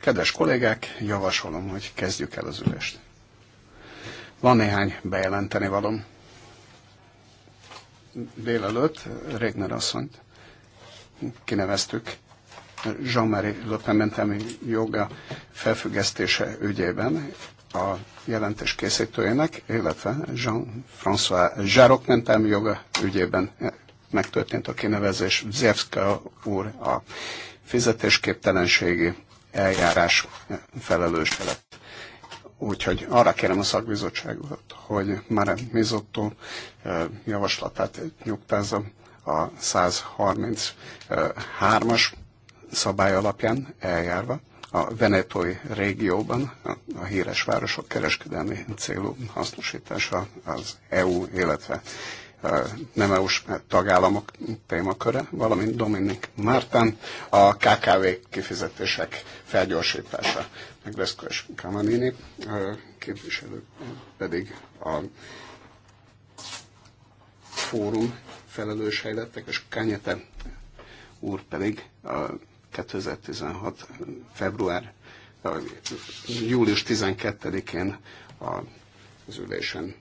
Kedves kollégák, javasolom, hogy kezdjük el az ülést. Van néhány bejelenteni valom. Délelőtt Régner asszonyt kineveztük Jean-Marie Le Pen joga felfüggesztése ügyében a jelentés készítőjének, illetve Jean-François Zsárok mentelmi joga ügyében megtörtént a kinevezés. Zevska úr a fizetésképtelenségi eljárás felelős lett. Úgyhogy arra kérem a szakbizottságot, hogy már Mizotto javaslatát nyugtázza a 133-as szabály alapján eljárva a Venetói régióban a híres városok kereskedelmi célú hasznosítása az EU, illetve nem EU-s tagállamok témaköre, valamint Dominik Márten a KKV kifizetések felgyorsítása, meg Veszkős Kamanini képviselő pedig a fórum felelős helyettek, és Kanyete úr pedig a 2016. február, a július 12-én az ülésen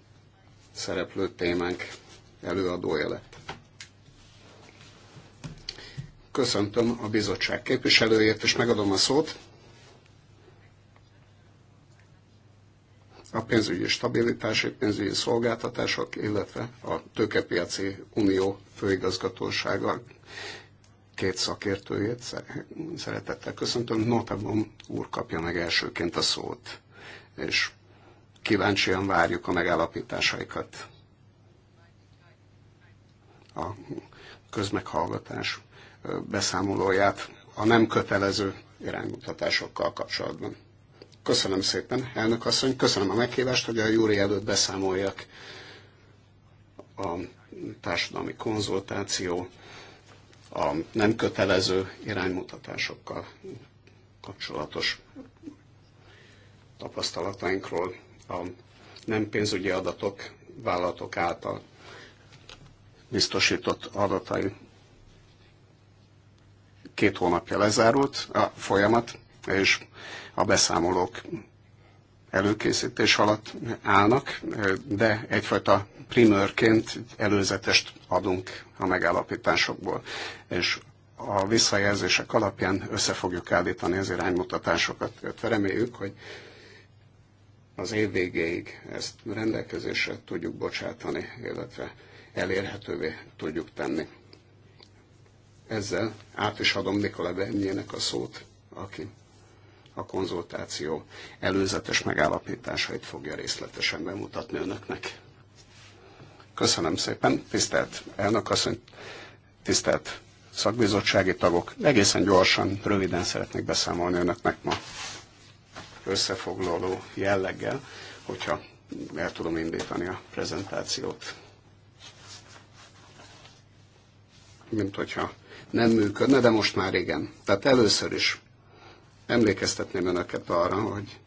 szereplő témánk előadója lett. Köszöntöm a bizottság képviselőjét, és megadom a szót. A pénzügyi stabilitás, a pénzügyi szolgáltatások, illetve a tőkepiaci unió főigazgatósága két szakértőjét szeretettel köszöntöm. Notabon úr kapja meg elsőként a szót, és kíváncsian várjuk a megállapításaikat a közmeghallgatás beszámolóját a nem kötelező iránymutatásokkal kapcsolatban. Köszönöm szépen, elnök asszony, köszönöm a meghívást, hogy a júri előtt beszámoljak a társadalmi konzultáció, a nem kötelező iránymutatásokkal kapcsolatos tapasztalatainkról, a nem pénzügyi adatok vállalatok által biztosított adatai. Két hónapja lezárult a folyamat, és a beszámolók előkészítés alatt állnak, de egyfajta primőrként előzetest adunk a megállapításokból, és a visszajelzések alapján össze fogjuk állítani az iránymutatásokat, illetve reméljük, hogy az év végéig ezt rendelkezésre tudjuk bocsátani, illetve elérhetővé tudjuk tenni. Ezzel át is adom Nikola Bernyének a szót, aki a konzultáció előzetes megállapításait fogja részletesen bemutatni önöknek. Köszönöm szépen, tisztelt elnök asszony, tisztelt szakbizottsági tagok. Egészen gyorsan, röviden szeretnék beszámolni önöknek ma összefoglaló jelleggel, hogyha el tudom indítani a prezentációt. mint hogyha nem működne, de most már igen. Tehát először is emlékeztetném önöket arra, hogy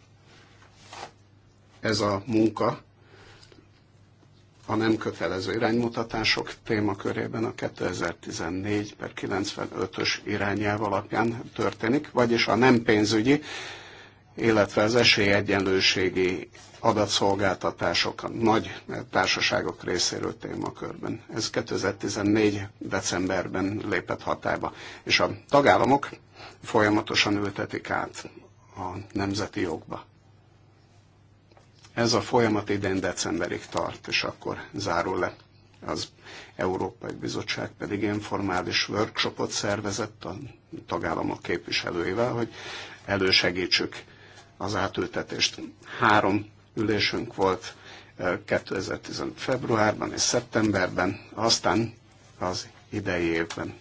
ez a munka a nem kötelező iránymutatások témakörében a 2014 per 95-ös irányelv alapján történik, vagyis a nem pénzügyi, illetve az esélyegyenlőségi adatszolgáltatások a nagy társaságok részéről témakörben. Ez 2014. decemberben lépett hatályba, és a tagállamok folyamatosan ültetik át a nemzeti jogba. Ez a folyamat idén decemberig tart, és akkor zárul le. Az Európai Bizottság pedig informális workshopot szervezett a tagállamok képviselőivel, hogy elősegítsük az átültetést. Három ülésünk volt 2015. februárban és szeptemberben, aztán az idei évben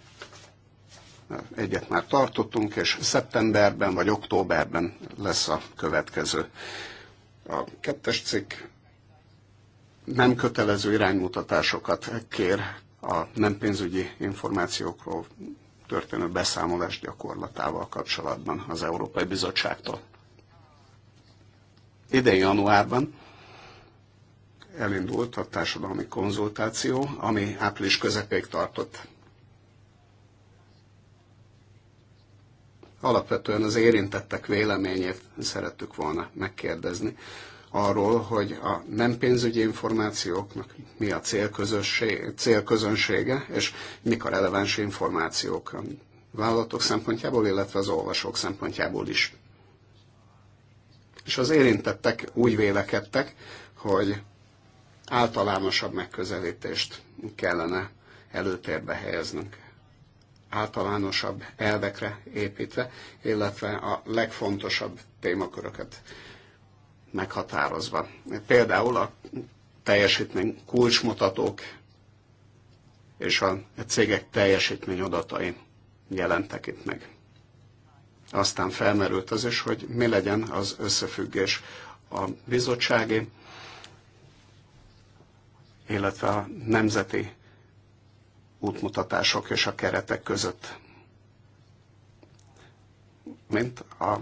egyet már tartottunk, és szeptemberben vagy októberben lesz a következő. A kettes cikk nem kötelező iránymutatásokat kér a nem pénzügyi információkról történő beszámolás gyakorlatával kapcsolatban az Európai Bizottságtól. Idén januárban elindult a társadalmi konzultáció, ami április közepéig tartott. Alapvetően az érintettek véleményét szerettük volna megkérdezni arról, hogy a nem pénzügyi információknak mi a célközönsége, és mik a releváns információk a vállalatok szempontjából, illetve az olvasók szempontjából is. És az érintettek úgy vélekedtek, hogy általánosabb megközelítést kellene előtérbe helyeznünk. Általánosabb elvekre építve, illetve a legfontosabb témaköröket meghatározva. Például a teljesítmény kulcsmutatók és a cégek teljesítmény adatai jelentek itt meg. Aztán felmerült az is, hogy mi legyen az összefüggés a bizottsági, illetve a nemzeti útmutatások és a keretek között. Mint a,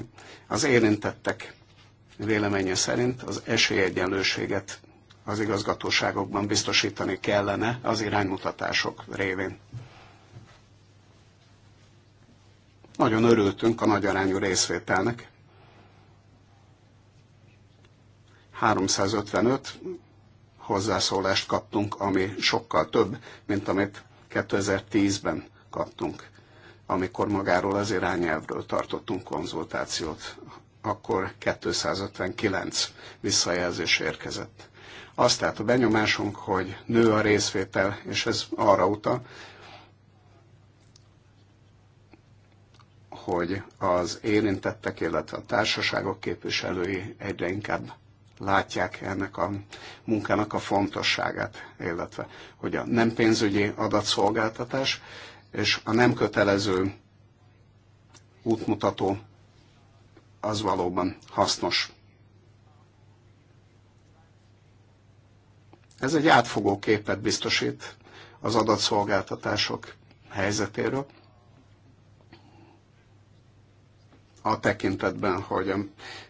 az érintettek véleménye szerint az esélyegyenlőséget az igazgatóságokban biztosítani kellene az iránymutatások révén. Nagyon örültünk a nagyarányú részvételnek. 355 hozzászólást kaptunk, ami sokkal több, mint amit 2010-ben kaptunk, amikor magáról az irányelvről tartottunk konzultációt. Akkor 259 visszajelzés érkezett. Azt tehát a benyomásunk, hogy nő a részvétel, és ez arra utal, hogy az érintettek, illetve a társaságok képviselői egyre inkább látják ennek a munkának a fontosságát, illetve hogy a nem pénzügyi adatszolgáltatás és a nem kötelező útmutató az valóban hasznos. Ez egy átfogó képet biztosít az adatszolgáltatások helyzetéről, a tekintetben, hogy a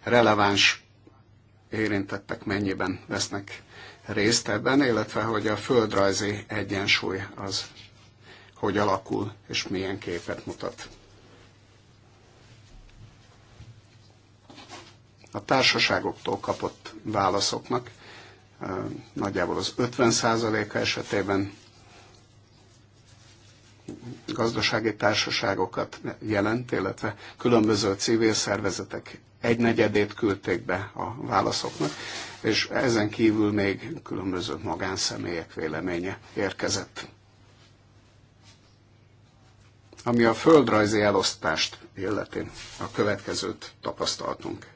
releváns érintettek mennyiben vesznek részt ebben, illetve hogy a földrajzi egyensúly az hogy alakul és milyen képet mutat. A társaságoktól kapott válaszoknak eh, nagyjából az 50%-a esetében gazdasági társaságokat jelent, illetve különböző civil szervezetek egynegyedét küldték be a válaszoknak, és ezen kívül még különböző magánszemélyek véleménye érkezett. Ami a földrajzi elosztást illeti, a következőt tapasztaltunk.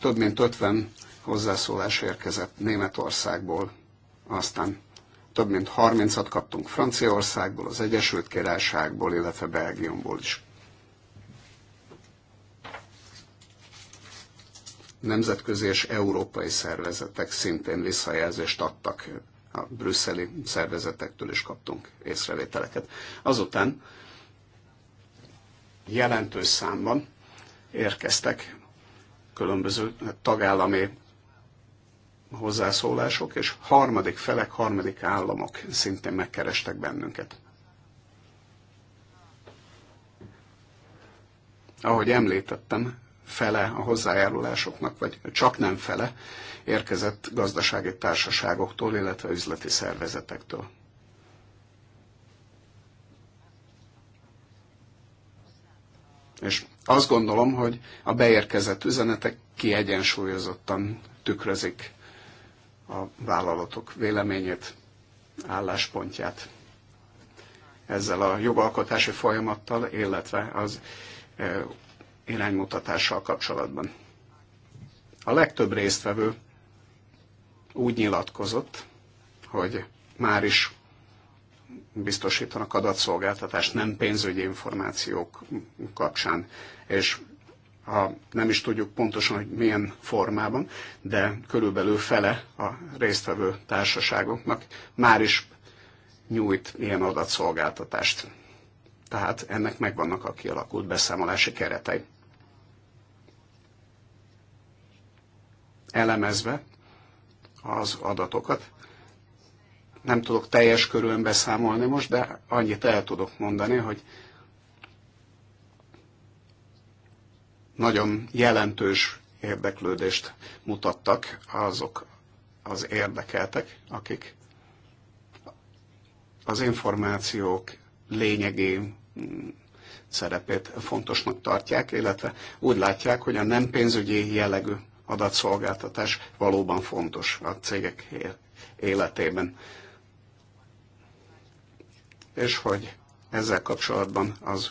Több mint 50 hozzászólás érkezett Németországból, aztán több mint 30-at kaptunk Franciaországból, az Egyesült Királyságból, illetve Belgiumból is. Nemzetközi és európai szervezetek szintén visszajelzést adtak, a brüsszeli szervezetektől is kaptunk észrevételeket. Azután jelentős számban érkeztek különböző tagállami hozzászólások, és harmadik felek, harmadik államok szintén megkerestek bennünket. Ahogy említettem, fele a hozzájárulásoknak, vagy csak nem fele érkezett gazdasági társaságoktól, illetve üzleti szervezetektől. És azt gondolom, hogy a beérkezett üzenetek kiegyensúlyozottan tükrözik a vállalatok véleményét, álláspontját ezzel a jogalkotási folyamattal, illetve az e, iránymutatással kapcsolatban. A legtöbb résztvevő úgy nyilatkozott, hogy már is biztosítanak adatszolgáltatást nem pénzügyi információk kapcsán, és a, nem is tudjuk pontosan, hogy milyen formában, de körülbelül fele a résztvevő társaságoknak már is nyújt ilyen adatszolgáltatást. Tehát ennek megvannak a kialakult beszámolási keretei. Elemezve az adatokat, nem tudok teljes körülön beszámolni most, de annyit el tudok mondani, hogy nagyon jelentős érdeklődést mutattak azok az érdekeltek, akik az információk lényegi mm, szerepét fontosnak tartják, illetve úgy látják, hogy a nem pénzügyi jellegű adatszolgáltatás valóban fontos a cégek életében. És hogy ezzel kapcsolatban az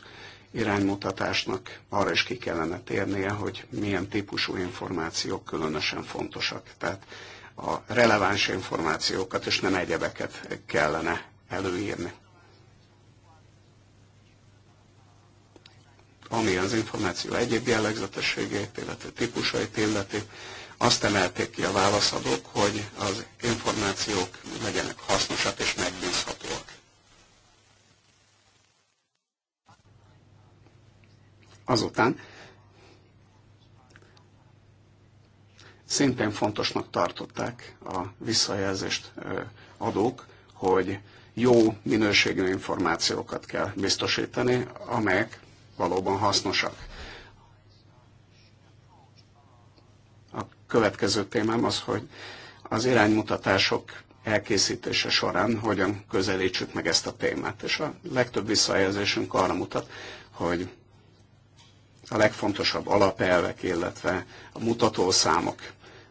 iránymutatásnak arra is ki kellene térnie, hogy milyen típusú információk különösen fontosak. Tehát a releváns információkat és nem egyebeket kellene előírni. Ami az információ egyéb jellegzetességét, illetve típusait illeti, azt emelték ki a válaszadók, hogy az információk legyenek hasznosak és megbízhatóak Azután szintén fontosnak tartották a visszajelzést adók, hogy jó minőségű információkat kell biztosítani, amelyek valóban hasznosak. A következő témám az, hogy az iránymutatások elkészítése során hogyan közelítsük meg ezt a témát. És a legtöbb visszajelzésünk arra mutat, hogy a legfontosabb alapelvek, illetve a mutatószámok,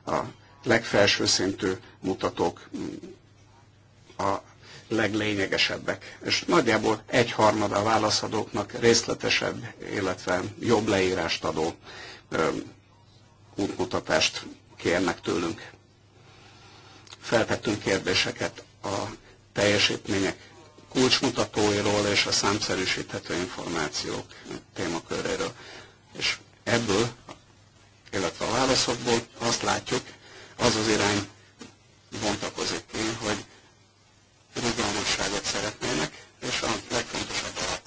a legfelső szintű mutatók a leglényegesebbek. És nagyjából egyharmada a válaszadóknak részletesebb, illetve jobb leírást adó útmutatást kérnek tőlünk. Feltettünk kérdéseket a teljesítmények kulcsmutatóiról és a számszerűsíthető információk témaköréről. És ebből, illetve a válaszokból azt látjuk, az az irány bontakozik ki, hogy rugalmasságot szeretnének, és a legfontosabb alap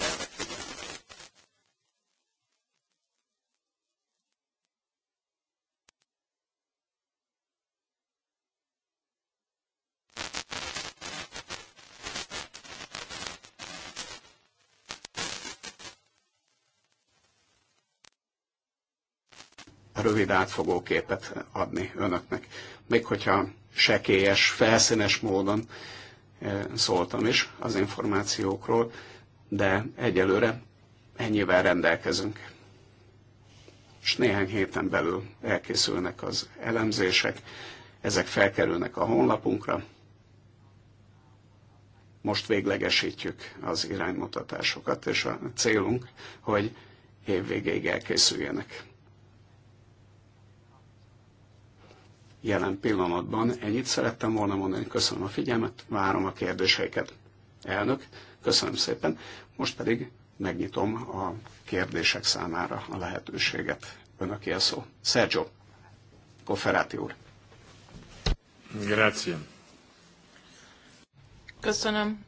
rövid átfogó képet adni önöknek. Még hogyha sekélyes, felszínes módon eh, szóltam is az információkról, de egyelőre ennyivel rendelkezünk. És néhány héten belül elkészülnek az elemzések, ezek felkerülnek a honlapunkra. Most véglegesítjük az iránymutatásokat, és a célunk, hogy évvégéig elkészüljenek. jelen pillanatban ennyit szerettem volna mondani. Köszönöm a figyelmet, várom a kérdéseiket. Elnök, köszönöm szépen. Most pedig megnyitom a kérdések számára a lehetőséget. Önöké a szó. Sergio, Koferáti úr. Grazie. Köszönöm.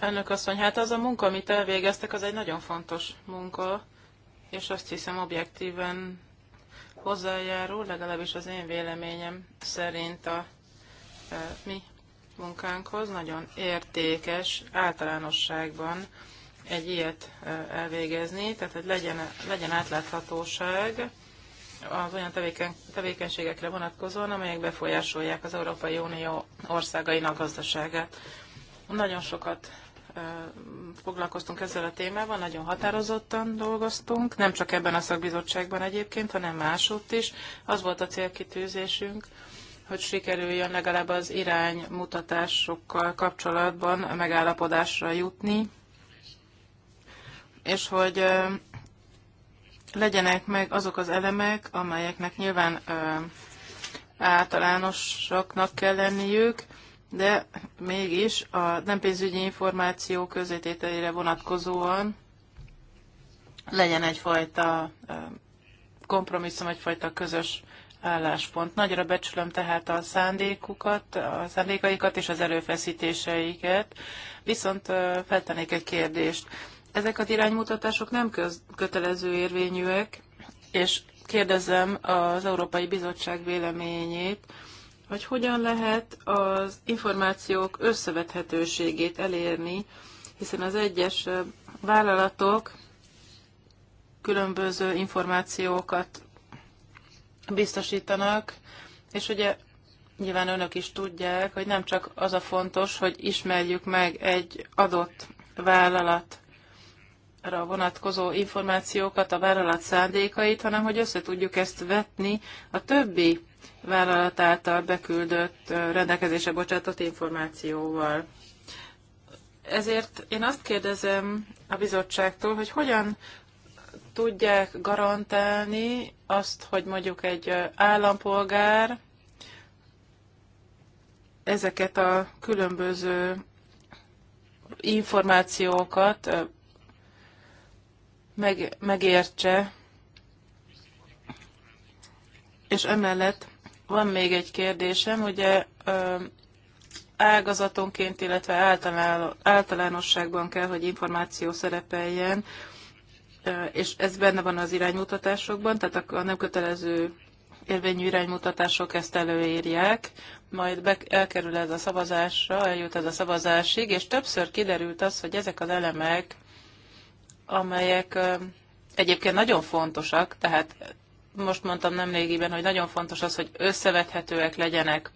Elnök asszony, hát az a munka, amit elvégeztek, az egy nagyon fontos munka, és azt hiszem objektíven hozzájárul, legalábbis az én véleményem szerint a e, mi munkánkhoz nagyon értékes általánosságban egy ilyet e, elvégezni, tehát hogy legyen, legyen átláthatóság az olyan tevéken, tevékenységekre vonatkozóan, amelyek befolyásolják az Európai Unió országainak gazdaságát. Nagyon sokat foglalkoztunk ezzel a témával, nagyon határozottan dolgoztunk, nem csak ebben a szakbizottságban egyébként, hanem másútt is. Az volt a célkitűzésünk, hogy sikerüljön legalább az iránymutatásokkal kapcsolatban megállapodásra jutni, és hogy legyenek meg azok az elemek, amelyeknek nyilván általánosaknak kell lenniük, de mégis a nem pénzügyi információ közétételére vonatkozóan legyen egyfajta kompromisszum, egyfajta közös álláspont. Nagyra becsülöm tehát a szándékukat, a szándékaikat és az előfeszítéseiket, viszont feltennék egy kérdést. Ezek az iránymutatások nem köz, kötelező érvényűek, és kérdezem az Európai Bizottság véleményét, hogy hogyan lehet az információk összevethetőségét elérni, hiszen az egyes vállalatok különböző információkat biztosítanak, és ugye nyilván önök is tudják, hogy nem csak az a fontos, hogy ismerjük meg egy adott vállalatra vonatkozó információkat, a vállalat szándékait, hanem hogy össze tudjuk ezt vetni a többi vállalat által beküldött rendelkezésre bocsátott információval. Ezért én azt kérdezem a bizottságtól, hogy hogyan tudják garantálni azt, hogy mondjuk egy állampolgár ezeket a különböző információkat meg, megértse, és emellett van még egy kérdésem, ugye ágazatonként, illetve általánosságban kell, hogy információ szerepeljen, és ez benne van az iránymutatásokban, tehát a nem kötelező érvényű iránymutatások ezt előírják, majd be, elkerül ez a szavazásra, eljut ez a szavazásig, és többször kiderült az, hogy ezek az elemek, amelyek egyébként nagyon fontosak, tehát most mondtam nemrégiben, hogy nagyon fontos az, hogy összevethetőek legyenek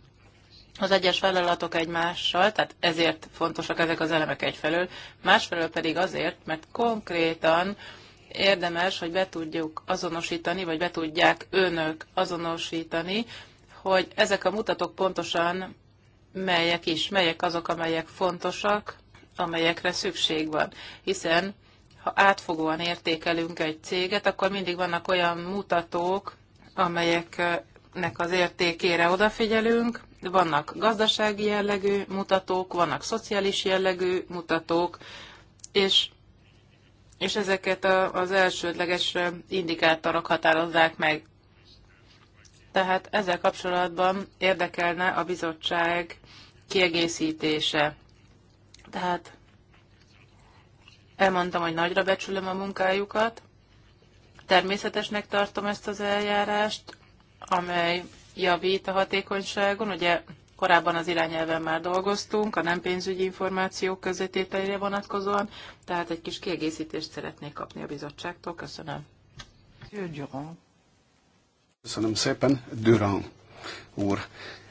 az egyes vállalatok egymással, tehát ezért fontosak ezek az elemek egyfelől, másfelől pedig azért, mert konkrétan érdemes, hogy be tudjuk azonosítani, vagy be tudják önök azonosítani, hogy ezek a mutatók pontosan melyek is, melyek azok, amelyek fontosak, amelyekre szükség van. Hiszen ha átfogóan értékelünk egy céget, akkor mindig vannak olyan mutatók, amelyeknek az értékére odafigyelünk, vannak gazdasági jellegű mutatók, vannak szociális jellegű mutatók, és, és ezeket a, az elsődleges indikátorok határozzák meg. Tehát ezzel kapcsolatban érdekelne a bizottság kiegészítése. Tehát Elmondtam, hogy nagyra becsülöm a munkájukat. Természetesnek tartom ezt az eljárást, amely javít a hatékonyságon. Ugye korábban az irányelven már dolgoztunk, a nem pénzügyi információk közvetételére vonatkozóan, tehát egy kis kiegészítést szeretnék kapni a bizottságtól. Köszönöm. Köszönöm szépen, Durán úr.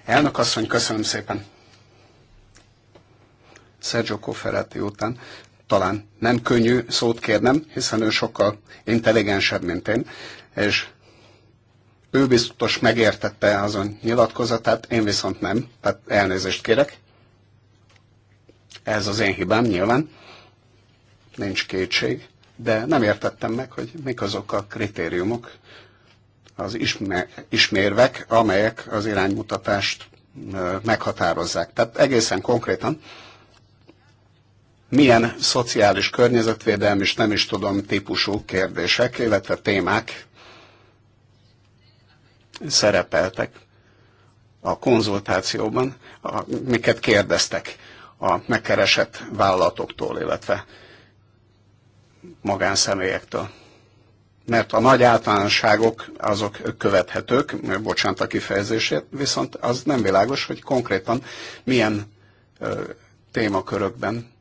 Elnök asszony, köszönöm szépen. Sergio Cofferati után talán nem könnyű szót kérnem, hiszen ő sokkal intelligensebb, mint én, és ő biztos megértette azon nyilatkozatát, én viszont nem, tehát elnézést kérek. Ez az én hibám nyilván, nincs kétség, de nem értettem meg, hogy mik azok a kritériumok, az ismérvek, amelyek az iránymutatást meghatározzák. Tehát egészen konkrétan milyen szociális környezetvédelmi és nem is tudom típusú kérdések, illetve témák szerepeltek a konzultációban, amiket kérdeztek a megkeresett vállalatoktól, illetve magánszemélyektől. Mert a nagy általánosságok azok követhetők, bocsánat a kifejezését, viszont az nem világos, hogy konkrétan milyen ö, témakörökben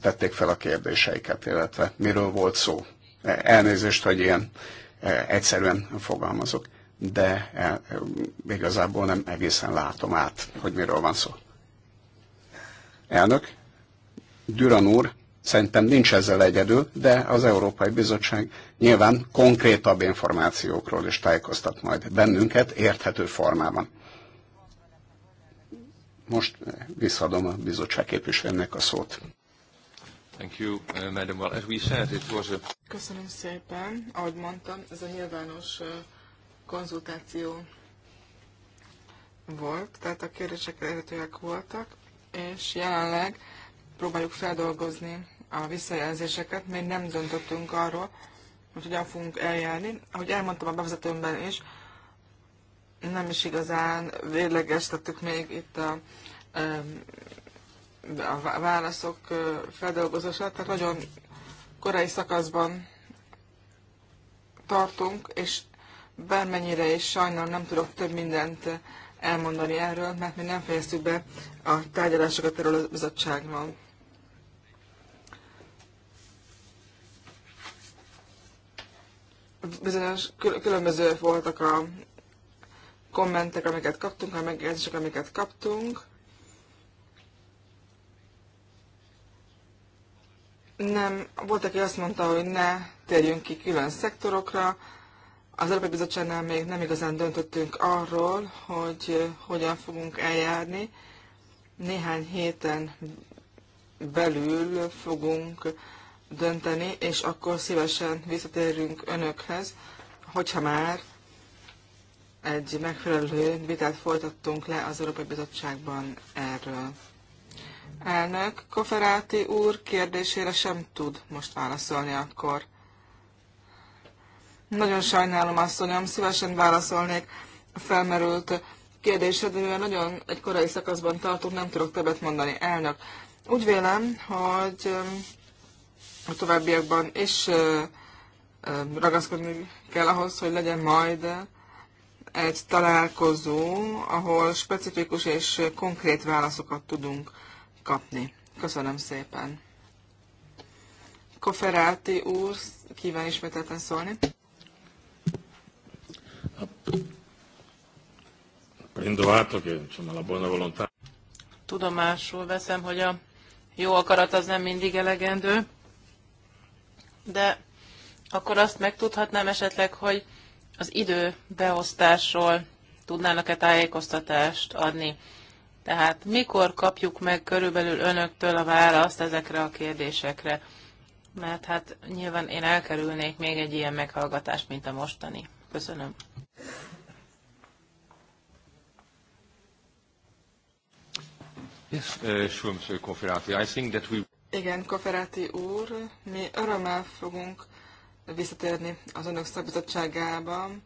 tették fel a kérdéseiket, illetve miről volt szó. Elnézést, hogy ilyen e, egyszerűen fogalmazok, de e, igazából nem egészen látom át, hogy miről van szó. Elnök, Düran úr, szerintem nincs ezzel egyedül, de az Európai Bizottság nyilván konkrétabb információkról is tájékoztat majd bennünket érthető formában. Most visszadom a bizottság képviselőnek a szót. Thank you, uh, Madam. Well, as we said, it was a... Köszönöm szépen. Ahogy mondtam, ez a nyilvános uh, konzultáció volt, tehát a kérdések eredetileg voltak, és jelenleg próbáljuk feldolgozni a visszajelzéseket. Még nem döntöttünk arról, hogy hogyan fogunk eljárni. Ahogy elmondtam a bevezetőmben is, nem is igazán tettük még itt a um, a válaszok feldolgozását, tehát nagyon korai szakaszban tartunk, és bármennyire is sajnálom nem tudok több mindent elmondani erről, mert még nem fejeztük be a tárgyalásokat erről a bizottságban. Bizonyos különböző voltak a kommentek, amiket kaptunk, a megjegyzések, amiket kaptunk. nem, volt, aki azt mondta, hogy ne térjünk ki külön szektorokra. Az Európai Bizottságnál még nem igazán döntöttünk arról, hogy hogyan fogunk eljárni. Néhány héten belül fogunk dönteni, és akkor szívesen visszatérünk önökhez, hogyha már egy megfelelő vitát folytattunk le az Európai Bizottságban erről. Elnök, Koferáti úr kérdésére sem tud most válaszolni akkor. Nagyon sajnálom, asszonyom, szívesen válaszolnék a felmerült kérdésed, de mivel nagyon egy korai szakaszban tartunk, nem tudok többet mondani. Elnök, úgy vélem, hogy um, a továbbiakban is uh, um, ragaszkodni kell ahhoz, hogy legyen majd egy találkozó, ahol specifikus és konkrét válaszokat tudunk kapni. Köszönöm szépen. Koferáti úr kíván ismételten szólni. Tudomásul veszem, hogy a jó akarat az nem mindig elegendő, de akkor azt megtudhatnám esetleg, hogy az idő beosztásról tudnának-e tájékoztatást adni. Tehát mikor kapjuk meg körülbelül önöktől a választ ezekre a kérdésekre? Mert hát nyilván én elkerülnék még egy ilyen meghallgatást, mint a mostani. Köszönöm. Uh, Igen, Koferati úr, mi örömmel fogunk visszatérni az önök szabadságában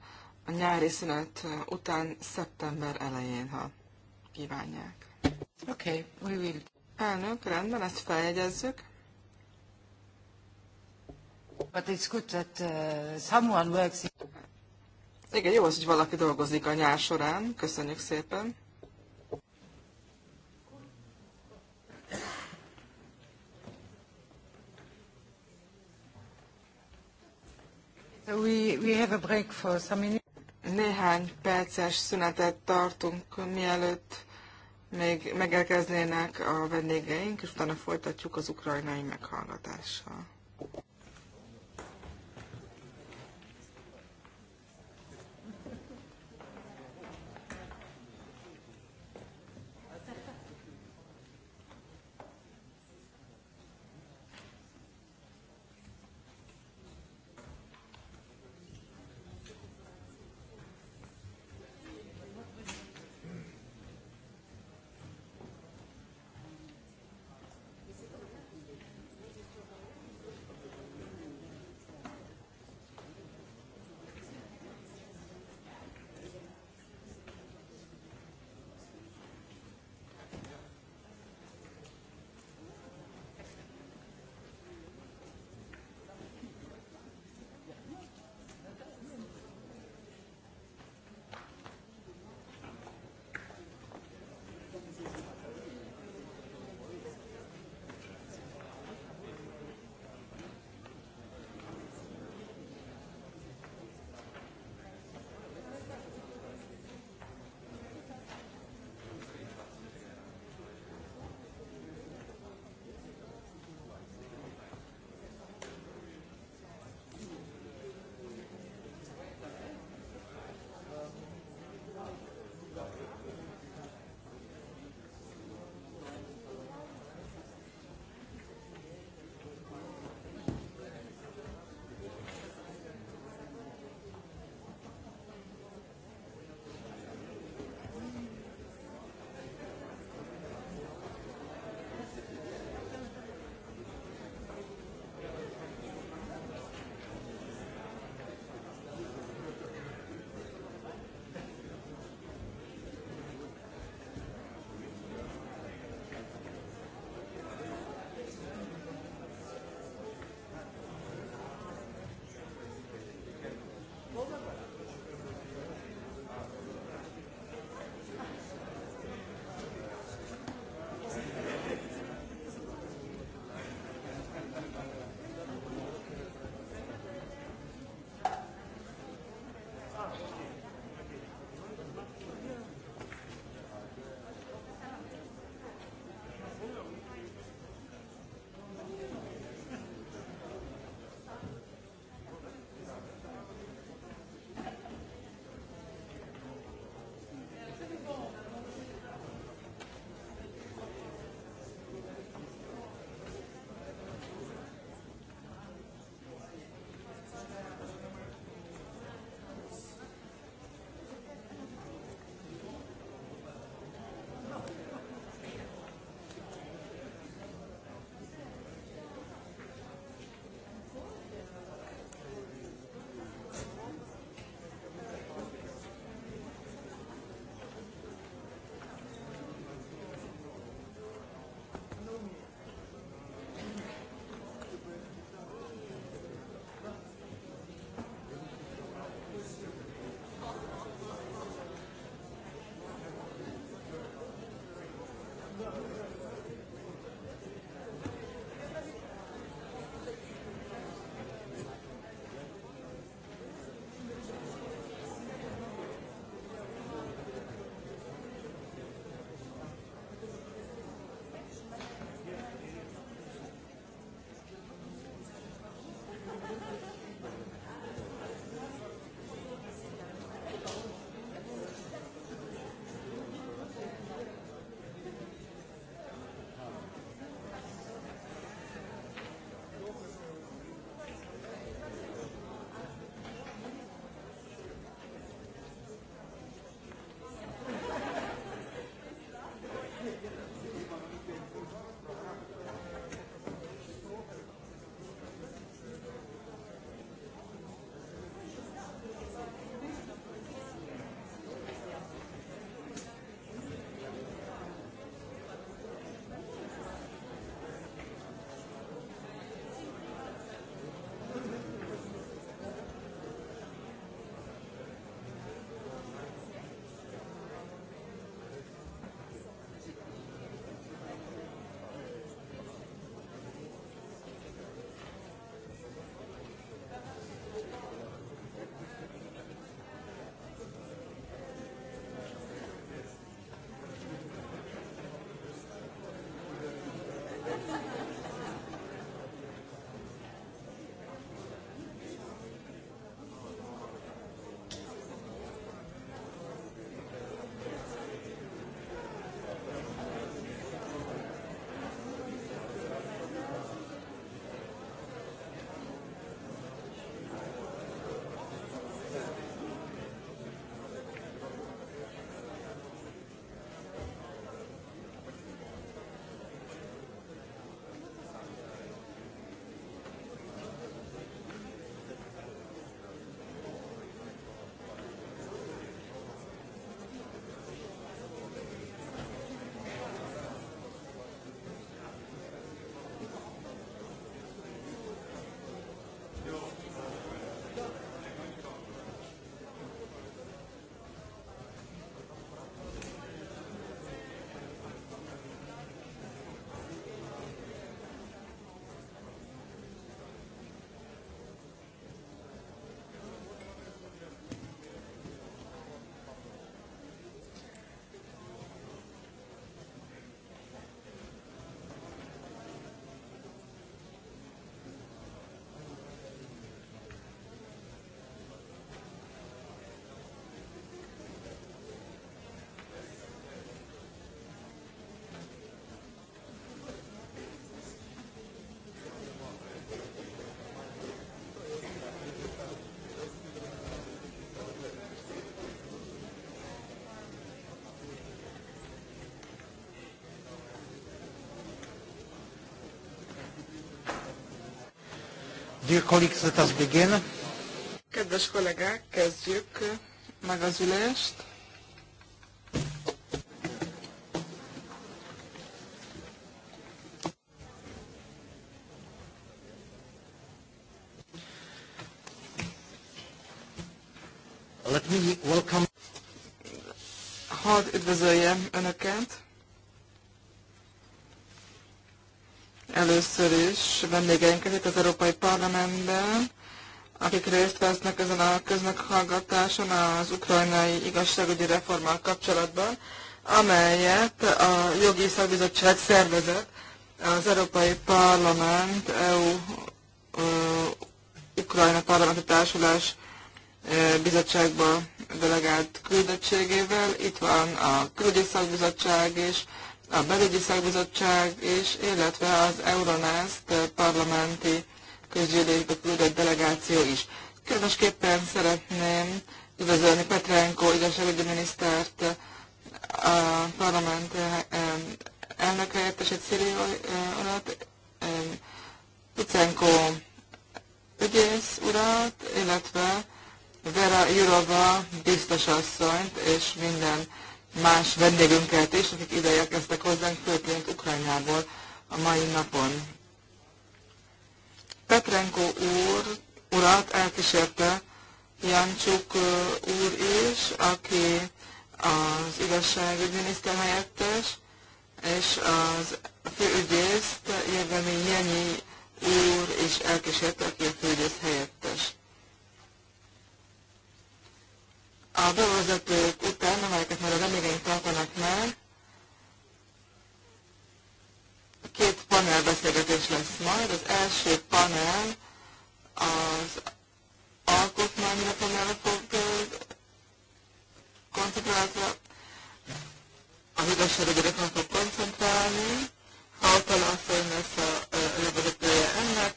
a nyári szünet után szeptember elején, ha kívánják. Oké, okay, we will. Elnök, rendben, ezt feljegyezzük. But it's good that uh, someone works Igen, jó az, hogy valaki dolgozik a nyár során. Köszönjük szépen. So We, we have a break for some minutes. Néhány perces szünetet tartunk, mielőtt még megelkeznének a vendégeink, és utána folytatjuk az ukrajnai meghallgatással. Dear colleagues, let us begin. Kedves kollégák, kezdjük meg az ülést. először is vendégeink között az Európai Parlamentben, akik részt vesznek ezen a közmeghallgatáson az ukrajnai igazságügyi reformmal kapcsolatban, amelyet a Jogi Szakbizottság szervezett az Európai Parlament EU Ukrajna Parlamenti Társulás bizottságba delegált küldöttségével. Itt van a külügyi szakbizottság is, a belügyi szakbizottság is, illetve az Euronest parlamenti közgyűlésbe küldött delegáció is. Különösképpen szeretném üdvözölni Petrenko igazságügyi minisztert, a parlament elnök helyettesét Szirió urat, Pucenko ügyész urat, illetve Vera Jurova biztosasszonyt és minden más vendégünket is, akik ide érkeztek hozzánk, főként Ukrajnából a mai napon. Petrenko úr, urat elkísérte Jancsuk úr is, aki az igazságügyminiszter helyettes, és az főügyészt Jevemi Jenyi úr is elkísérte, aki a főügyész helyettes. a bevezetők után, amelyeket már a vendégeink tartanak meg, két panelbeszélgetés lesz majd. Az első panel az alkotmányra alkotmányreformjára fog koncentrálni, az igazságügyre fog koncentrálni, Hautala asszony lesz a levezetője ennek,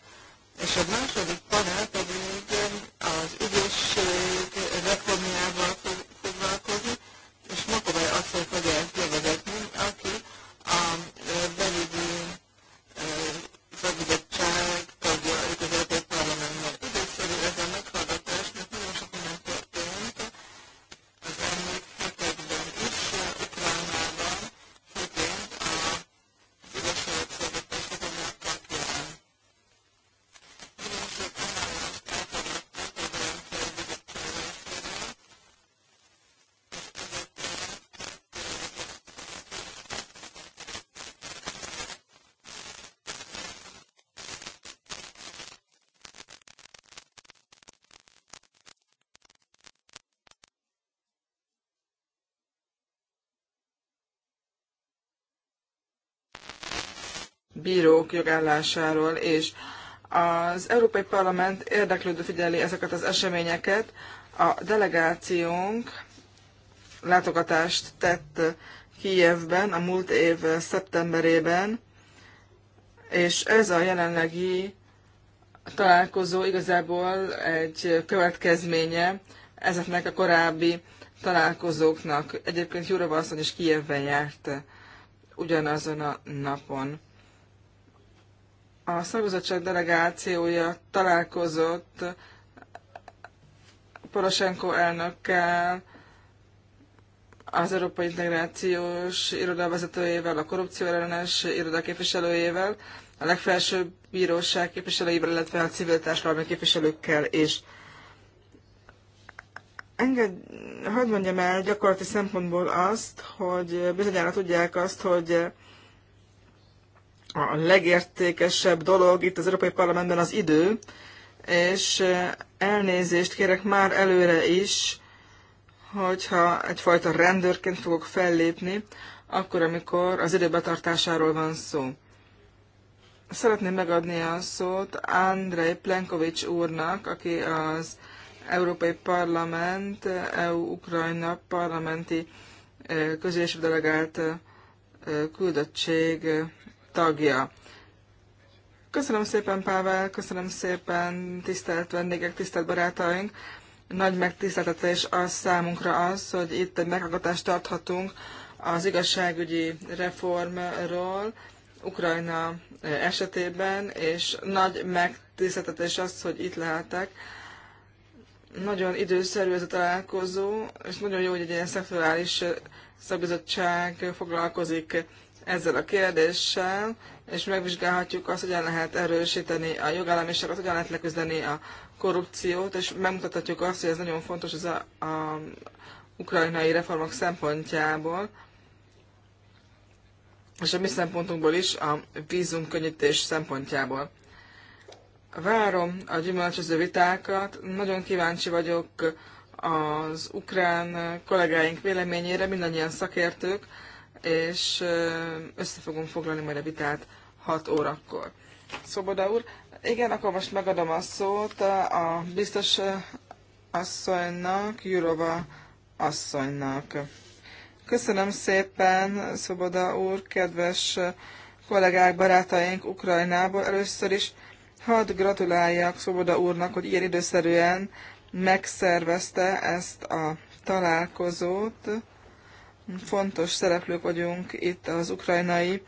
és a második panel pedig um, az ügyészség reformjával fog és Makovely asszony fogja ezt bírók jogállásáról, és az Európai Parlament érdeklődő figyeli ezeket az eseményeket. A delegációnk látogatást tett Kijevben a múlt év szeptemberében, és ez a jelenlegi találkozó igazából egy következménye ezeknek a korábbi találkozóknak. Egyébként Jurova asszony is Kijevben járt ugyanazon a napon. A szakbizottság delegációja találkozott Poroshenko elnökkel, az Európai Integrációs Iroda vezetőjével, a korrupció ellenes iroda képviselőjével, a legfelsőbb bíróság képviselőjével, illetve a civil társadalmi képviselőkkel, és enged. hadd mondjam el gyakorlati szempontból azt, hogy bizonyára tudják azt, hogy a legértékesebb dolog itt az Európai Parlamentben az idő, és elnézést kérek már előre is, hogyha egyfajta rendőrként fogok fellépni, akkor, amikor az időbetartásáról van szó. Szeretném megadni a szót Andrei Plenkovics úrnak, aki az Európai Parlament, EU-Ukrajna parlamenti közös delegált küldöttség tagja. Köszönöm szépen, Pável, köszönöm szépen, tisztelt vendégek, tisztelt barátaink. Nagy megtiszteltetés az számunkra az, hogy itt egy meghallgatást tarthatunk az igazságügyi reformról Ukrajna e, esetében, és nagy megtiszteltetés az, hogy itt lehetek. Nagyon időszerű ez a találkozó, és nagyon jó, hogy egy ilyen szexuális e, szakbizottság foglalkozik ezzel a kérdéssel, és megvizsgálhatjuk azt, hogyan lehet erősíteni a jogállamiságot, hogyan lehet leküzdeni a korrupciót, és megmutathatjuk azt, hogy ez nagyon fontos az a, a ukrajnai reformok szempontjából, és a mi szempontunkból is a vízumkönnyítés szempontjából. Várom a gyümölcsöző vitákat, nagyon kíváncsi vagyok az ukrán kollégáink véleményére, mindannyian szakértők, és össze fogunk foglalni majd a vitát 6 órakor. Szoboda úr, igen, akkor most megadom a szót a biztos asszonynak, Jurova asszonynak. Köszönöm szépen, Szoboda úr, kedves kollégák, barátaink Ukrajnából. Először is hadd gratuláljak Szoboda úrnak, hogy ilyen időszerűen megszervezte ezt a találkozót fontos szereplők vagyunk itt az ukrajnai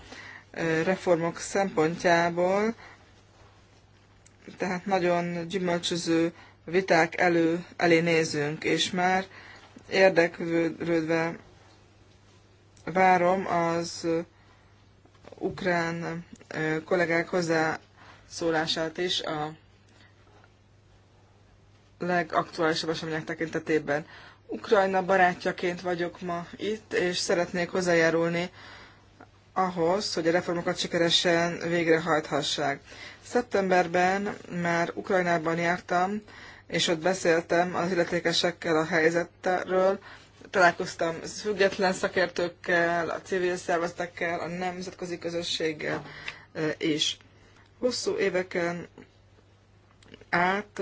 reformok szempontjából, tehát nagyon gyümölcsöző viták elő, elé nézünk, és már érdeklődve várom az ukrán kollégák hozzászólását is a legaktuálisabb események tekintetében. Ukrajna barátjaként vagyok ma itt, és szeretnék hozzájárulni ahhoz, hogy a reformokat sikeresen végrehajthassák. Szeptemberben már Ukrajnában jártam, és ott beszéltem az illetékesekkel a helyzetről, találkoztam független szakértőkkel, a civil szervezetekkel, a nemzetközi közösséggel eh, is. Hosszú éveken át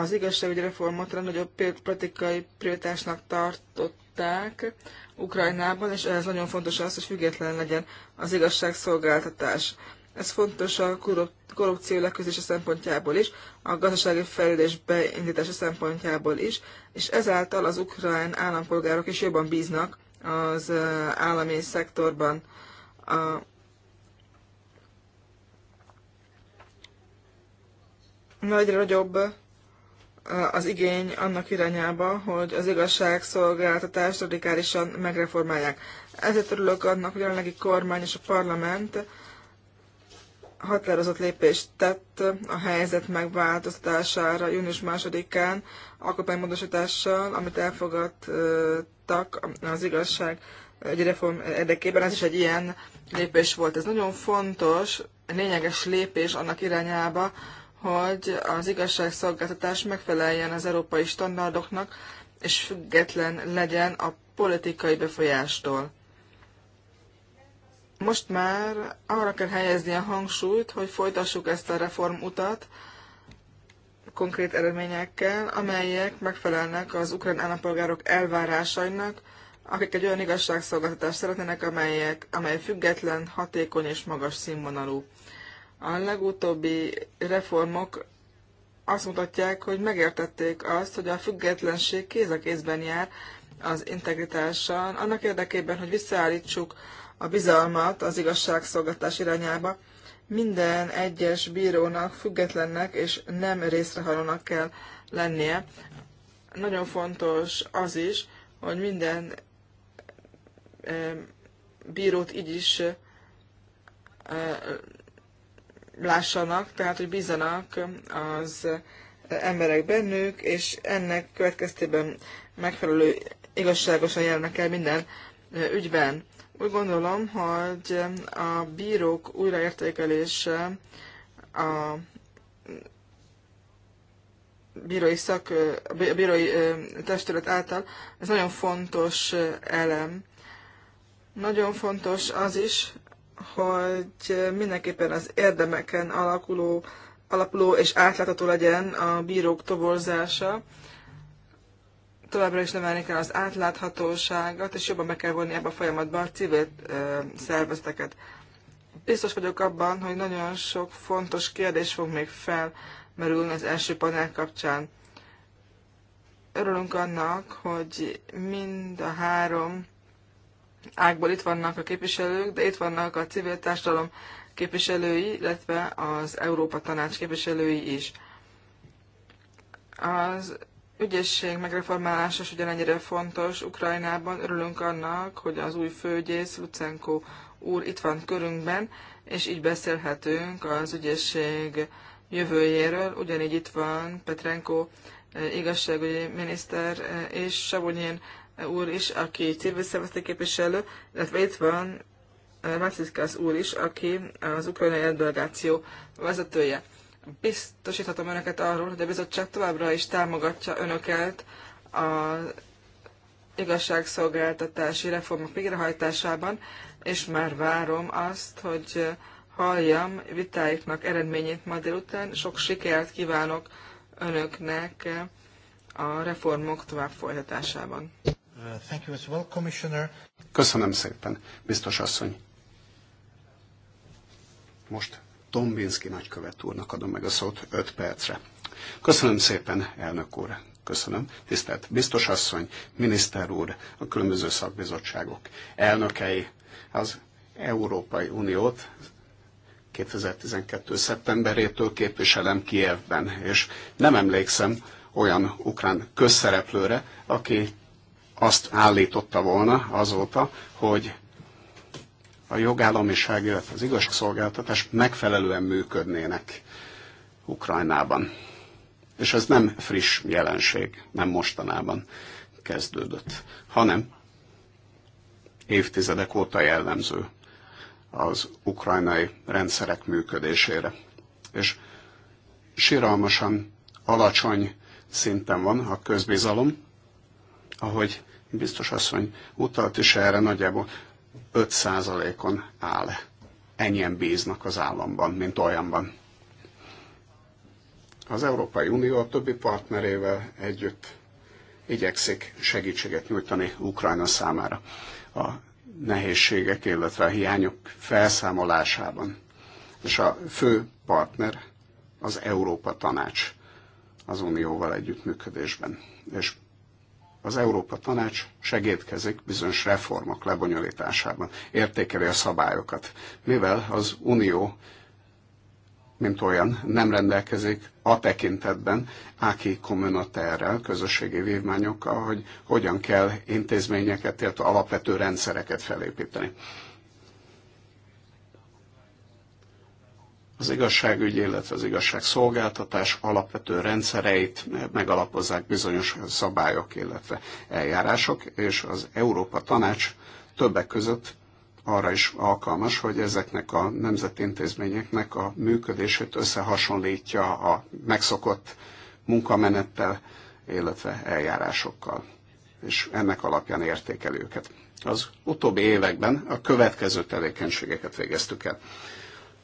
az igazságügyi reformotra nagyobb politikai prioritásnak tartották Ukrajnában, és ez nagyon fontos az, hogy független legyen az igazságszolgáltatás. Ez fontos a korrupció leküzdése szempontjából is, a gazdasági fejlődés beindítása szempontjából is, és ezáltal az ukrán állampolgárok is jobban bíznak az állami szektorban. A nagyra nagyobb az igény annak irányába, hogy az igazságszolgáltatást radikálisan megreformálják. Ezért örülök annak, hogy a jelenlegi kormány és a parlament határozott lépést tett a helyzet megváltoztatására június másodikán alkotmánymódosítással, amit elfogadtak az igazság egy reform érdekében. Ez is egy ilyen lépés volt. Ez nagyon fontos, lényeges lépés annak irányába, hogy az igazságszolgáltatás megfeleljen az európai standardoknak, és független legyen a politikai befolyástól. Most már arra kell helyezni a hangsúlyt, hogy folytassuk ezt a reformutat konkrét eredményekkel, amelyek megfelelnek az ukrán állampolgárok elvárásainak, akik egy olyan igazságszolgáltatást szeretnének, amelyek, amely független, hatékony és magas színvonalú. A legutóbbi reformok azt mutatják, hogy megértették azt, hogy a függetlenség kéz a kézben jár az integritással, annak érdekében, hogy visszaállítsuk a bizalmat az igazságszolgatás irányába. Minden egyes bírónak függetlennek és nem részrehajlónak kell lennie. Nagyon fontos az is, hogy minden bírót így is lássanak, tehát hogy bízzanak az emberek bennük, és ennek következtében megfelelő igazságosan járnak el minden ügyben. Úgy gondolom, hogy a bírók újraértékelése a bírói, szak, a bírói testület által, ez nagyon fontos elem. Nagyon fontos az is, hogy mindenképpen az érdemeken alakuló, alapuló és átlátható legyen a bírók toborzása. Továbbra is növelni kell az átláthatóságot, és jobban be kell vonni ebbe a folyamatba a civil ö, szervezeteket. Biztos vagyok abban, hogy nagyon sok fontos kérdés fog még felmerülni az első panel kapcsán. Örülünk annak, hogy mind a három ágból itt vannak a képviselők, de itt vannak a civil társadalom képviselői, illetve az Európa Tanács képviselői is. Az ügyesség megreformálása is ugyanennyire fontos Ukrajnában. Örülünk annak, hogy az új főgyész Lucenko úr itt van körünkben, és így beszélhetünk az ügyesség jövőjéről. Ugyanígy itt van Petrenko eh, igazságügyi miniszter eh, és Savonyin úr is, aki civil szervezeti képviselő, illetve itt van Vácizkász úr is, aki az ukrajnai delegáció vezetője. Biztosíthatom önöket arról, hogy a bizottság továbbra is támogatja önöket a igazságszolgáltatási reformok végrehajtásában, és már várom azt, hogy halljam vitáiknak eredményét ma délután. Sok sikert kívánok önöknek a reformok tovább folytatásában. Köszönöm szépen, biztos asszony. Most Tombinski nagykövet úrnak adom meg a szót 5 percre. Köszönöm szépen, elnök úr. Köszönöm. Tisztelt biztos asszony, miniszter úr, a különböző szakbizottságok elnökei, az Európai Uniót 2012. szeptemberétől képviselem Kievben, és nem emlékszem olyan ukrán közszereplőre, aki azt állította volna azóta, hogy a jogállamiság, illetve az igazságszolgáltatás megfelelően működnének Ukrajnában. És ez nem friss jelenség, nem mostanában kezdődött, hanem évtizedek óta jellemző az ukrajnai rendszerek működésére. És siralmasan alacsony szinten van a közbizalom, ahogy biztos asszony utalt is erre, nagyjából 5%-on áll. Ennyien bíznak az államban, mint olyanban. Az Európai Unió a többi partnerével együtt igyekszik segítséget nyújtani Ukrajna számára a nehézségek, illetve a hiányok felszámolásában. És a fő partner az Európa Tanács az Unióval együttműködésben. És az Európa Tanács segédkezik bizonyos reformok lebonyolításában, értékeli a szabályokat, mivel az Unió, mint olyan, nem rendelkezik a tekintetben áki kommunatárral, közösségi vívmányokkal, hogy hogyan kell intézményeket, illetve alapvető rendszereket felépíteni. az igazságügy, illetve az igazságszolgáltatás alapvető rendszereit megalapozzák bizonyos szabályok, illetve eljárások, és az Európa Tanács többek között arra is alkalmas, hogy ezeknek a nemzeti intézményeknek a működését összehasonlítja a megszokott munkamenettel, illetve eljárásokkal, és ennek alapján értékeli őket. Az utóbbi években a következő tevékenységeket végeztük el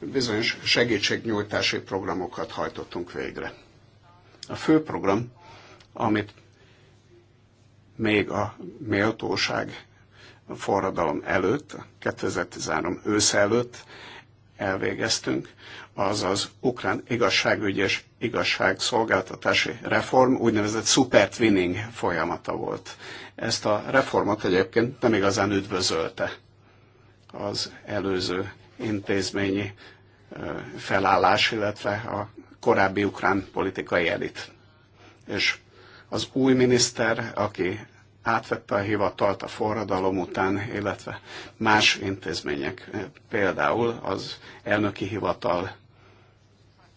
bizonyos segítségnyújtási programokat hajtottunk végre. A fő program, amit még a méltóság forradalom előtt, 2013 ősz előtt elvégeztünk, az az ukrán igazságügyes és igazságszolgáltatási reform, úgynevezett super twinning folyamata volt. Ezt a reformot egyébként nem igazán üdvözölte az előző intézményi felállás, illetve a korábbi ukrán politikai elit. És az új miniszter, aki átvette a hivatalt a forradalom után, illetve más intézmények, például az elnöki hivatal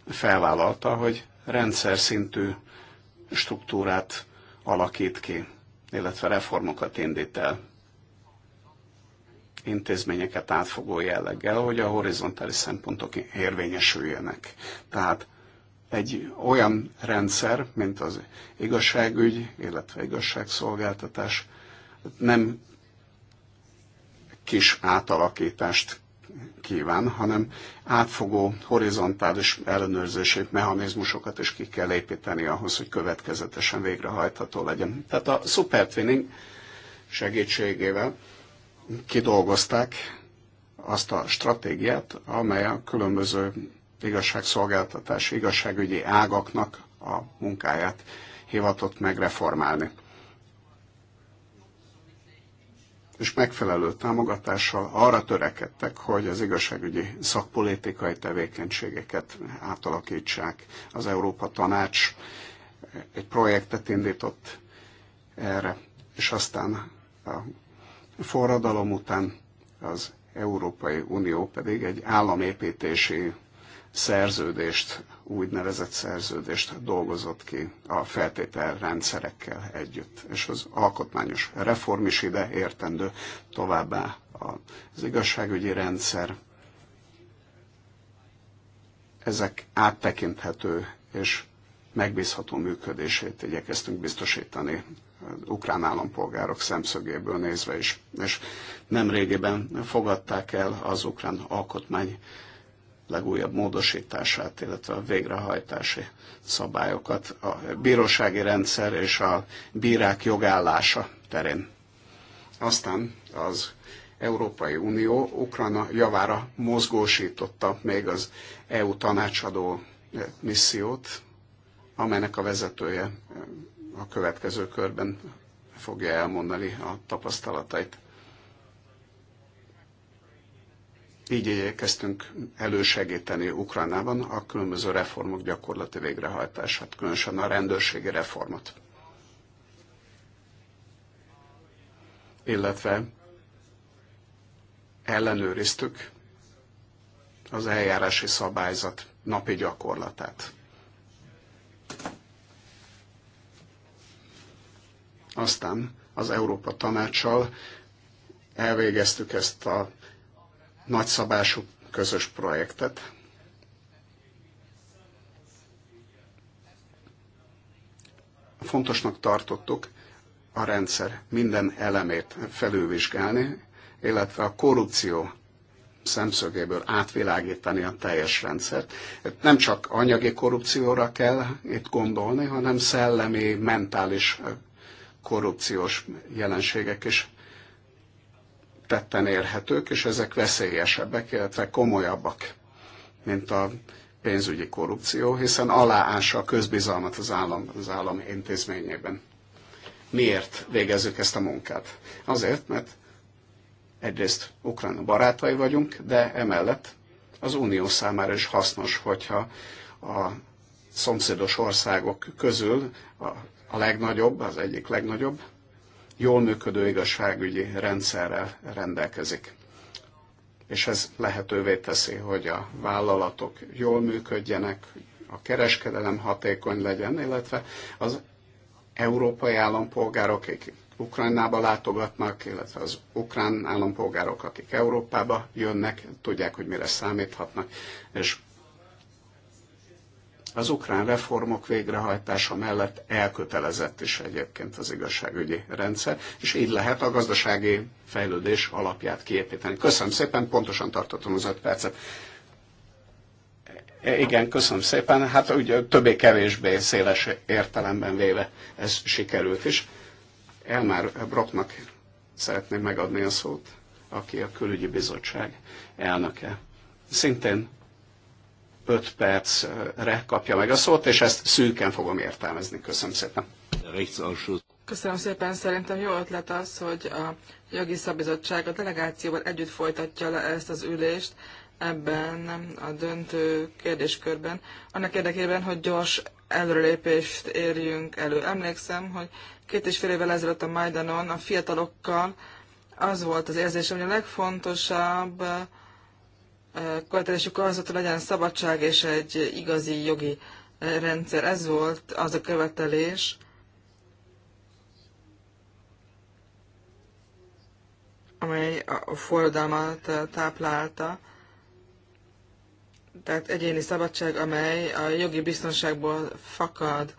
felvállalta, hogy rendszer szintű struktúrát alakít ki, illetve reformokat indít el intézményeket átfogó jelleggel, hogy a horizontális szempontok érvényesüljenek. Tehát egy olyan rendszer, mint az igazságügy, illetve igazságszolgáltatás nem kis átalakítást kíván, hanem átfogó, horizontális ellenőrzési mechanizmusokat is ki kell építeni ahhoz, hogy következetesen végrehajtható legyen. Tehát a supertwinning segítségével kidolgozták azt a stratégiát, amely a különböző igazságszolgáltatási, igazságügyi ágaknak a munkáját hivatott megreformálni. És megfelelő támogatással arra törekedtek, hogy az igazságügyi szakpolitikai tevékenységeket átalakítsák. Az Európa Tanács egy projektet indított erre, és aztán a forradalom után az Európai Unió pedig egy államépítési szerződést, úgynevezett szerződést dolgozott ki a feltételrendszerekkel együtt. És az alkotmányos reform is ide értendő továbbá az igazságügyi rendszer. Ezek áttekinthető és megbízható működését igyekeztünk biztosítani ukrán állampolgárok szemszögéből nézve is. És nem régiben fogadták el az ukrán alkotmány legújabb módosítását, illetve a végrehajtási szabályokat a bírósági rendszer és a bírák jogállása terén. Aztán az Európai Unió Ukrajna javára mozgósította még az EU tanácsadó missziót, amelynek a vezetője a következő körben fogja elmondani a tapasztalatait. Így igyekeztünk elősegíteni Ukrajnában a különböző reformok gyakorlati végrehajtását, különösen a rendőrségi reformot. Illetve ellenőriztük az eljárási szabályzat napi gyakorlatát. Aztán az Európa Tanácssal elvégeztük ezt a nagyszabású közös projektet. Fontosnak tartottuk a rendszer minden elemét felülvizsgálni, illetve a korrupció szemszögéből átvilágítani a teljes rendszert. Nem csak anyagi korrupcióra kell itt gondolni, hanem szellemi, mentális korrupciós jelenségek is tetten érhetők, és ezek veszélyesebbek, illetve komolyabbak, mint a pénzügyi korrupció, hiszen aláássa a közbizalmat az állam, az állam intézményében. Miért végezzük ezt a munkát? Azért, mert egyrészt Ukrajna barátai vagyunk, de emellett az Unió számára is hasznos, hogyha a szomszédos országok közül a a legnagyobb, az egyik legnagyobb, jól működő igazságügyi rendszerrel rendelkezik. És ez lehetővé teszi, hogy a vállalatok jól működjenek, a kereskedelem hatékony legyen, illetve az európai állampolgárok, akik Ukrajnába látogatnak, illetve az ukrán állampolgárok, akik Európába jönnek, tudják, hogy mire számíthatnak, és az ukrán reformok végrehajtása mellett elkötelezett is egyébként az igazságügyi rendszer, és így lehet a gazdasági fejlődés alapját kiépíteni. Köszönöm szépen, pontosan tartottam az öt percet. E, igen, köszönöm szépen. Hát ugye többé-kevésbé széles értelemben véve ez sikerült is. Elmár Brocknak szeretném megadni a szót, aki a külügyi bizottság elnöke. Szintén 5 percre kapja meg a szót, és ezt szűken fogom értelmezni. Köszönöm szépen. Köszönöm szépen, szerintem jó ötlet az, hogy a jogi szabizottság a delegációval együtt folytatja le ezt az ülést ebben a döntő kérdéskörben, annak érdekében, hogy gyors előrelépést érjünk elő. Emlékszem, hogy két és fél évvel ezelőtt a Majdanon a fiatalokkal az volt az érzésem, hogy a legfontosabb követelésük az, hogy legyen szabadság és egy igazi jogi rendszer. Ez volt az a követelés, amely a forradalmat táplálta. Tehát egyéni szabadság, amely a jogi biztonságból fakad.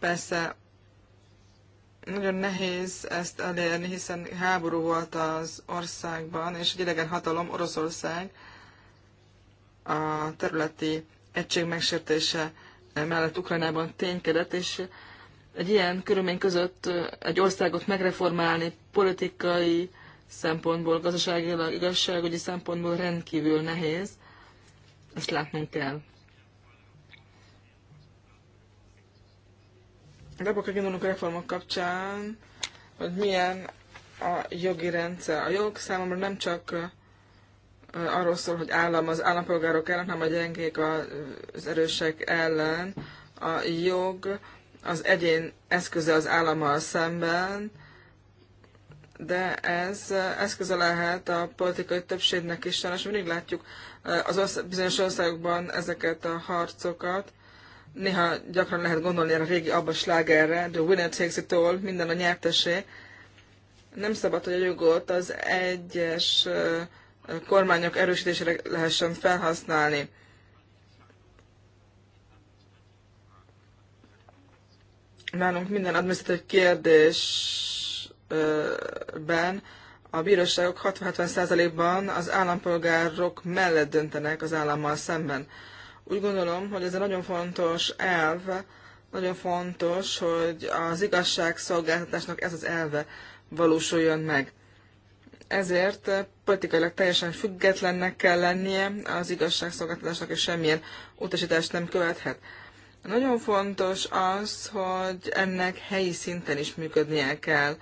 Persze nagyon nehéz ezt elérni, hiszen háború volt az országban, és egy idegen hatalom, Oroszország, a területi egység megsértése mellett Ukrajnában ténykedett, és egy ilyen körülmény között egy országot megreformálni politikai szempontból, gazdaságilag, igazságügyi szempontból rendkívül nehéz. Ezt látnunk kell. Abba kell gondolnunk a reformok kapcsán, hogy milyen a jogi rendszer. A jog számomra nem csak arról szól, hogy állam az állampolgárok ellen, hanem a gyengék az erősek ellen. A jog az egyén eszköze az állammal szemben, de ez eszköze lehet a politikai többségnek is, és mindig látjuk az ország, bizonyos országokban ezeket a harcokat. Néha gyakran lehet gondolni erre a régi abba slágerre, the winner takes it all, minden a nyertesé. Nem szabad, hogy a jogot az egyes kormányok erősítésére lehessen felhasználni. Nálunk minden adminisztratív kérdésben a bíróságok 60-70%-ban az állampolgárok mellett döntenek az állammal szemben. Úgy gondolom, hogy ez egy nagyon fontos elv, nagyon fontos, hogy az igazságszolgáltatásnak ez az elve valósuljon meg ezért politikailag teljesen függetlennek kell lennie az igazságszolgáltatásnak, és semmilyen utasítást nem követhet. Nagyon fontos az, hogy ennek helyi szinten is működnie kell.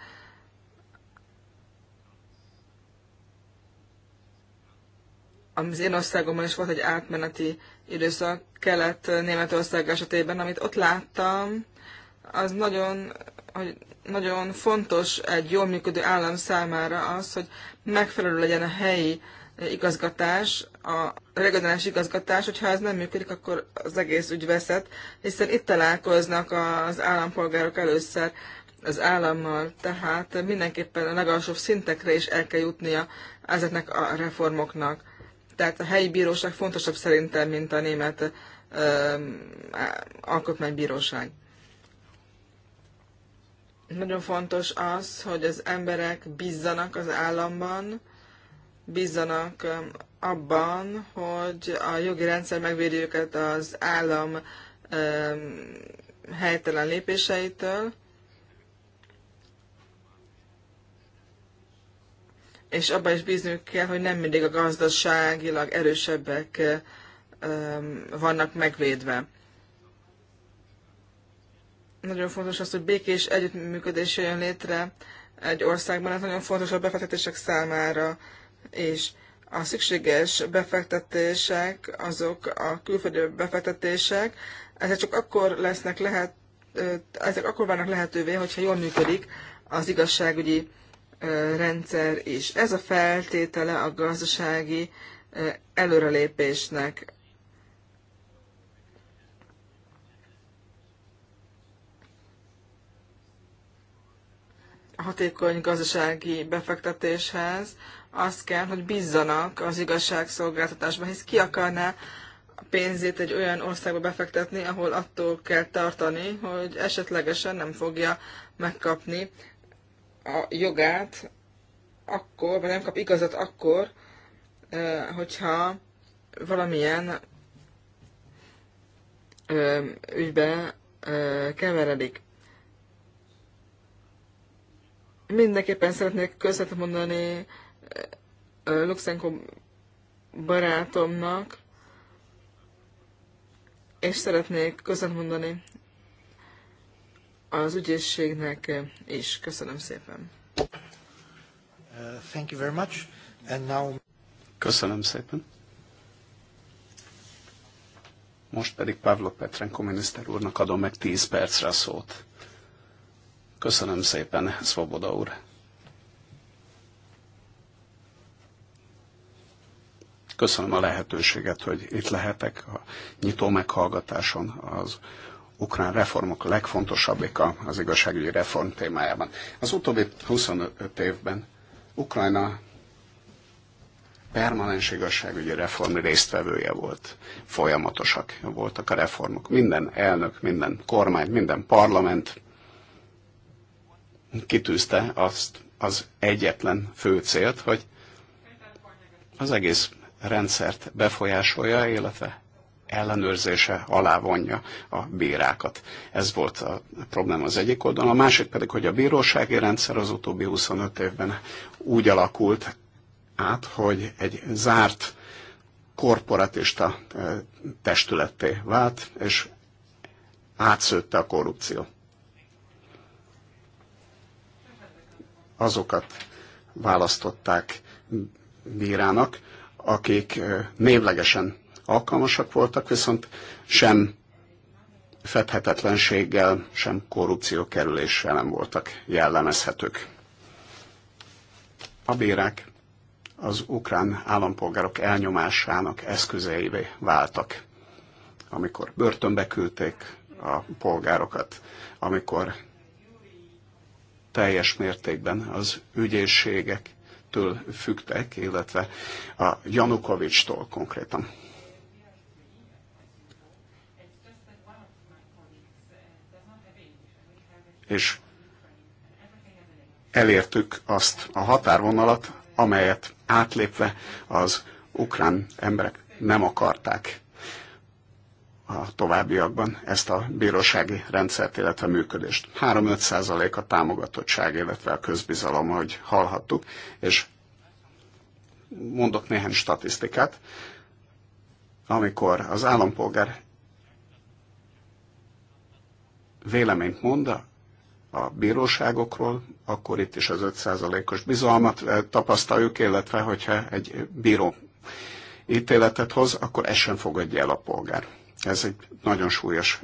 Az én országomban is volt egy átmeneti időszak Kelet-Németország esetében, amit ott láttam, az nagyon, hogy nagyon fontos egy jól működő állam számára az, hogy megfelelő legyen a helyi igazgatás, a regionális igazgatás, hogyha ez nem működik, akkor az egész ügy veszett, hiszen itt találkoznak az állampolgárok először az állammal, tehát mindenképpen a legalsóbb szintekre is el kell jutnia ezeknek a reformoknak. Tehát a helyi bíróság fontosabb szerintem, mint a német ö, alkotmánybíróság. Nagyon fontos az, hogy az emberek bízzanak az államban, bízzanak um, abban, hogy a jogi rendszer megvédi őket az állam um, helytelen lépéseitől, és abban is bíznünk kell, hogy nem mindig a gazdaságilag erősebbek um, vannak megvédve. Nagyon fontos az, hogy békés együttműködés jön létre egy országban, ez nagyon fontos a befektetések számára, és a szükséges befektetések, azok a külföldi befektetések, ezek csak akkor lesznek lehet, ezek akkor válnak lehetővé, hogyha jól működik az igazságügyi rendszer is. Ez a feltétele a gazdasági előrelépésnek. a hatékony gazdasági befektetéshez az kell, hogy bízzanak az igazságszolgáltatásban, hisz ki akarná a pénzét egy olyan országba befektetni, ahol attól kell tartani, hogy esetlegesen nem fogja megkapni a jogát akkor, vagy nem kap igazat akkor, hogyha valamilyen ügybe keveredik. Mindenképpen szeretnék köszönet mondani Luxenko barátomnak, és szeretnék köszönet mondani az ügyészségnek is. Köszönöm szépen. Uh, thank you very much. And now... Köszönöm szépen. Most pedig Pavlo Petrenko miniszter úrnak adom meg 10 percre a szót. Köszönöm szépen, Svoboda úr. Köszönöm a lehetőséget, hogy itt lehetek a nyitó meghallgatáson az ukrán reformok legfontosabbika az igazságügyi reform témájában. Az utóbbi 25 évben Ukrajna permanens igazságügyi reform résztvevője volt. Folyamatosak voltak a reformok. Minden elnök, minden kormány, minden parlament kitűzte azt az egyetlen fő célt, hogy az egész rendszert befolyásolja, illetve ellenőrzése alá vonja a bírákat. Ez volt a probléma az egyik oldalon. A másik pedig, hogy a bírósági rendszer az utóbbi 25 évben úgy alakult át, hogy egy zárt korporatista eh, testületté vált, és átszőtte a korrupciót. azokat választották bírának, akik névlegesen alkalmasak voltak, viszont sem fedhetetlenséggel, sem korrupció kerüléssel nem voltak jellemezhetők. A bírák az ukrán állampolgárok elnyomásának eszközeivé váltak, amikor börtönbe küldték a polgárokat, amikor teljes mértékben az ügyészségektől fügtek, illetve a Janukovics-tól konkrétan. És elértük azt a határvonalat, amelyet átlépve az ukrán emberek nem akarták a továbbiakban ezt a bírósági rendszert, illetve működést. 3-5 a támogatottság, illetve a közbizalom, ahogy hallhattuk, és mondok néhány statisztikát. Amikor az állampolgár véleményt mond a bíróságokról, akkor itt is az 5%-os bizalmat eh, tapasztaljuk, illetve hogyha egy bíró ítéletet hoz, akkor ezt sem fogadja el a polgár. Ez egy nagyon súlyos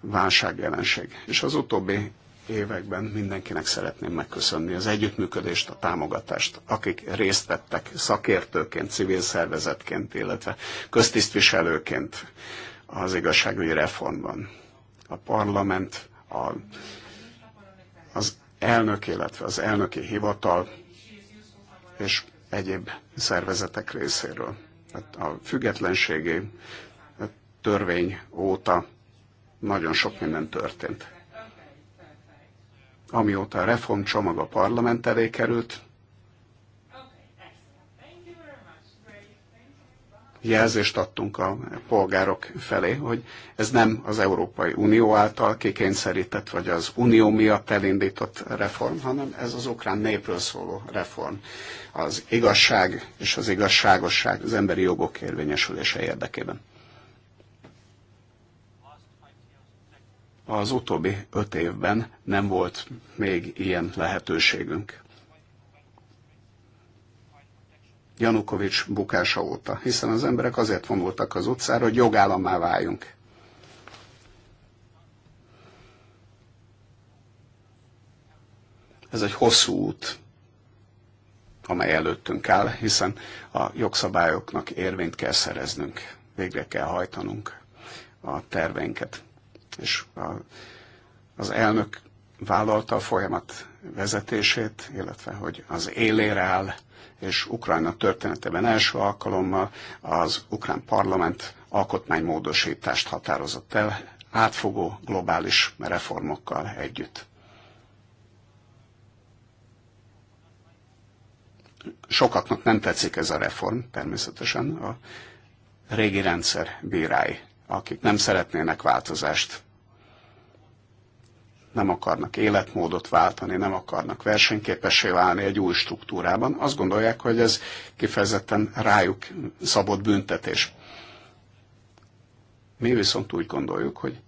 válságjelenség. És az utóbbi években mindenkinek szeretném megköszönni az együttműködést, a támogatást, akik részt vettek szakértőként, civil szervezetként, illetve köztisztviselőként az igazságügyi reformban. A parlament, a, az elnök, illetve az elnöki hivatal és egyéb szervezetek részéről. Hát a függetlenségi törvény óta nagyon sok minden történt. Amióta a reformcsomag a parlament elé került, jelzést adtunk a polgárok felé, hogy ez nem az Európai Unió által kikényszerített, vagy az Unió miatt elindított reform, hanem ez az ukrán népről szóló reform. Az igazság és az igazságosság az emberi jogok érvényesülése érdekében. az utóbbi öt évben nem volt még ilyen lehetőségünk. Janukovics bukása óta, hiszen az emberek azért vonultak az utcára, hogy jogállammá váljunk. Ez egy hosszú út, amely előttünk áll, hiszen a jogszabályoknak érvényt kell szereznünk, végre kell hajtanunk a terveinket és a, az elnök vállalta a folyamat vezetését, illetve hogy az élére áll, és Ukrajna történetében első alkalommal az ukrán parlament alkotmánymódosítást határozott el, átfogó globális reformokkal együtt. Sokaknak nem tetszik ez a reform, természetesen a régi rendszer bírái akik nem szeretnének változást, nem akarnak életmódot váltani, nem akarnak versenyképessé válni egy új struktúrában, azt gondolják, hogy ez kifejezetten rájuk szabott büntetés. Mi viszont úgy gondoljuk, hogy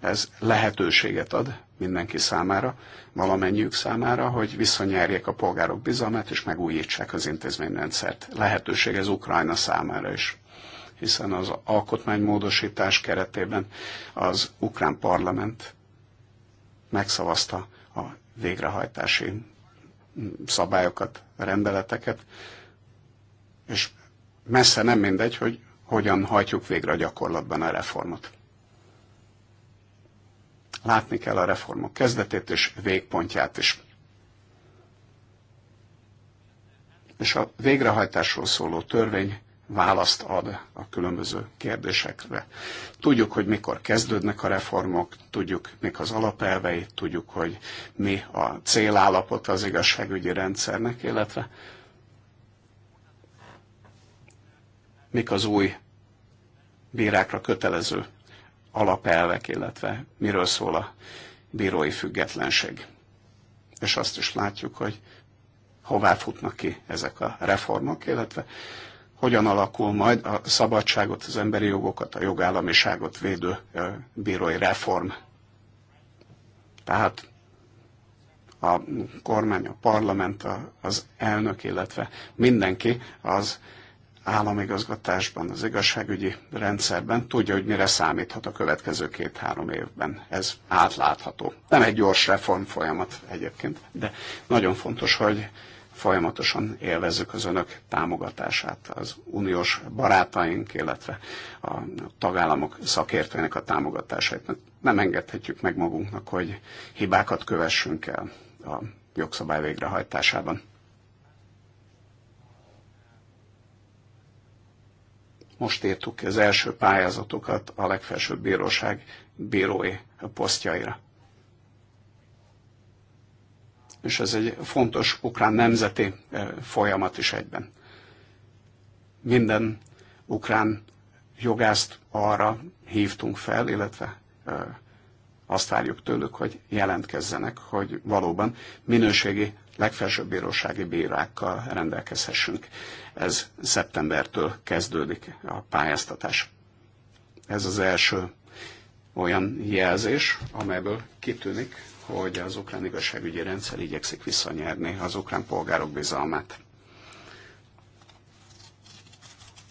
ez lehetőséget ad mindenki számára, valamennyiük számára, hogy visszanyerjék a polgárok bizalmát és megújítsák az intézményrendszert. Lehetőség ez Ukrajna számára is hiszen az alkotmánymódosítás keretében az ukrán parlament megszavazta a végrehajtási szabályokat, rendeleteket, és messze nem mindegy, hogy hogyan hajtjuk végre a gyakorlatban a reformot. Látni kell a reformok kezdetét és végpontját is. És a végrehajtásról szóló törvény választ ad a különböző kérdésekre. Tudjuk, hogy mikor kezdődnek a reformok, tudjuk, mik az alapelvei, tudjuk, hogy mi a célállapot az igazságügyi rendszernek, illetve mik az új bírákra kötelező alapelvek, illetve miről szól a bírói függetlenség. És azt is látjuk, hogy hová futnak ki ezek a reformok, illetve hogyan alakul majd a szabadságot, az emberi jogokat, a jogállamiságot védő bírói reform. Tehát a kormány, a parlament, az elnök, illetve mindenki az államigazgatásban, az igazságügyi rendszerben tudja, hogy mire számíthat a következő két-három évben. Ez átlátható. Nem egy gyors reform folyamat egyébként, de nagyon fontos, hogy folyamatosan élvezzük az önök támogatását, az uniós barátaink, illetve a tagállamok szakértőinek a támogatását. Nem engedhetjük meg magunknak, hogy hibákat kövessünk el a jogszabály végrehajtásában. Most írtuk az első pályázatokat a legfelsőbb bíróság bírói posztjaira és ez egy fontos ukrán nemzeti eh, folyamat is egyben. Minden ukrán jogászt arra hívtunk fel, illetve eh, azt várjuk tőlük, hogy jelentkezzenek, hogy valóban minőségi legfelsőbb bírósági bírákkal rendelkezhessünk. Ez szeptembertől kezdődik a pályáztatás. Ez az első olyan jelzés, amelyből kitűnik, hogy az ukrán igazságügyi rendszer igyekszik visszanyerni az ukrán polgárok bizalmát.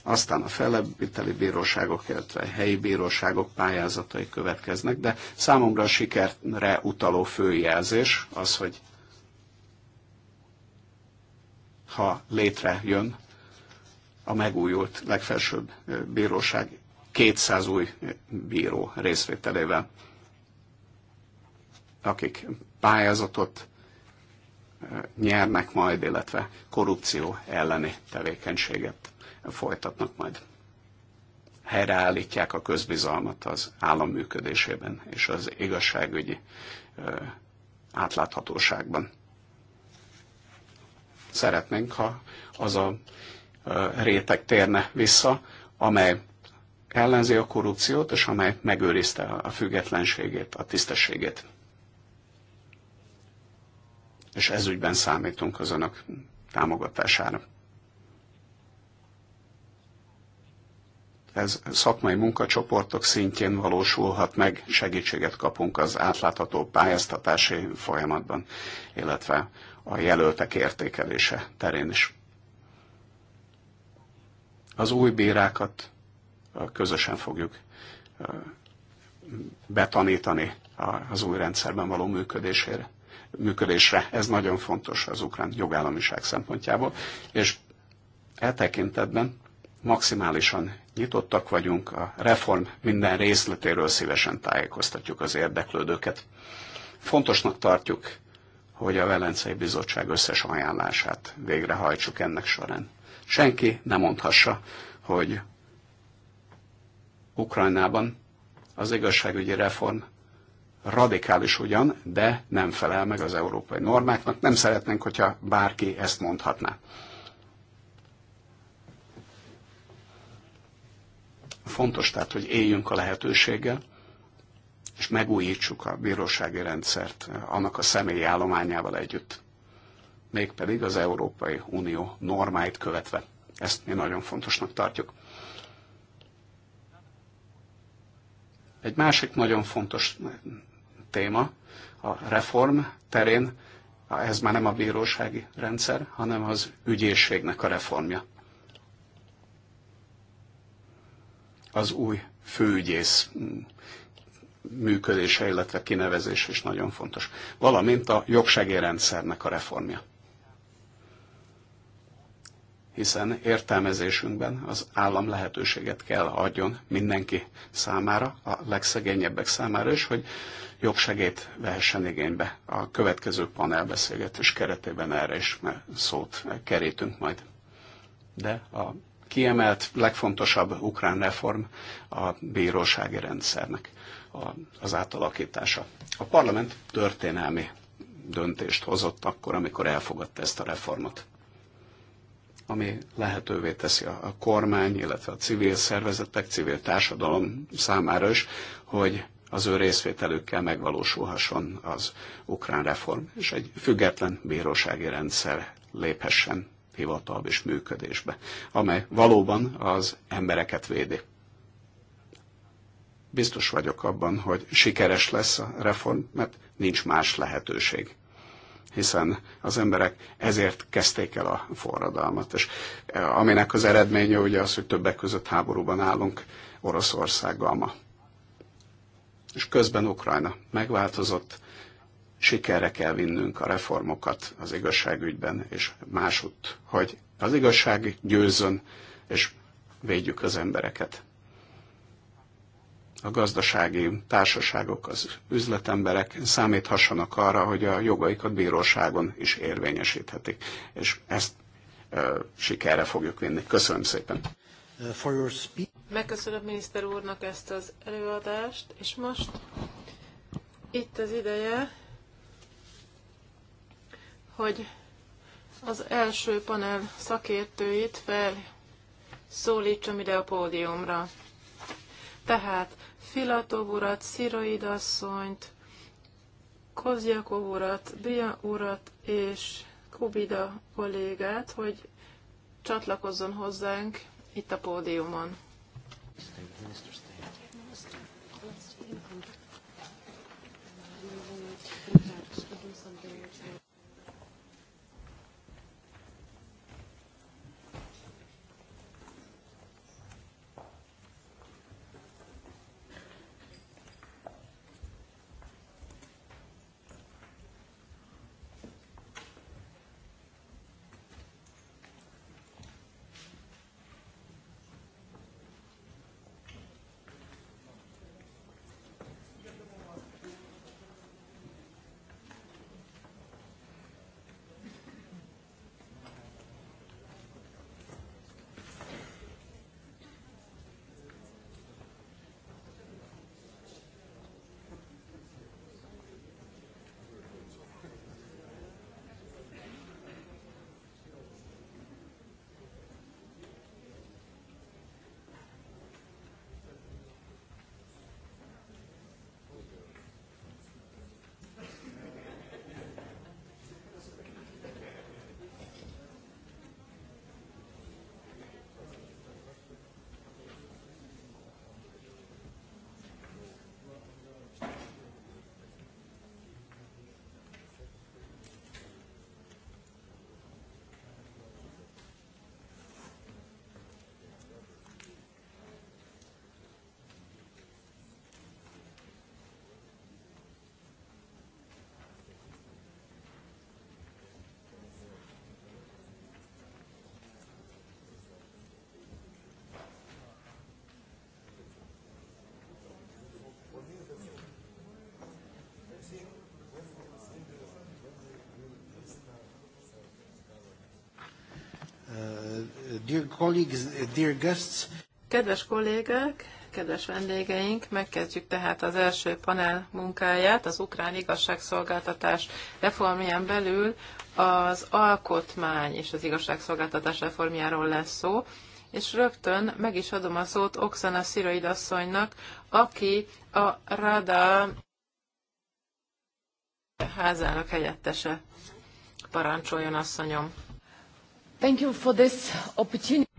Aztán a felebbiteli bíróságok, illetve a helyi bíróságok pályázatai következnek, de számomra a sikerre utaló főjelzés az, hogy ha létrejön a megújult legfelsőbb bíróság 200 új bíró részvételével akik pályázatot nyernek majd, illetve korrupció elleni tevékenységet folytatnak majd. Helyreállítják a közbizalmat az állam működésében és az igazságügyi átláthatóságban. Szeretnénk, ha az a réteg térne vissza, amely ellenzi a korrupciót, és amely megőrizte a függetlenségét, a tisztességét és ezügyben számítunk az önök támogatására. Ez szakmai munkacsoportok szintjén valósulhat meg, segítséget kapunk az átlátható pályáztatási folyamatban, illetve a jelöltek értékelése terén is. Az új bírákat közösen fogjuk betanítani az új rendszerben való működésére működésre. Ez nagyon fontos az ukrán jogállamiság szempontjából, és e tekintetben maximálisan nyitottak vagyunk, a reform minden részletéről szívesen tájékoztatjuk az érdeklődőket. Fontosnak tartjuk, hogy a Velencei Bizottság összes ajánlását végrehajtsuk ennek során. Senki nem mondhassa, hogy Ukrajnában az igazságügyi reform radikális ugyan, de nem felel meg az európai normáknak. Nem szeretnénk, hogyha bárki ezt mondhatná. Fontos tehát, hogy éljünk a lehetőséggel, és megújítsuk a bírósági rendszert annak a személyi állományával együtt. Mégpedig az Európai Unió normáit követve. Ezt mi nagyon fontosnak tartjuk. Egy másik nagyon fontos téma a reform terén, ez már nem a bírósági rendszer, hanem az ügyészségnek a reformja. Az új főügyész mm, működése, illetve kinevezés is nagyon fontos. Valamint a jogsegélyrendszernek a reformja. Hiszen értelmezésünkben az állam lehetőséget kell adjon mindenki számára, a legszegényebbek számára is, hogy jogsegét vehessen igénybe. A következő panelbeszélgetés keretében erre is szót kerítünk majd. De a kiemelt, legfontosabb ukrán reform a bírósági rendszernek az átalakítása. A parlament történelmi döntést hozott akkor, amikor elfogadta ezt a reformot ami lehetővé teszi a kormány, illetve a civil szervezetek, civil társadalom számára is, hogy az ő részvételükkel megvalósulhasson az ukrán reform, és egy független bírósági rendszer léphessen hivatalba és működésbe, amely valóban az embereket védi. Biztos vagyok abban, hogy sikeres lesz a reform, mert nincs más lehetőség hiszen az emberek ezért kezdték el a forradalmat, és eh, aminek az eredménye ugye az, hogy többek között háborúban állunk Oroszországgal ma és közben Ukrajna megváltozott, sikerre kell vinnünk a reformokat az igazságügyben és másutt, hogy az igazság győzön, és védjük az embereket. A gazdasági társaságok, az üzletemberek számíthassanak arra, hogy a jogaikat bíróságon is érvényesíthetik, és ezt e, sikerre fogjuk vinni. Köszönöm szépen! Uh, for your speech. Megköszönöm miniszter úrnak ezt az előadást, és most itt az ideje, hogy az első panel szakértőit szólítsam ide a pódiumra. Tehát Filatov urat, Sziroid asszonyt, Kozjakov urat, Bia urat és Kubida kollégát, hogy csatlakozzon hozzánk itt a pódiumon. Dear colleagues, dear guests. Kedves kollégák, kedves vendégeink, megkezdjük tehát az első panel munkáját az ukrán igazságszolgáltatás reformján belül az alkotmány és az igazságszolgáltatás reformjáról lesz szó, és rögtön meg is adom a szót Oksana Sziroid asszonynak, aki a Rada házának helyettese. Parancsoljon, asszonyom! Thank you for this opportunity.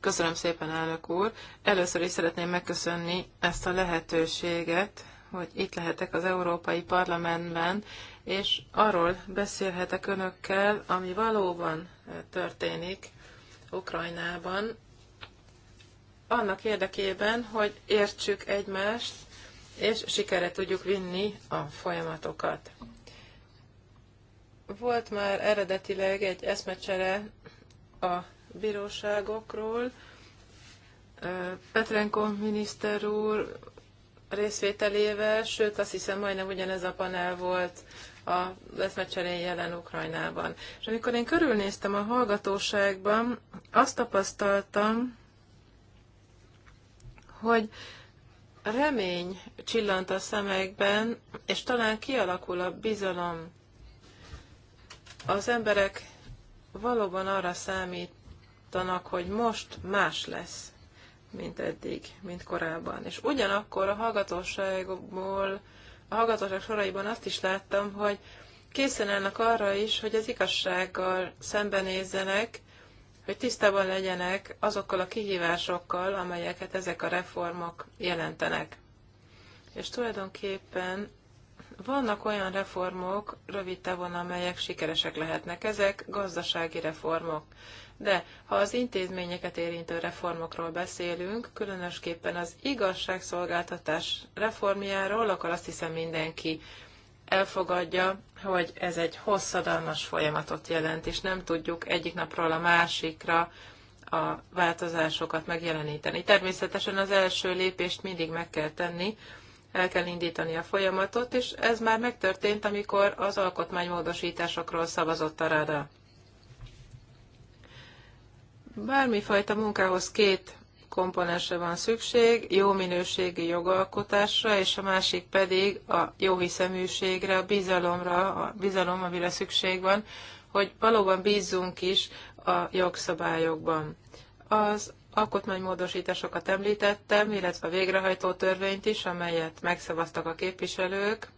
Köszönöm szépen, elnök úr. Először is szeretném megköszönni ezt a lehetőséget, hogy itt lehetek az Európai Parlamentben, és arról beszélhetek önökkel, ami valóban eh, történik Ukrajnában, annak érdekében, hogy értsük egymást, és sikere tudjuk vinni a folyamatokat. Volt már eredetileg egy eszmecsere a bíróságokról. Petrenko miniszter úr részvételével, sőt azt hiszem majdnem ugyanez a panel volt a leszmecserén jelen Ukrajnában. És amikor én körülnéztem a hallgatóságban, azt tapasztaltam, hogy remény csillant a szemekben, és talán kialakul a bizalom. Az emberek valóban arra számítanak, hogy most más lesz, mint eddig, mint korábban. És ugyanakkor a hallgatóságból, a hallgatóság soraiban azt is láttam, hogy készen állnak arra is, hogy az igazsággal szembenézzenek, hogy tisztában legyenek azokkal a kihívásokkal, amelyeket ezek a reformok jelentenek. És tulajdonképpen vannak olyan reformok rövid távon, amelyek sikeresek lehetnek. Ezek gazdasági reformok. De ha az intézményeket érintő reformokról beszélünk, különösképpen az igazságszolgáltatás reformjáról, akkor azt hiszem mindenki elfogadja, hogy ez egy hosszadalmas folyamatot jelent, és nem tudjuk egyik napról a másikra a változásokat megjeleníteni. Természetesen az első lépést mindig meg kell tenni, el kell indítani a folyamatot, és ez már megtörtént, amikor az alkotmánymódosításokról szavazott a Rada. Bármifajta munkához két komponensre van szükség, jó minőségi jogalkotásra, és a másik pedig a jóhiszeműségre, a bizalomra, a bizalom, amire szükség van, hogy valóban bízzunk is a jogszabályokban. Az alkotmánymódosításokat említettem, illetve a végrehajtó törvényt is, amelyet megszavaztak a képviselők.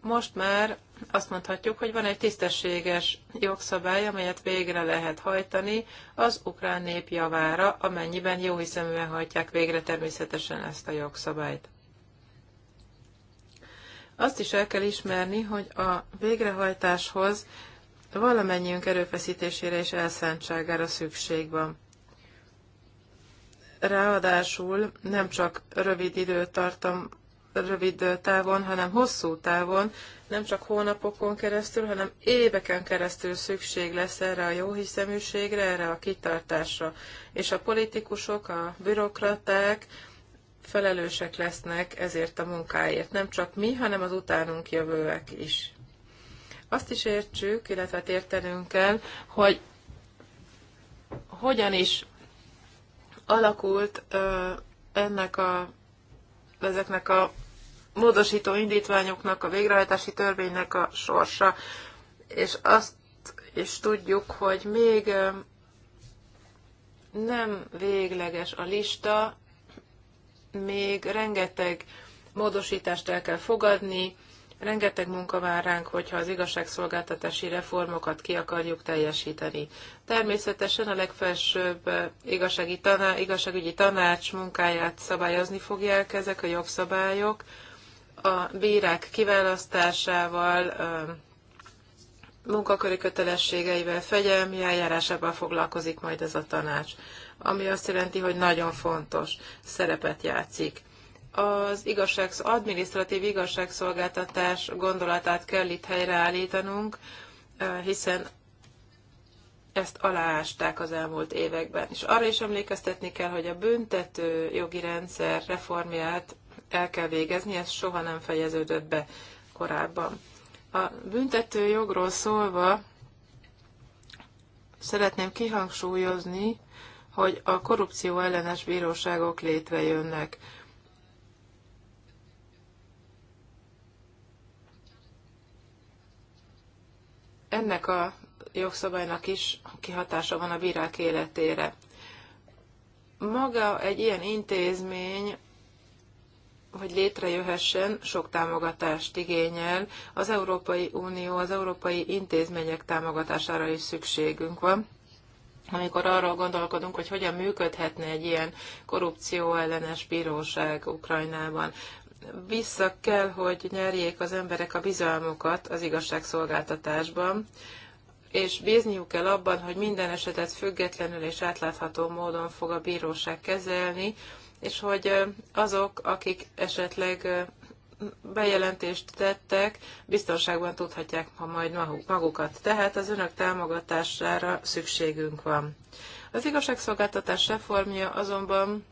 Most már azt mondhatjuk, hogy van egy tisztességes jogszabály, amelyet végre lehet hajtani az ukrán nép javára, amennyiben jó hiszeműen hajtják végre természetesen ezt a jogszabályt. Azt is el kell ismerni, hogy a végrehajtáshoz valamennyiünk erőfeszítésére és elszántságára szükség van ráadásul nem csak rövid időtartam, rövid távon, hanem hosszú távon, nem csak hónapokon keresztül, hanem éveken keresztül szükség lesz erre a jó hiszeműségre, erre a kitartásra. És a politikusok, a bürokraták felelősek lesznek ezért a munkáért. Nem csak mi, hanem az utánunk jövőek is. Azt is értsük, illetve értenünk kell, hogy hogyan is alakult ennek a, ezeknek a módosító indítványoknak, a végrehajtási törvénynek a sorsa, és azt is tudjuk, hogy még nem végleges a lista, még rengeteg módosítást el kell fogadni, Rengeteg munka vár ránk, hogyha az igazságszolgáltatási reformokat ki akarjuk teljesíteni. Természetesen a legfelsőbb eh, igazsági taná, igazságügyi tanács munkáját szabályozni fogják ezek a jogszabályok. A bírák kiválasztásával, eh, munkaköri kötelességeivel, fegyelmi eljárásával foglalkozik majd ez a tanács, ami azt jelenti, hogy nagyon fontos szerepet játszik az igazság, adminisztratív igazságszolgáltatás gondolatát kell itt helyreállítanunk, hiszen ezt aláásták az elmúlt években. És arra is emlékeztetni kell, hogy a büntető jogi rendszer reformját el kell végezni, ez soha nem fejeződött be korábban. A büntető jogról szólva szeretném kihangsúlyozni, hogy a korrupció ellenes bíróságok létrejönnek ennek a jogszabálynak is kihatása van a bírák életére. Maga egy ilyen intézmény, hogy létrejöhessen, sok támogatást igényel. Az Európai Unió, az európai intézmények támogatására is szükségünk van amikor arról gondolkodunk, hogy hogyan működhetne egy ilyen korrupció ellenes bíróság Ukrajnában vissza kell, hogy nyerjék az emberek a bizalmukat az igazságszolgáltatásban, és bízniuk kell abban, hogy minden esetet függetlenül és átlátható módon fog a bíróság kezelni, és hogy azok, akik esetleg bejelentést tettek, biztonságban tudhatják ha majd magukat. Tehát az önök támogatására szükségünk van. Az igazságszolgáltatás reformja azonban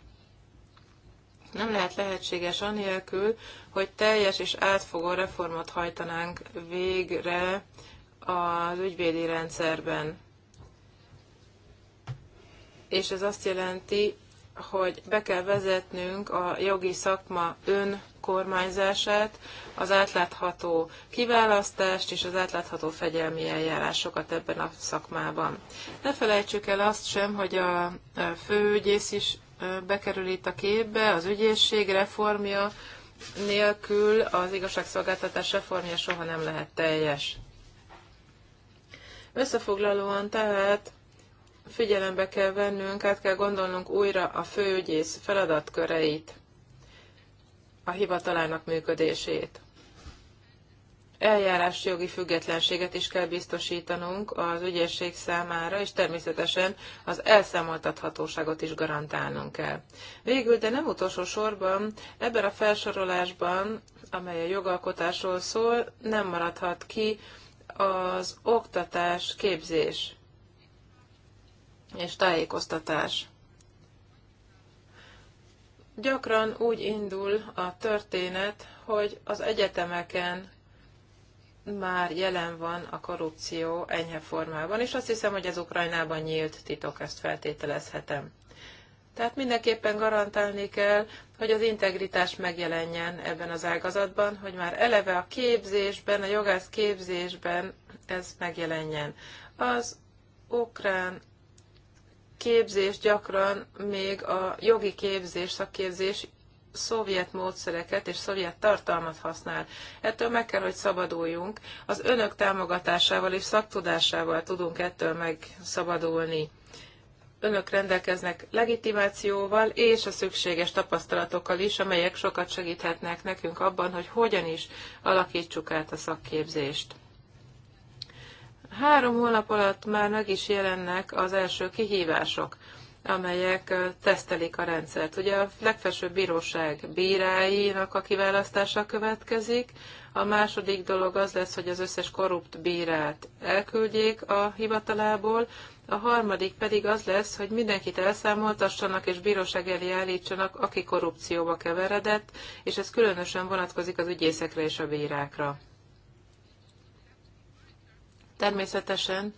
nem lehet lehetséges anélkül, hogy teljes és átfogó reformot hajtanánk végre az ügyvédi rendszerben. És ez azt jelenti, hogy be kell vezetnünk a jogi szakma önkormányzását, az átlátható kiválasztást és az átlátható fegyelmi eljárásokat ebben a szakmában. Ne felejtsük el azt sem, hogy a főügyész is bekerül itt a képbe, az ügyészség reformja nélkül az igazságszolgáltatás reformja soha nem lehet teljes. Összefoglalóan tehát figyelembe kell vennünk, át kell gondolnunk újra a főügyész feladatköreit, a hivatalának működését eljárásjogi függetlenséget is kell biztosítanunk az ügyesség számára, és természetesen az elszámoltathatóságot is garantálnunk kell. Végül, de nem utolsó sorban, ebben a felsorolásban, amely a jogalkotásról szól, nem maradhat ki az oktatás, képzés és tájékoztatás. Gyakran úgy indul a történet, hogy az egyetemeken már jelen van a korrupció enyhe formában, és azt hiszem, hogy ez Ukrajnában nyílt titok, ezt feltételezhetem. Tehát mindenképpen garantálni kell, hogy az integritás megjelenjen ebben az ágazatban, hogy már eleve a képzésben, a jogász képzésben ez megjelenjen. Az ukrán képzés gyakran még a jogi képzés, szakképzés szovjet módszereket és szovjet tartalmat használ. Ettől meg kell, hogy szabaduljunk. Az önök támogatásával és szaktudásával tudunk ettől megszabadulni. Önök rendelkeznek legitimációval és a szükséges tapasztalatokkal is, amelyek sokat segíthetnek nekünk abban, hogy hogyan is alakítsuk át a szakképzést. Három hónap alatt már meg is jelennek az első kihívások amelyek tesztelik a rendszert. Ugye a legfelsőbb bíróság bíráinak a kiválasztása következik, a második dolog az lesz, hogy az összes korrupt bírát elküldjék a hivatalából, a harmadik pedig az lesz, hogy mindenkit elszámoltassanak és bíróság elé állítsanak, aki korrupcióba keveredett, és ez különösen vonatkozik az ügyészekre és a bírákra. Természetesen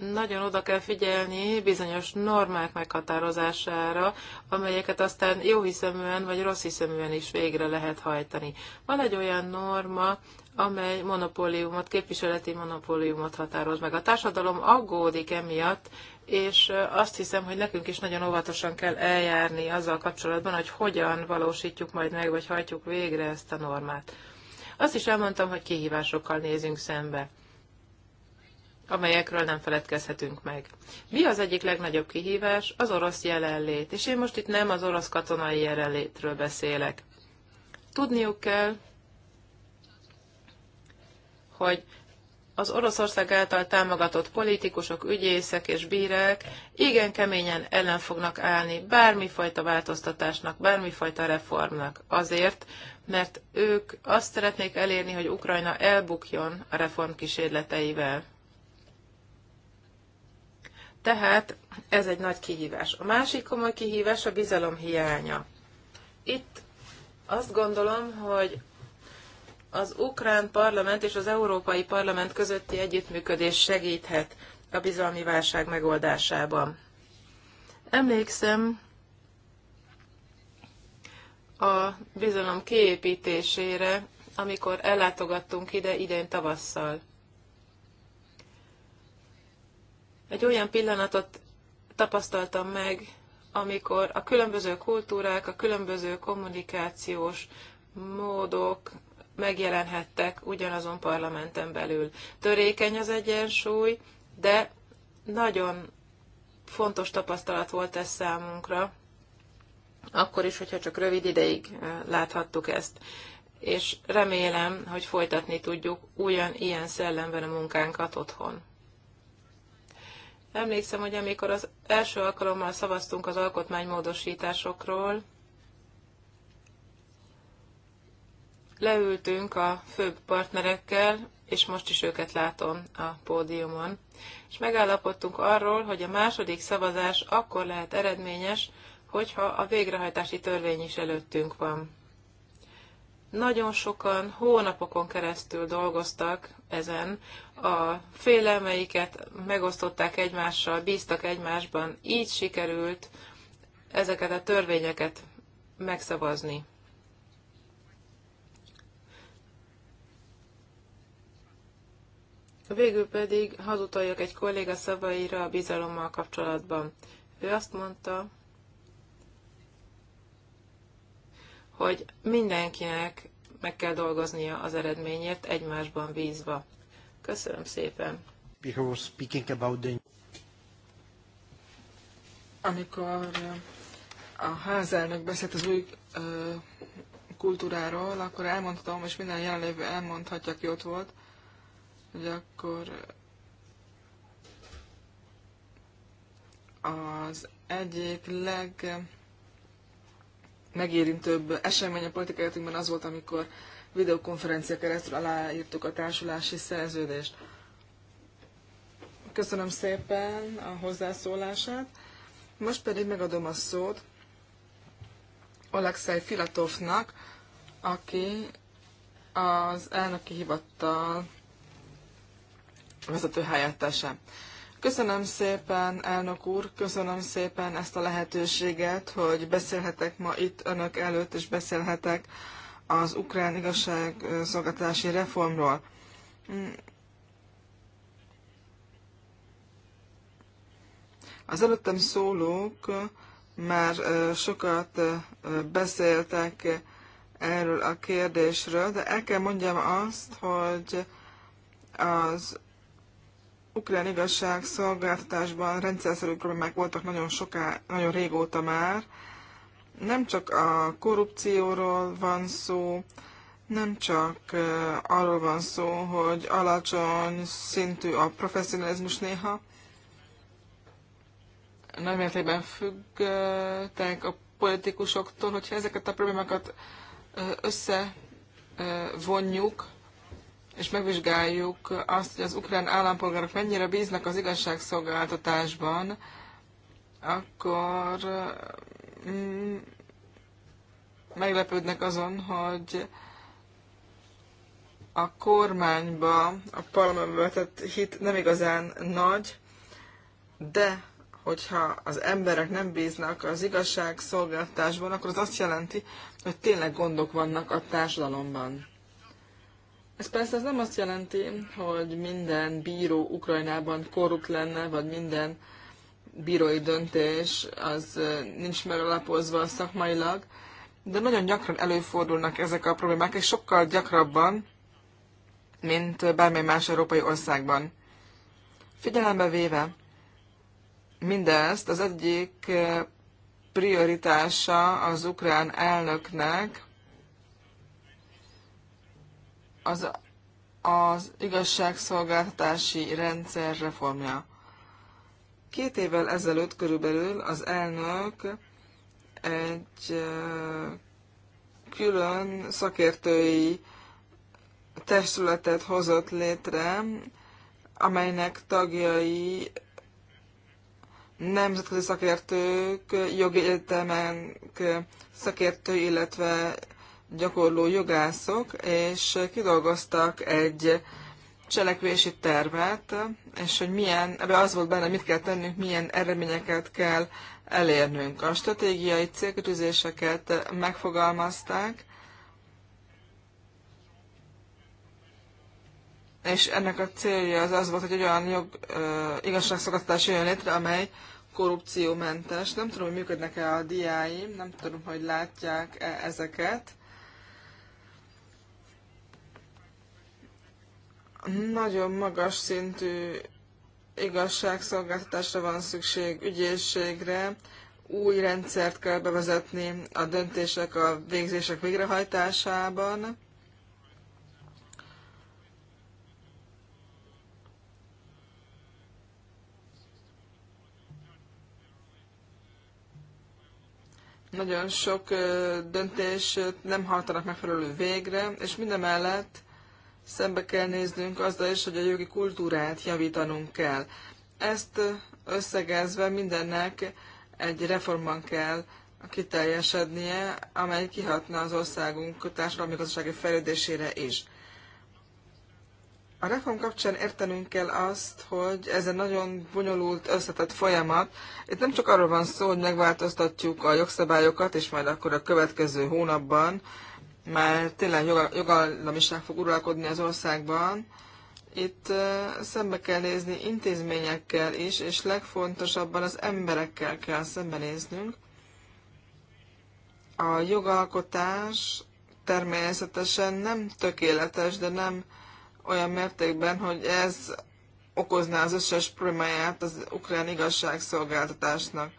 nagyon oda kell figyelni bizonyos normák meghatározására, amelyeket aztán jó hiszeműen vagy rossz hiszeműen is végre lehet hajtani. Van egy olyan norma, amely monopóliumot, képviseleti monopóliumot határoz meg. A társadalom aggódik emiatt, és azt hiszem, hogy nekünk is nagyon óvatosan kell eljárni azzal kapcsolatban, hogy hogyan valósítjuk majd meg, vagy hajtjuk végre ezt a normát. Azt is elmondtam, hogy kihívásokkal nézünk szembe amelyekről nem feledkezhetünk meg. Mi az egyik legnagyobb kihívás? Az orosz jelenlét. És én most itt nem az orosz katonai jelenlétről beszélek. Tudniuk kell, hogy az Oroszország által támogatott politikusok, ügyészek és bírák igen keményen ellen fognak állni bármifajta változtatásnak, bármifajta reformnak. Azért, mert ők azt szeretnék elérni, hogy Ukrajna elbukjon a reform kísérleteivel. Tehát ez egy nagy kihívás. A másik komoly kihívás a bizalom hiánya. Itt azt gondolom, hogy az ukrán parlament és az európai parlament közötti együttműködés segíthet a bizalmi válság megoldásában. Emlékszem a bizalom kiépítésére, amikor ellátogattunk ide idén tavasszal. egy olyan pillanatot tapasztaltam meg, amikor a különböző kultúrák, a különböző kommunikációs módok megjelenhettek ugyanazon parlamenten belül. Törékeny az egyensúly, de nagyon fontos tapasztalat volt ez számunkra, akkor is, hogyha csak rövid ideig láthattuk ezt. És remélem, hogy folytatni tudjuk ugyan ilyen szellemben a munkánkat otthon. Emlékszem, hogy amikor az első alkalommal szavaztunk az alkotmánymódosításokról, leültünk a főbb partnerekkel, és most is őket látom a pódiumon, és megállapodtunk arról, hogy a második szavazás akkor lehet eredményes, hogyha a végrehajtási törvény is előttünk van. Nagyon sokan hónapokon keresztül dolgoztak ezen, a félelmeiket megosztották egymással, bíztak egymásban, így sikerült ezeket a törvényeket megszavazni. Végül pedig hazutaljak egy kolléga szavaira a bizalommal kapcsolatban. Ő azt mondta, hogy mindenkinek meg kell dolgoznia az eredményért egymásban bízva. Köszönöm szépen! Amikor uh, a házelnök beszélt az új ö, uh, kultúráról, akkor elmondhatom, és minden jelenlévő elmondhatja, ki ott volt, hogy akkor uh, az egyik leg megérintőbb esemény a politikai életünkben az volt, amikor videokonferencia keresztül aláírtuk a társulási szerződést. Köszönöm szépen a hozzászólását. Most pedig megadom a szót Alexei Filatovnak, aki az elnöki hivattal vezető helyettese. Köszönöm szépen, elnök úr, köszönöm szépen ezt a lehetőséget, hogy beszélhetek ma itt önök előtt, és beszélhetek az ukrán igazságszolgáltatási reformról. Az előttem szólók már sokat beszéltek erről a kérdésről, de el kell mondjam azt, hogy az ukrán igazság szolgáltatásban rendszerszerű problémák voltak nagyon, soká, nagyon régóta már. Nem csak a korrupcióról van szó, nem csak arról van szó, hogy alacsony szintű a professzionalizmus néha, nagy mértékben függtek a politikusoktól, hogyha ezeket a problémákat összevonjuk, és megvizsgáljuk azt, hogy az ukrán állampolgárok mennyire bíznak az igazságszolgáltatásban, akkor mm, meglepődnek azon, hogy a kormányba, a parlamentbe vetett hit nem igazán nagy, de hogyha az emberek nem bíznak az igazságszolgáltatásban, akkor az azt jelenti, hogy tényleg gondok vannak a társadalomban. Ez persze ez nem azt jelenti, hogy minden bíró Ukrajnában korrupt lenne, vagy minden bírói döntés az nincs megalapozva szakmailag, de nagyon gyakran előfordulnak ezek a problémák, és sokkal gyakrabban, mint bármely más európai országban. Figyelembe véve mindezt, az egyik prioritása az ukrán elnöknek az, az igazságszolgáltatási rendszer reformja. Két évvel ezelőtt körülbelül az elnök egy külön szakértői testületet hozott létre, amelynek tagjai nemzetközi szakértők, jogi egyetemek szakértői, illetve gyakorló jogászok, és kidolgoztak egy cselekvési tervet, és hogy milyen, ebbe az volt benne, mit kell tennünk, milyen eredményeket kell elérnünk. A stratégiai célkötőzéseket megfogalmazták, és ennek a célja az az volt, hogy egy olyan jog, igazságszolgáltatás jön létre, amely korrupciómentes. Nem tudom, hogy működnek-e a diáim, nem tudom, hogy látják -e ezeket. nagyon magas szintű igazságszolgáltatásra van szükség, ügyészségre, új rendszert kell bevezetni a döntések, a végzések végrehajtásában. Nagyon sok döntés nem hajtanak megfelelő végre, és mindemellett szembe kell néznünk azzal is, hogy a jogi kultúrát javítanunk kell. Ezt összegezve mindennek egy reformban kell kiteljesednie, amely kihatna az országunk társadalmi gazdasági fejlődésére is. A reform kapcsán értenünk kell azt, hogy ez egy nagyon bonyolult, összetett folyamat. Itt nem csak arról van szó, hogy megváltoztatjuk a jogszabályokat, és majd akkor a következő hónapban mert tényleg jogállamiság fog uralkodni az országban. Itt szembe kell nézni intézményekkel is, és legfontosabban az emberekkel kell szembenéznünk. A jogalkotás természetesen nem tökéletes, de nem olyan mértékben, hogy ez okozná az összes problémáját az ukrán igazságszolgáltatásnak.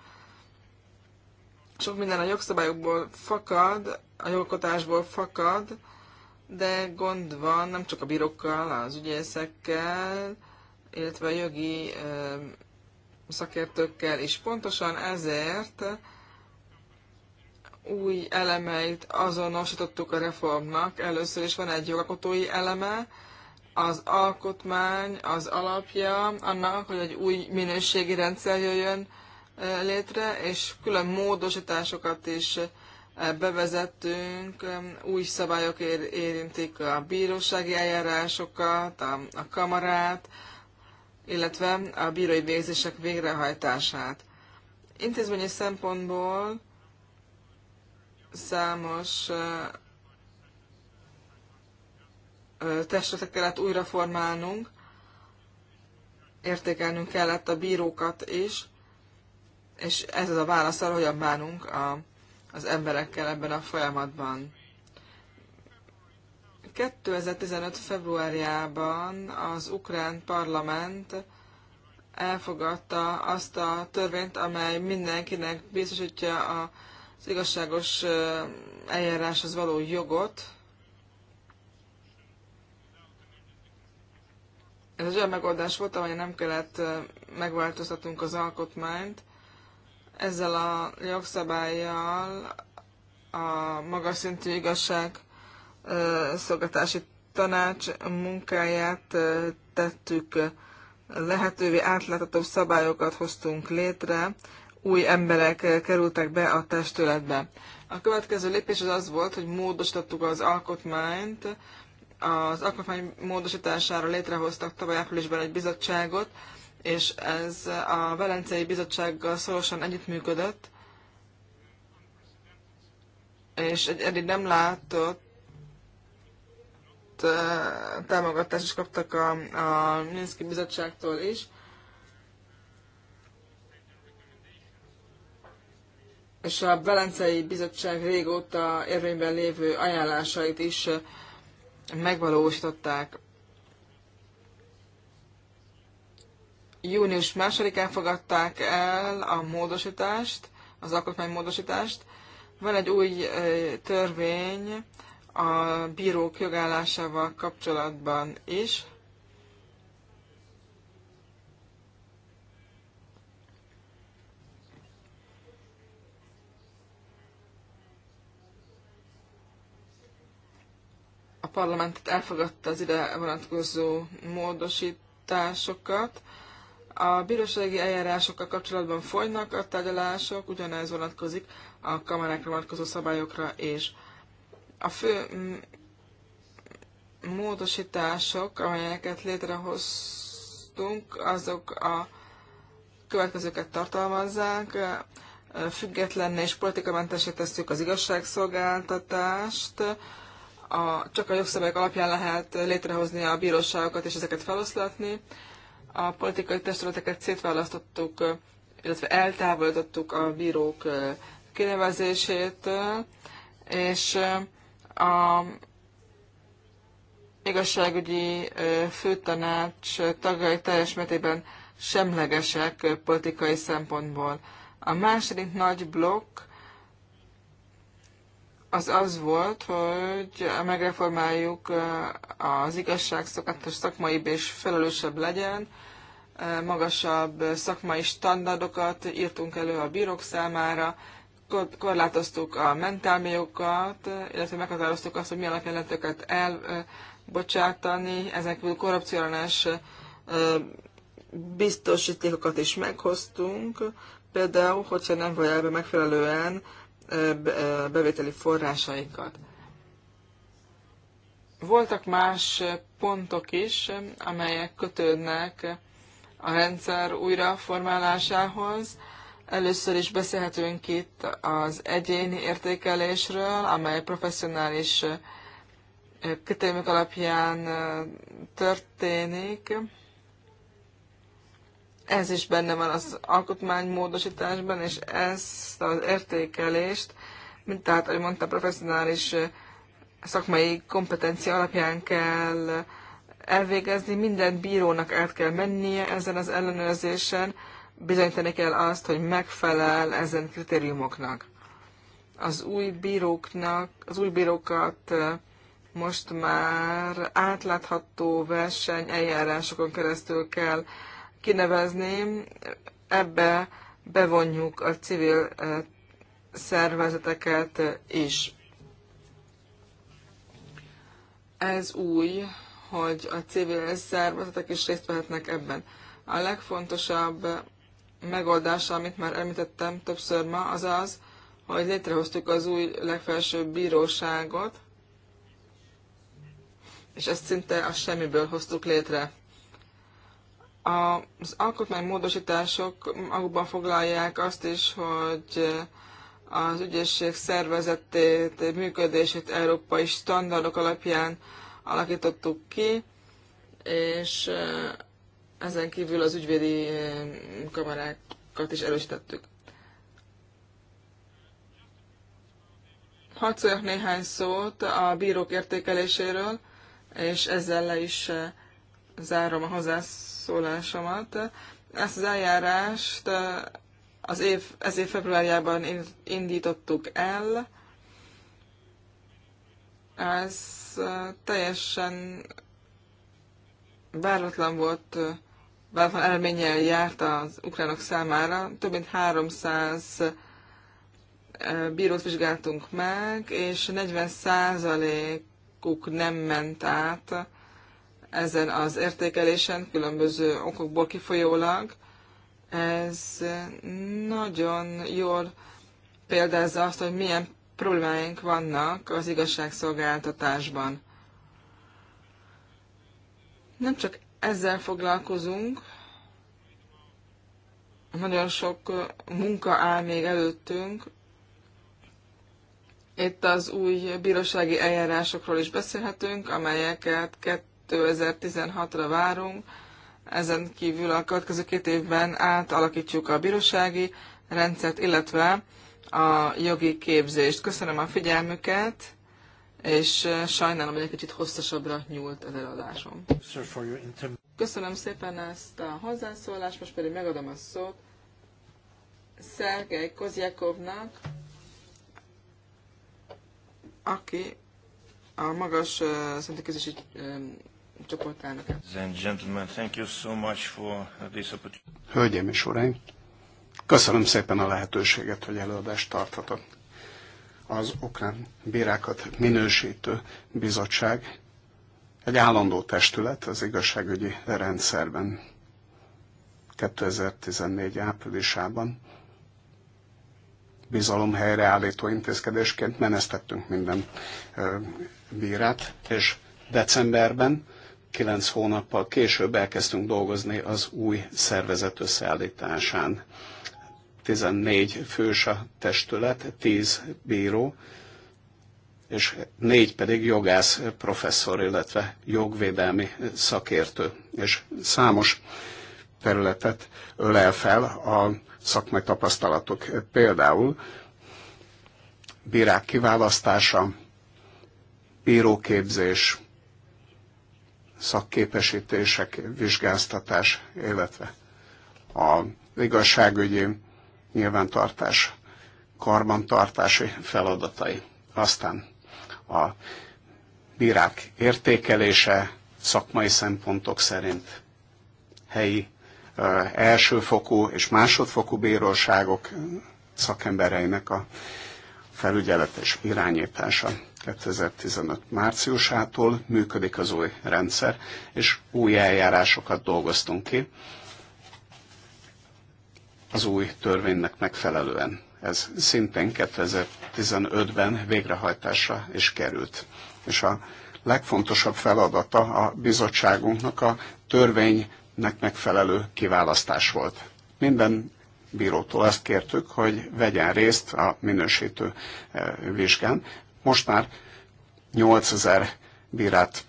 Sok minden a jogszabályokból fakad, a jogalkotásból fakad, de gond van nem csak a bírókkal, az ügyészekkel, illetve a jogi szakértőkkel, és pontosan ezért új elemeit azonosítottuk a reformnak. Először is van egy jogalkotói eleme, az alkotmány az alapja annak, hogy egy új minőségi rendszer jöjjön létre, és külön módosításokat is eh, bevezettünk, új szabályok ér- érintik a bírósági eljárásokat, a, a kamarát, illetve a bírói végzések végrehajtását. Intézményi szempontból számos eh, eh, testületet kellett újraformálnunk, értékelnünk kellett a bírókat is, és ez az a válasz arra, hogyan bánunk a, az emberekkel ebben a folyamatban. 2015. februárjában az ukrán parlament elfogadta azt a törvényt, amely mindenkinek biztosítja az igazságos eljáráshoz való jogot. Ez egy olyan megoldás volt, amely nem kellett megváltoztatnunk az alkotmányt, ezzel a jogszabályjal a magas szintű igazság szolgatási tanács munkáját tettük lehetővé, átláthatóbb szabályokat hoztunk létre, új emberek kerültek be a testületbe. A következő lépés az az volt, hogy módosítottuk az alkotmányt, az alkotmány módosítására létrehoztak tavaly áprilisban egy bizottságot, és ez a Velencei Bizottsággal szorosan együttműködött, és egy eddig nem látott támogatást is kaptak a, a Minszki Bizottságtól is. És a Velencei Bizottság régóta érvényben lévő ajánlásait is megvalósították. Június másodikán fogadták el a módosítást, az módosítást. Van egy új törvény a bírók jogállásával kapcsolatban is, A parlament elfogadta az ide vonatkozó módosításokat, a bírósági eljárásokkal kapcsolatban folynak a tárgyalások, ugyanez vonatkozik a kamerákra vonatkozó szabályokra és a fő mm, módosítások, amelyeket létrehoztunk, azok a következőket tartalmazzák. Független és politikamentesé tesszük az igazságszolgáltatást, a, csak a jogszabályok alapján lehet létrehozni a bíróságokat és ezeket feloszlatni a politikai testületeket szétválasztottuk, illetve eltávolítottuk a bírók kinevezését, és a igazságügyi főtanács tagjai teljes mértékben semlegesek politikai szempontból. A második nagy blokk az az volt, hogy megreformáljuk az igazságszolgáltatás szakmaibb és felelősebb legyen, magasabb szakmai standardokat írtunk elő a bírók számára, korlátoztuk a mentálmiokat, illetve meghatároztuk azt, hogy milyen kellettőket elbocsátani, ezek kívül biztosítékokat is meghoztunk, például, hogyha nem vagy elbe megfelelően bevételi forrásaikat. Voltak más pontok is, amelyek kötődnek a rendszer újraformálásához. Először is beszélhetünk itt az egyéni értékelésről, amely professzionális kritériumok alapján történik. Ez is benne van az alkotmánymódosításban, és ezt az értékelést, mint tehát, ahogy mondta, professzionális szakmai kompetencia alapján kell elvégezni, minden bírónak át kell mennie ezen az ellenőrzésen, bizonyítani kell azt, hogy megfelel ezen kritériumoknak. Az új bíróknak, az új bírókat most már átlátható verseny eljárásokon keresztül kell kinevezni, ebbe bevonjuk a civil eh, szervezeteket is. Ez új, hogy a civil szervezetek is részt vehetnek ebben. A legfontosabb megoldása, amit már említettem többször ma, az az, hogy létrehoztuk az új legfelsőbb bíróságot, és ezt szinte a semmiből hoztuk létre. Az alkotmánymódosítások magukban foglalják azt is, hogy az ügyészség szervezetét, működését európai standardok alapján alakítottuk ki, és ezen kívül az ügyvédi kamarákat is erősítettük. Hadd néhány szót a bírók értékeléséről, és ezzel le is zárom a hozzászólásomat. Ezt az eljárást az év, ez év februárjában indítottuk el. Ez teljesen váratlan volt, váratlan eredménnyel járt az ukránok számára. Több mint 300 bírót vizsgáltunk meg, és 40 százalékuk nem ment át ezen az értékelésen, különböző okokból kifolyólag. Ez nagyon jól példázza azt, hogy milyen problémáink vannak az igazságszolgáltatásban. Nem csak ezzel foglalkozunk, nagyon sok munka áll még előttünk. Itt az új bírósági eljárásokról is beszélhetünk, amelyeket 2016-ra várunk. Ezen kívül a következő két évben átalakítjuk a bírósági rendszert, illetve a jogi képzést. Köszönöm a figyelmüket, és sajnálom, hogy egy kicsit hosszasabbra nyúlt az előadásom. Köszönöm szépen ezt a hozzászólást, most pedig megadom a szót Szergej Kozjakovnak, aki a magas szintű Hölgyeim és uraim, köszönöm szépen a lehetőséget, hogy előadást tarthatok. Az ukrán bírákat minősítő bizottság egy állandó testület az igazságügyi rendszerben. 2014 áprilisában bizalom helyreállító intézkedésként menesztettünk minden bírát, és decemberben kilenc hónappal később elkezdtünk dolgozni az új szervezet összeállításán. 14 fős a testület, 10 bíró, és négy pedig jogász professzor, illetve jogvédelmi szakértő, és számos területet ölel fel a szakmai tapasztalatok. Például bírák kiválasztása, bíróképzés, szakképesítések, vizsgáztatás, illetve a igazságügyi nyilvántartás, karbantartási feladatai. Aztán a bírák értékelése szakmai szempontok szerint helyi elsőfokú és másodfokú bíróságok szakembereinek a felügyelet és irányítása. 2015 márciusától működik az új rendszer, és új eljárásokat dolgoztunk ki az új törvénynek megfelelően. Ez szintén 2015-ben végrehajtásra is került. És a legfontosabb feladata a bizottságunknak a törvénynek megfelelő kiválasztás volt. Minden bírótól azt kértük, hogy vegyen részt a minősítő eh, vizsgán, most már 8000 bírát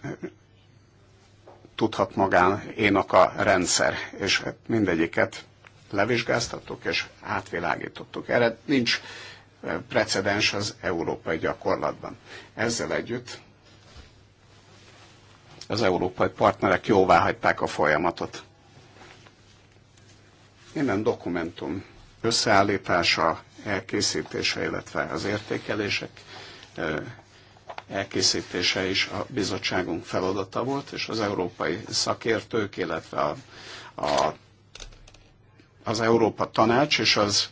tudhat magán énak a rendszer, és hát mindegyiket levizsgáztattuk és átvilágítottuk. Erre nincs precedens az európai gyakorlatban. Ezzel együtt az európai partnerek jóvá hagyták a folyamatot. Minden dokumentum összeállítása, elkészítése, illetve az értékelések elkészítése is a bizottságunk feladata volt, és az európai szakértők, illetve a, a, az Európa Tanács és az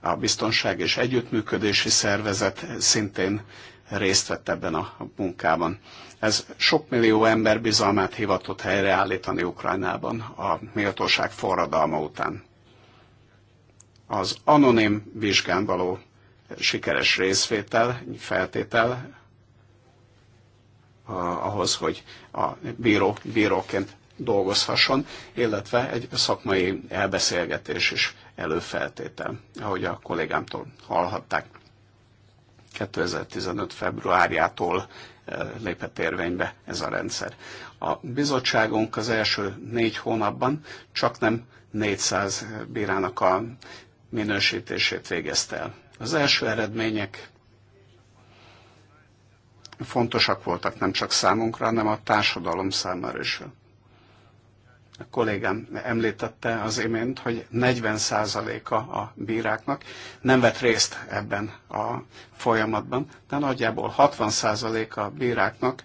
a Biztonság és Együttműködési Szervezet szintén részt vett ebben a munkában. Ez sok millió ember bizalmát hivatott helyreállítani Ukrajnában a méltóság forradalma után. Az anonim vizsgán való sikeres részvétel, feltétel ahhoz, hogy a bíró bíróként dolgozhasson, illetve egy szakmai elbeszélgetés is előfeltétel, ahogy a kollégámtól hallhatták. 2015. februárjától eh, lépett érvénybe ez a rendszer. A bizottságunk az első négy hónapban csak nem 400 bírának a minősítését végezte el. Az első eredmények fontosak voltak nem csak számunkra, hanem a társadalom számára is. A kollégám említette az imént, hogy 40%-a a bíráknak nem vett részt ebben a folyamatban, de nagyjából 60%-a a bíráknak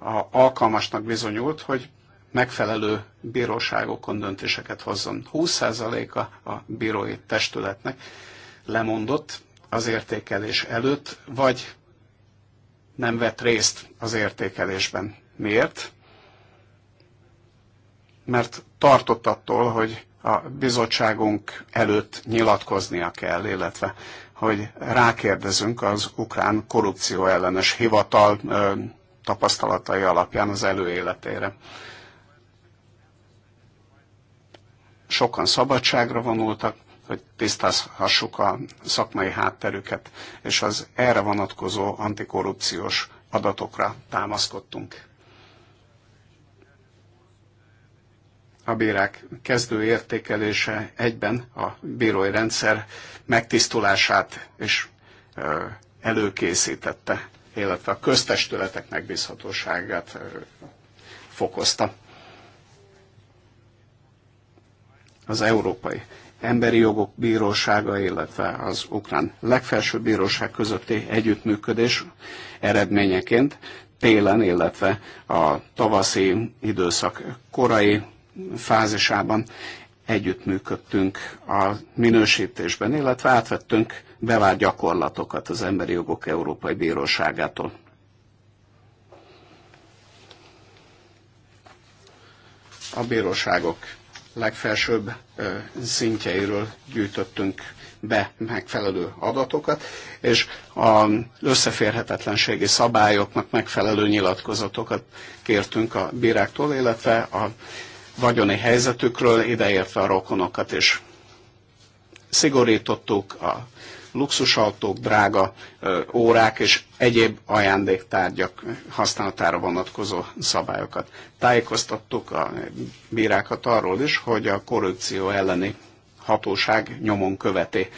a alkalmasnak bizonyult, hogy megfelelő bíróságokon döntéseket hozzon. 20%-a a bírói testületnek lemondott az értékelés előtt, vagy nem vett részt az értékelésben. Miért? Mert tartott attól, hogy a bizottságunk előtt nyilatkoznia kell, illetve hogy rákérdezünk az ukrán korrupció ellenes hivatal tapasztalatai alapján az előéletére. sokan szabadságra vonultak, hogy tisztázhassuk a szakmai hátterüket, és az erre vonatkozó antikorrupciós adatokra támaszkodtunk. A bírák kezdő értékelése egyben a bírói rendszer megtisztulását és előkészítette, illetve a köztestületek megbízhatóságát fokozta. az Európai Emberi Jogok Bírósága, illetve az Ukrán Legfelsőbb Bíróság közötti együttműködés eredményeként télen, illetve a tavaszi időszak korai fázisában együttműködtünk a minősítésben, illetve átvettünk bevált gyakorlatokat az Emberi Jogok Európai Bíróságától. A bíróságok legfelsőbb szintjeiről gyűjtöttünk be megfelelő adatokat, és az összeférhetetlenségi szabályoknak megfelelő nyilatkozatokat kértünk a bíráktól, illetve a vagyoni helyzetükről, ideértve a rokonokat is. Szigorítottuk a luxusautók, drága órák és egyéb ajándéktárgyak használatára vonatkozó szabályokat. Tájékoztattuk a bírákat arról is, hogy a korrupció elleni hatóság nyomon követi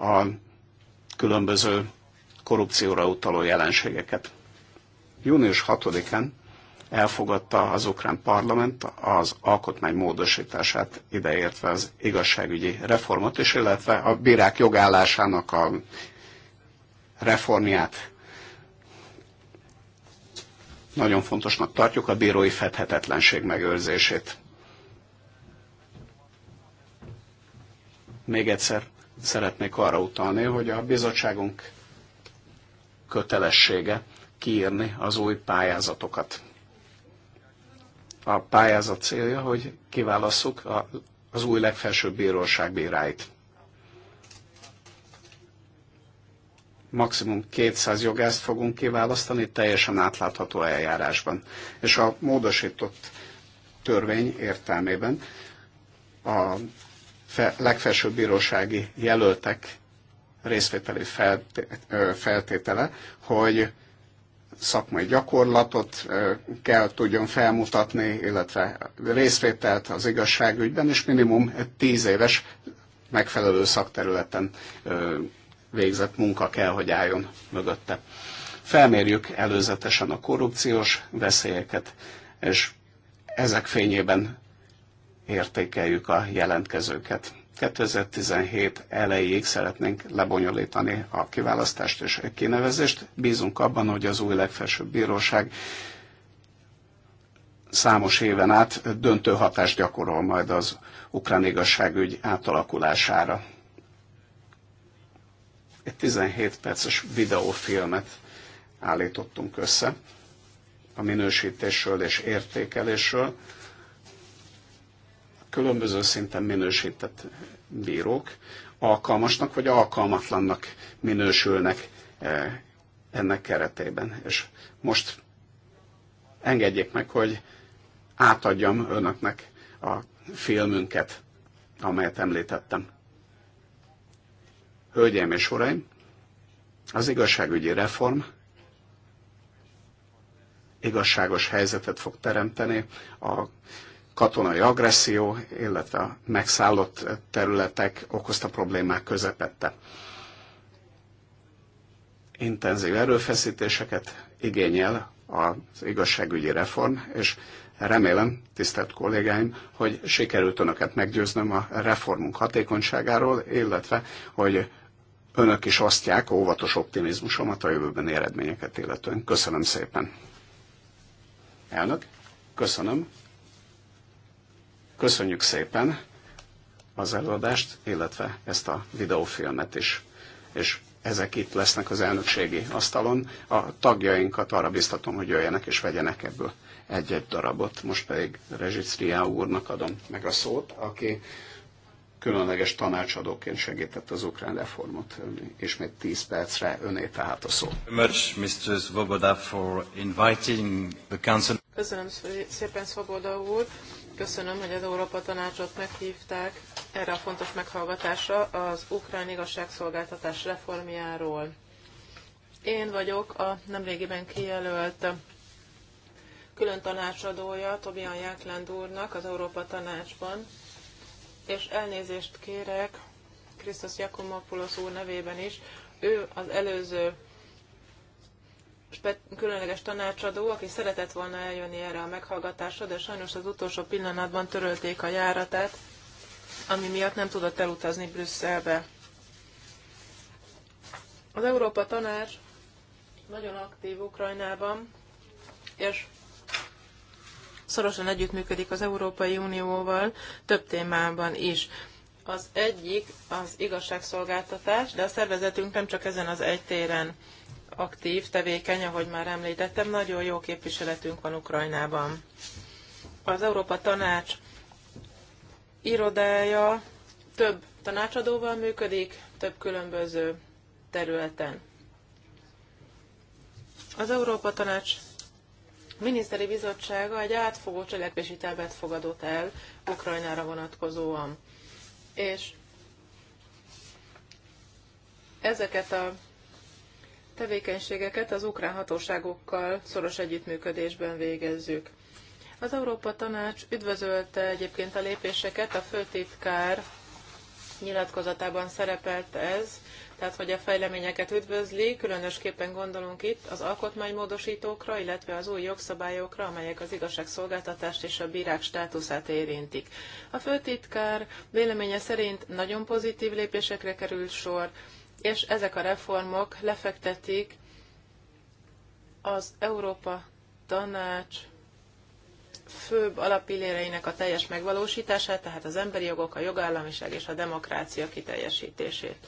a különböző korrupcióra utaló jelenségeket. Június 6-án elfogadta az ukrán parlament az alkotmány módosítását, ideértve az igazságügyi reformot is, illetve a bírák jogállásának a reformját. Nagyon fontosnak tartjuk a bírói fedhetetlenség megőrzését. Még egyszer szeretnék arra utalni, hogy a bizottságunk kötelessége kiírni az új pályázatokat a pályázat célja, hogy kiválasszuk a, az új legfelsőbb bíróság bíráit. maximum 200 jogást fogunk kiválasztani teljesen átlátható eljárásban. És a módosított törvény értelmében a legfelsőbb bírósági jelöltek részvételi feltétele, hogy szakmai gyakorlatot kell tudjon felmutatni, illetve részvételt az igazságügyben, és minimum tíz éves megfelelő szakterületen végzett munka kell, hogy álljon mögötte. Felmérjük előzetesen a korrupciós veszélyeket, és ezek fényében értékeljük a jelentkezőket. 2017 elejéig szeretnénk lebonyolítani a kiválasztást és a kinevezést. Bízunk abban, hogy az új legfelsőbb bíróság számos éven át döntő hatást gyakorol majd az ukrán igazságügy átalakulására. Egy 17 perces videófilmet állítottunk össze a minősítésről és értékelésről, különböző szinten minősített bírók alkalmasnak vagy alkalmatlannak minősülnek e, ennek keretében. És most engedjék meg, hogy átadjam önöknek a filmünket, amelyet említettem. Hölgyeim és uraim, az igazságügyi reform igazságos helyzetet fog teremteni a katonai agresszió, illetve a megszállott területek okozta problémák közepette. Intenzív erőfeszítéseket igényel az igazságügyi reform, és remélem, tisztelt kollégáim, hogy sikerült önöket meggyőznöm a reformunk hatékonyságáról, illetve, hogy önök is osztják óvatos optimizmusomat a jövőben eredményeket illetően. Köszönöm szépen. Elnök, köszönöm. Köszönjük szépen az előadást, illetve ezt a videófilmet is. És ezek itt lesznek az elnökségi asztalon. A tagjainkat arra biztatom, hogy jöjjenek és vegyenek ebből egy-egy darabot. Most pedig Rezsicriá úrnak adom meg a szót, aki különleges tanácsadóként segített az ukrán reformot. Ismét 10 percre öné tehát a szó. Köszönöm szépen, Svoboda úr, Köszönöm, hogy az Európa Tanácsot meghívták erre a fontos meghallgatásra az ukrán igazságszolgáltatás reformjáról. Én vagyok a nemrégiben kijelölt külön tanácsadója Tobian Jákland úrnak az Európa Tanácsban, és elnézést kérek Krisztus Jakomopoulos úr nevében is. Ő az előző különleges tanácsadó, aki szeretett volna eljönni erre a meghallgatásra, de sajnos az utolsó pillanatban törölték a járatát, ami miatt nem tudott elutazni Brüsszelbe. Az Európa Tanács nagyon aktív Ukrajnában, és szorosan együttműködik az Európai Unióval több témában is. Az egyik az igazságszolgáltatás, de a szervezetünk nem csak ezen az egy téren aktív, tevékeny, ahogy már említettem, nagyon jó képviseletünk van Ukrajnában. Az Európa Tanács irodája több tanácsadóval működik, több különböző területen. Az Európa Tanács miniszteri bizottsága egy átfogó cselekvési tervet fogadott el Ukrajnára vonatkozóan. És ezeket a tevékenységeket az ukrán hatóságokkal szoros együttműködésben végezzük. Az Európa Tanács üdvözölte egyébként a lépéseket, a főtitkár nyilatkozatában szerepelt ez, tehát hogy a fejleményeket üdvözli, különösképpen gondolunk itt az alkotmánymódosítókra, illetve az új jogszabályokra, amelyek az igazságszolgáltatást és a bírák státuszát érintik. A főtitkár véleménye szerint nagyon pozitív lépésekre került sor, és ezek a reformok lefektetik az Európa Tanács főbb alapilléreinek a teljes megvalósítását, tehát az emberi jogok, a jogállamiság és a demokrácia kiteljesítését.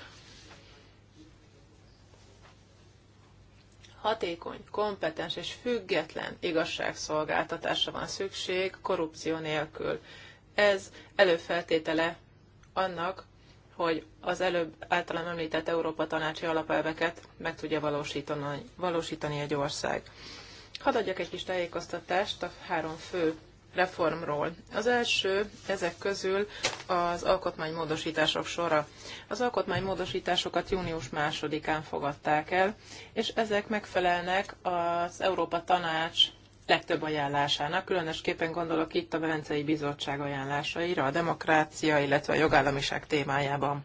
Hatékony, kompetens és független igazságszolgáltatásra van szükség korrupció nélkül. Ez előfeltétele annak, hogy az előbb általán említett Európa tanácsi alapelveket meg tudja valósítani, valósítani egy ország. Hadd adjak egy kis tájékoztatást a három fő reformról. Az első ezek közül az alkotmánymódosítások sora. Az alkotmánymódosításokat június másodikán fogadták el, és ezek megfelelnek az Európa Tanács legtöbb ajánlásának, különösképpen gondolok itt a Velencei Bizottság ajánlásaira a demokrácia, illetve a jogállamiság témájában.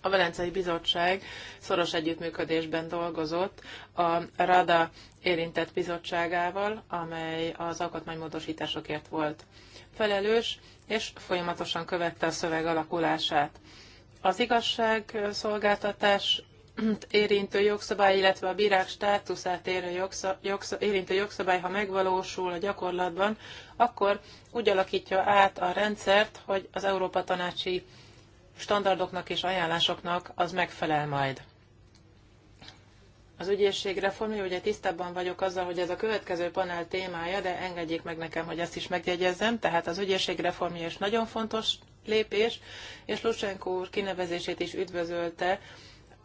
A Velencei Bizottság szoros együttműködésben dolgozott a RADA érintett bizottságával, amely az alkotmánymódosításokért volt felelős, és folyamatosan követte a szöveg alakulását. Az igazságszolgáltatás érintő jogszabály, illetve a bírák státuszát érő jogszab, jogszab, érintő jogszabály, ha megvalósul a gyakorlatban, akkor úgy alakítja át a rendszert, hogy az Európa Tanácsi standardoknak és ajánlásoknak az megfelel majd. Az ügyészség reformja, ugye tisztában vagyok azzal, hogy ez a következő panel témája, de engedjék meg nekem, hogy ezt is megjegyezzem. Tehát az ügyészség reformja is nagyon fontos lépés, és Lucsenko úr kinevezését is üdvözölte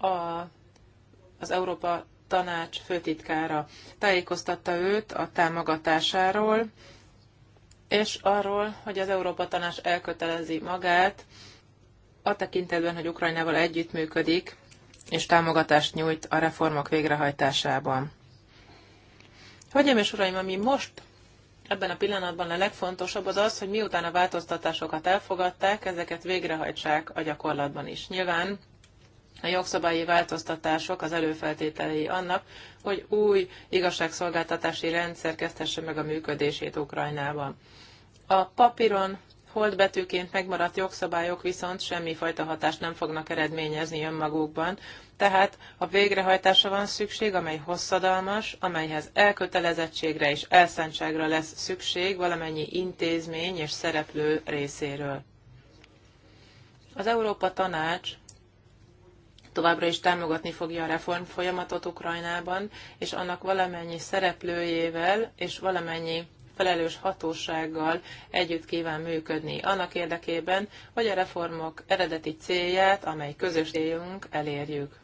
a, az Európa Tanács főtitkára tájékoztatta őt a támogatásáról, és arról, hogy az Európa Tanács elkötelezi magát a tekintetben, hogy Ukrajnával együttműködik, és támogatást nyújt a reformok végrehajtásában. Hölgyeim és uraim, ami most ebben a pillanatban a legfontosabb az az, hogy miután a változtatásokat elfogadták, ezeket végrehajtsák a gyakorlatban is. Nyilván a jogszabályi változtatások az előfeltételei annak, hogy új igazságszolgáltatási rendszer kezdhesse meg a működését Ukrajnában. A papíron holdbetűként megmaradt jogszabályok viszont semmifajta hatást nem fognak eredményezni önmagukban, tehát a végrehajtása van szükség, amely hosszadalmas, amelyhez elkötelezettségre és elszántságra lesz szükség valamennyi intézmény és szereplő részéről. Az Európa Tanács továbbra is támogatni fogja a reform folyamatot Ukrajnában, és annak valamennyi szereplőjével és valamennyi felelős hatósággal együtt kíván működni, annak érdekében, hogy a reformok eredeti célját, amely közös céljunk, elérjük.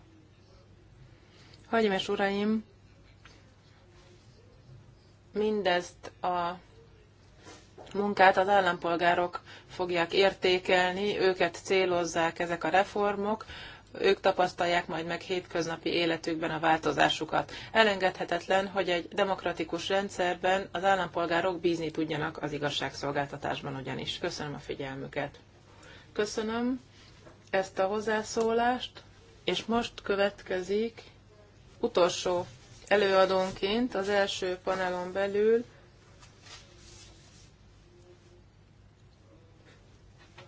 Hagyom és uraim, mindezt a munkát az állampolgárok fogják értékelni, őket célozzák ezek a reformok, ők tapasztalják majd meg hétköznapi életükben a változásukat. Elengedhetetlen, hogy egy demokratikus rendszerben az állampolgárok bízni tudjanak az igazságszolgáltatásban ugyanis. Köszönöm a figyelmüket. Köszönöm ezt a hozzászólást, és most következik utolsó előadónként az első panelon belül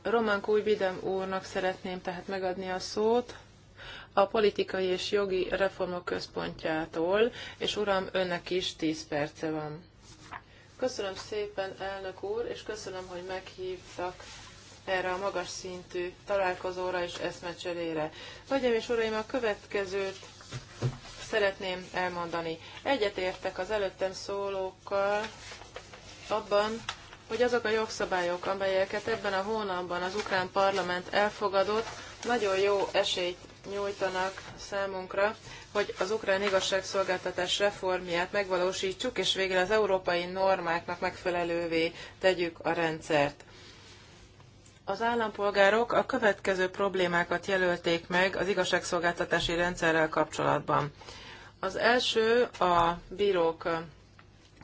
román Kújbidem úrnak szeretném tehát megadni a szót a politikai és jogi reformok központjától, és uram, önnek is 10 perce van. Köszönöm szépen, elnök úr, és köszönöm, hogy meghívtak erre a magas szintű találkozóra és eszmecserére. Hölgyeim és uraim, a következőt szeretném elmondani. Egyetértek az előttem szólókkal abban, hogy azok a jogszabályok, amelyeket ebben a hónapban az ukrán parlament elfogadott, nagyon jó esélyt nyújtanak számunkra, hogy az ukrán igazságszolgáltatás reformját megvalósítsuk, és végre az európai normáknak megfelelővé tegyük a rendszert. Az állampolgárok a következő problémákat jelölték meg az igazságszolgáltatási rendszerrel kapcsolatban. Az első a bírók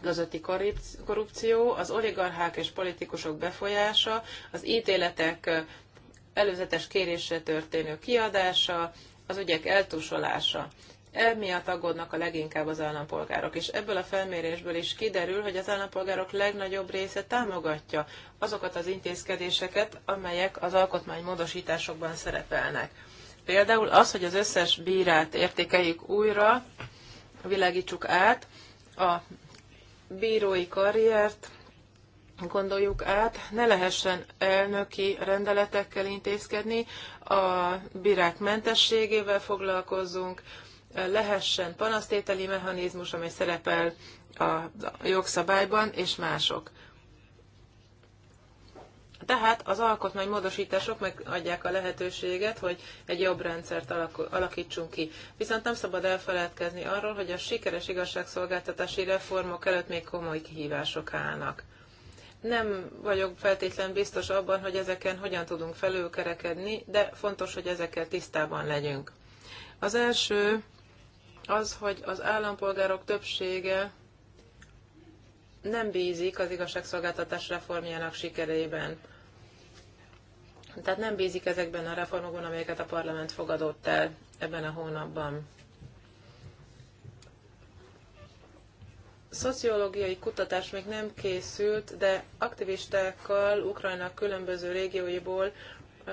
közötti korrupció, az oligarchák és politikusok befolyása, az ítéletek előzetes kérésre történő kiadása, az ügyek eltusolása. Emiatt aggódnak a leginkább az állampolgárok, és ebből a felmérésből is kiderül, hogy az állampolgárok legnagyobb része támogatja azokat az intézkedéseket, amelyek az alkotmánymódosításokban szerepelnek. Például az, hogy az összes bírát értékeljük újra, világítsuk át, a bírói karriert gondoljuk át, ne lehessen elnöki rendeletekkel intézkedni, a bírák mentességével foglalkozzunk, lehessen panasztételi mechanizmus, amely szerepel a jogszabályban, és mások. Tehát az alkotmánymódosítások megadják a lehetőséget, hogy egy jobb rendszert alakítsunk ki. Viszont nem szabad elfeledkezni arról, hogy a sikeres igazságszolgáltatási reformok előtt még komoly kihívások állnak. Nem vagyok feltétlen biztos abban, hogy ezeken hogyan tudunk felülkerekedni, de fontos, hogy ezekkel tisztában legyünk. Az első az, hogy az állampolgárok többsége nem bízik az igazságszolgáltatás reformjának sikerében. Tehát nem bízik ezekben a reformokban, amelyeket a parlament fogadott el ebben a hónapban. Szociológiai kutatás még nem készült, de aktivistákkal Ukrajna különböző régióiból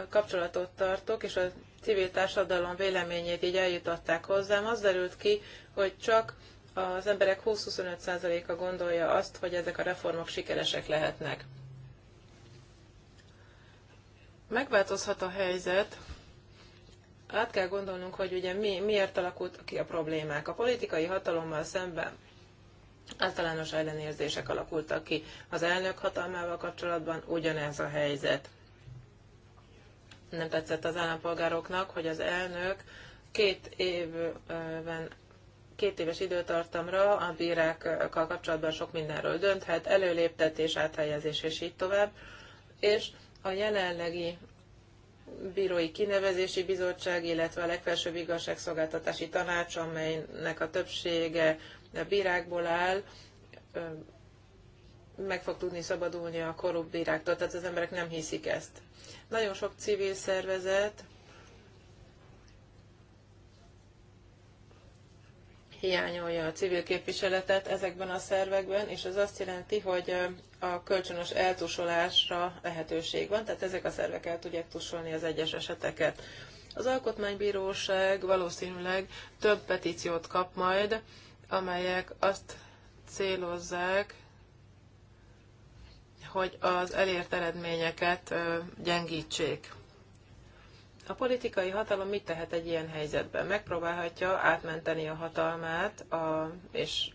kapcsolatot tartok, és a civil társadalom véleményét így eljutották hozzám. Az derült ki, hogy csak az emberek 20-25%-a gondolja azt, hogy ezek a reformok sikeresek lehetnek megváltozhat a helyzet, át kell gondolnunk, hogy ugye mi, miért alakult ki a problémák. A politikai hatalommal szemben általános ellenérzések alakultak ki. Az elnök hatalmával kapcsolatban ugyanez a helyzet. Nem tetszett az állampolgároknak, hogy az elnök két évben két éves időtartamra a bírákkal kapcsolatban sok mindenről dönthet, előléptetés, áthelyezés és így tovább, és a jelenlegi bírói kinevezési bizottság, illetve a legfelsőbb igazságszolgáltatási tanács, amelynek a többsége a bírákból áll, meg fog tudni szabadulni a korrupt bíráktól, tehát az emberek nem hiszik ezt. Nagyon sok civil szervezet hiányolja a civil képviseletet ezekben a szervekben, és ez azt jelenti, hogy a kölcsönös eltusolásra lehetőség van, tehát ezek a szervek el tudják tusolni az egyes eseteket. Az Alkotmánybíróság valószínűleg több petíciót kap majd, amelyek azt célozzák, hogy az elért eredményeket gyengítsék. A politikai hatalom mit tehet egy ilyen helyzetben? Megpróbálhatja átmenteni a hatalmát a, és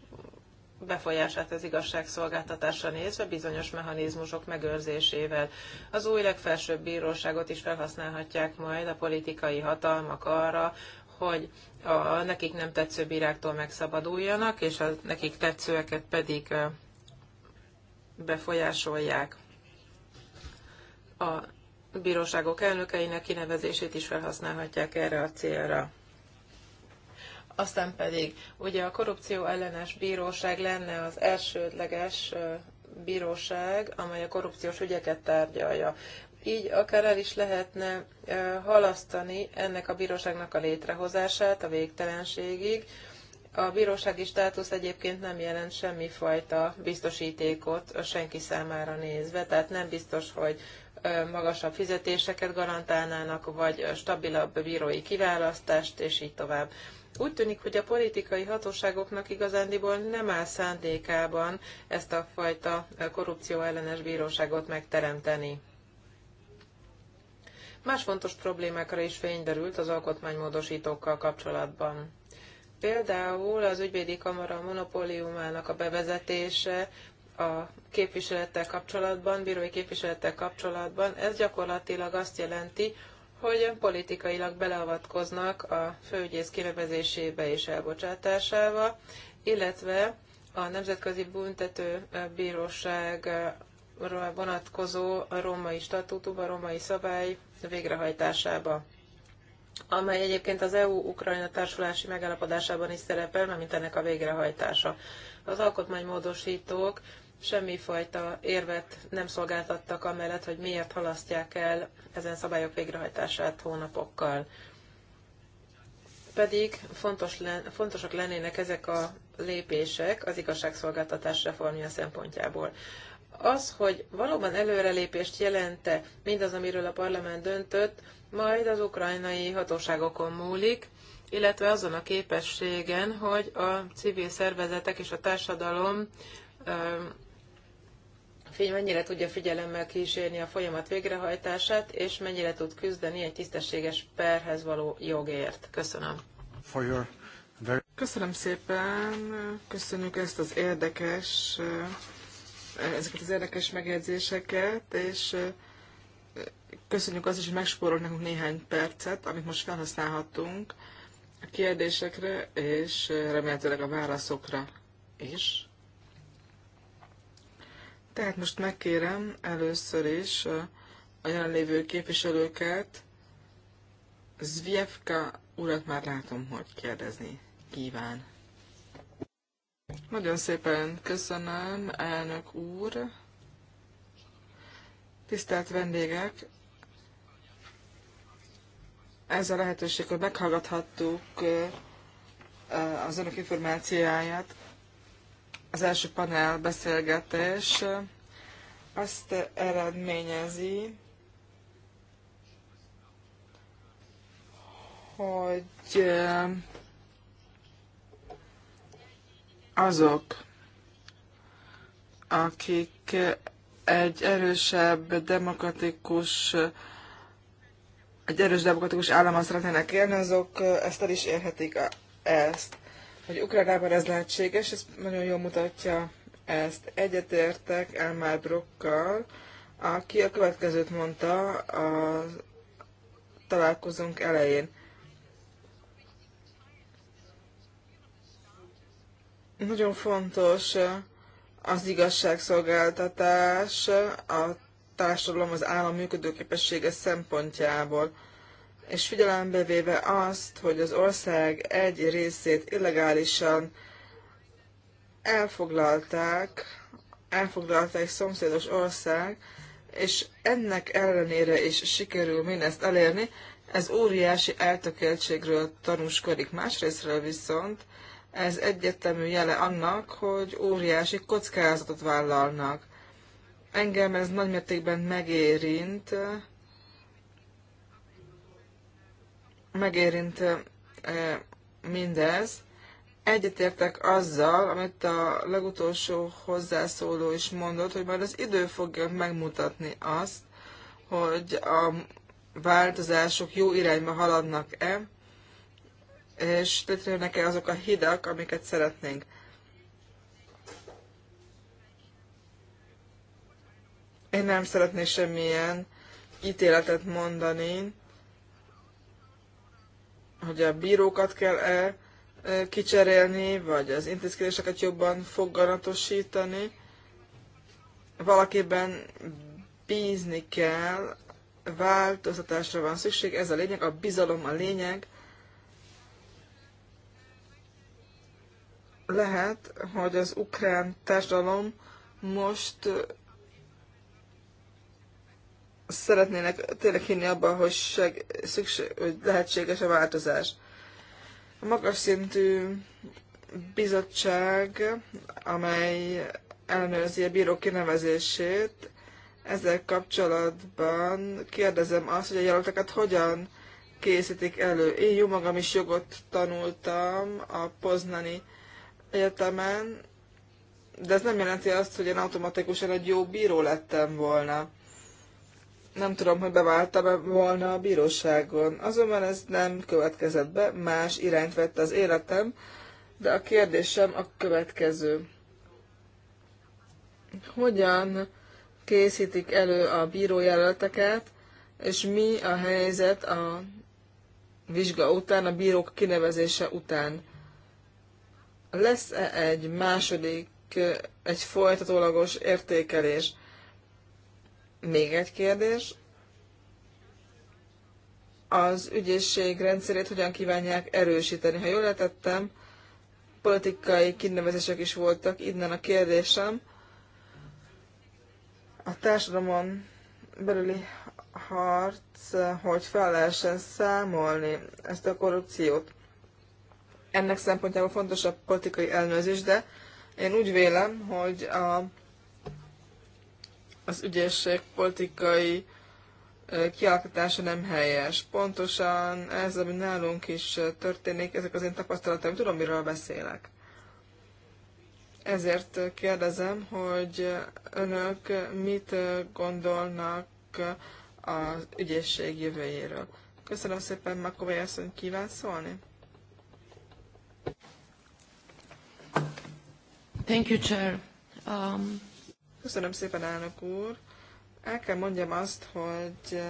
befolyását az igazságszolgáltatásra nézve bizonyos mechanizmusok megőrzésével. Az új legfelsőbb bíróságot is felhasználhatják majd a politikai hatalmak arra, hogy a nekik nem tetsző bíráktól megszabaduljanak, és a nekik tetszőeket pedig befolyásolják. A bíróságok elnökeinek kinevezését is felhasználhatják erre a célra. Aztán pedig ugye a korrupció ellenes bíróság lenne az elsődleges bíróság, amely a korrupciós ügyeket tárgyalja. Így akár el is lehetne halasztani ennek a bíróságnak a létrehozását a végtelenségig. A bírósági státusz egyébként nem jelent semmifajta biztosítékot senki számára nézve, tehát nem biztos, hogy magasabb fizetéseket garantálnának, vagy stabilabb bírói kiválasztást, és így tovább. Úgy tűnik, hogy a politikai hatóságoknak igazándiból nem áll szándékában ezt a fajta korrupció ellenes bíróságot megteremteni. Más fontos problémákra is derült az alkotmánymódosítókkal kapcsolatban. Például az ügyvédi kamara monopóliumának a bevezetése a képviselettel kapcsolatban, bírói képviselettel kapcsolatban, ez gyakorlatilag azt jelenti, hogy politikailag beleavatkoznak a főügyész kinevezésébe és elbocsátásába, illetve a Nemzetközi Büntető Bíróságra vonatkozó a római statútum, a római szabály végrehajtásába amely egyébként az EU-Ukrajna társulási megállapodásában is szerepel, mint ennek a végrehajtása. Az alkotmánymódosítók semmifajta érvet nem szolgáltattak amellett, hogy miért halasztják el ezen szabályok végrehajtását hónapokkal. Pedig fontos len, fontosak lennének ezek a lépések az igazságszolgáltatás reformja szempontjából. Az, hogy valóban előrelépést jelente mindaz, amiről a parlament döntött, majd az ukrajnai hatóságokon múlik, illetve azon a képességen, hogy a civil szervezetek és a társadalom mennyire tudja figyelemmel kísérni a folyamat végrehajtását, és mennyire tud küzdeni egy tisztességes perhez való jogért. Köszönöm. Köszönöm szépen, köszönjük ezt az érdekes, eh, ezeket az érdekes megjegyzéseket, és eh, köszönjük azt is, hogy megspórolt nekünk néhány percet, amit most felhasználhattunk a kérdésekre, és eh, remélhetőleg a válaszokra is. Tehát most megkérem először is a jelenlévő képviselőket, Zvievka urat már látom, hogy kérdezni kíván. Nagyon szépen köszönöm, elnök úr. Tisztelt vendégek, ez a lehetőség, hogy meghallgathattuk az önök információját az első panel beszélgetés azt eredményezi, hogy azok, akik egy erősebb, demokratikus, egy erős demokratikus államon szeretnének élni, azok ezt el is érhetik ezt hogy Ukrajnában ez lehetséges, ez nagyon jól mutatja ezt. Egyetértek Elmar Brokkal, aki a következőt mondta a találkozunk elején. Nagyon fontos az igazságszolgáltatás, a társadalom, az állam működőképessége szempontjából és figyelembe véve azt, hogy az ország egy részét illegálisan elfoglalták, elfoglalták egy szomszédos ország, és ennek ellenére is sikerül mindezt elérni, ez óriási eltökéltségről tanúskodik. Másrésztről viszont ez egyetemű jele annak, hogy óriási kockázatot vállalnak. Engem ez nagymértékben megérint, megérint mindez. Egyetértek azzal, amit a legutolsó hozzászóló is mondott, hogy már az idő fogja megmutatni azt, hogy a változások jó irányba haladnak-e, és létrejönnek-e azok a hidak, amiket szeretnénk. Én nem szeretnék semmilyen ítéletet mondani hogy a bírókat kell-e e, kicserélni, vagy az intézkedéseket jobban foganatosítani. Valakiben bízni kell, változtatásra van szükség, ez a lényeg, a bizalom a lényeg. Lehet, hogy az ukrán társadalom most szeretnének tényleg hinni abban, hogy, seg, szükség, hogy lehetséges a változás. A magas szintű bizottság, amely ellenőrzi a bíró kinevezését, ezzel kapcsolatban kérdezem azt, hogy a jelölteket hogyan készítik elő. Én jó magam is jogot tanultam a Poznani Egyetemen, de ez nem jelenti azt, hogy én automatikusan egy jó bíró lettem volna nem tudom, hogy beválta -e volna a bíróságon. Azonban ez nem következett be, más irányt vett az életem, de a kérdésem a következő. Hogyan készítik elő a bírójelölteket, és mi a helyzet a vizsga után, a bírók kinevezése után? Lesz-e egy második, egy folytatólagos értékelés? Még egy kérdés. Az ügyészség rendszerét hogyan kívánják erősíteni? Ha jól letettem, politikai kinevezések is voltak. Innen a kérdésem. A társadalomon belüli harc, hogy fel lehessen számolni ezt a korrupciót. Ennek szempontjából fontos a politikai elnőzés, de én úgy vélem, hogy a az ügyesség politikai kialakítása nem helyes. Pontosan ez, ami nálunk is történik, ezek az én tapasztalataim, tudom, miről beszélek. Ezért kérdezem, hogy önök mit gondolnak az ügyészség jövőjéről. Köszönöm szépen, Makovai asszony, kíván szólni? Thank you, Chair. Um... Köszönöm szépen, elnök úr. El kell mondjam azt, hogy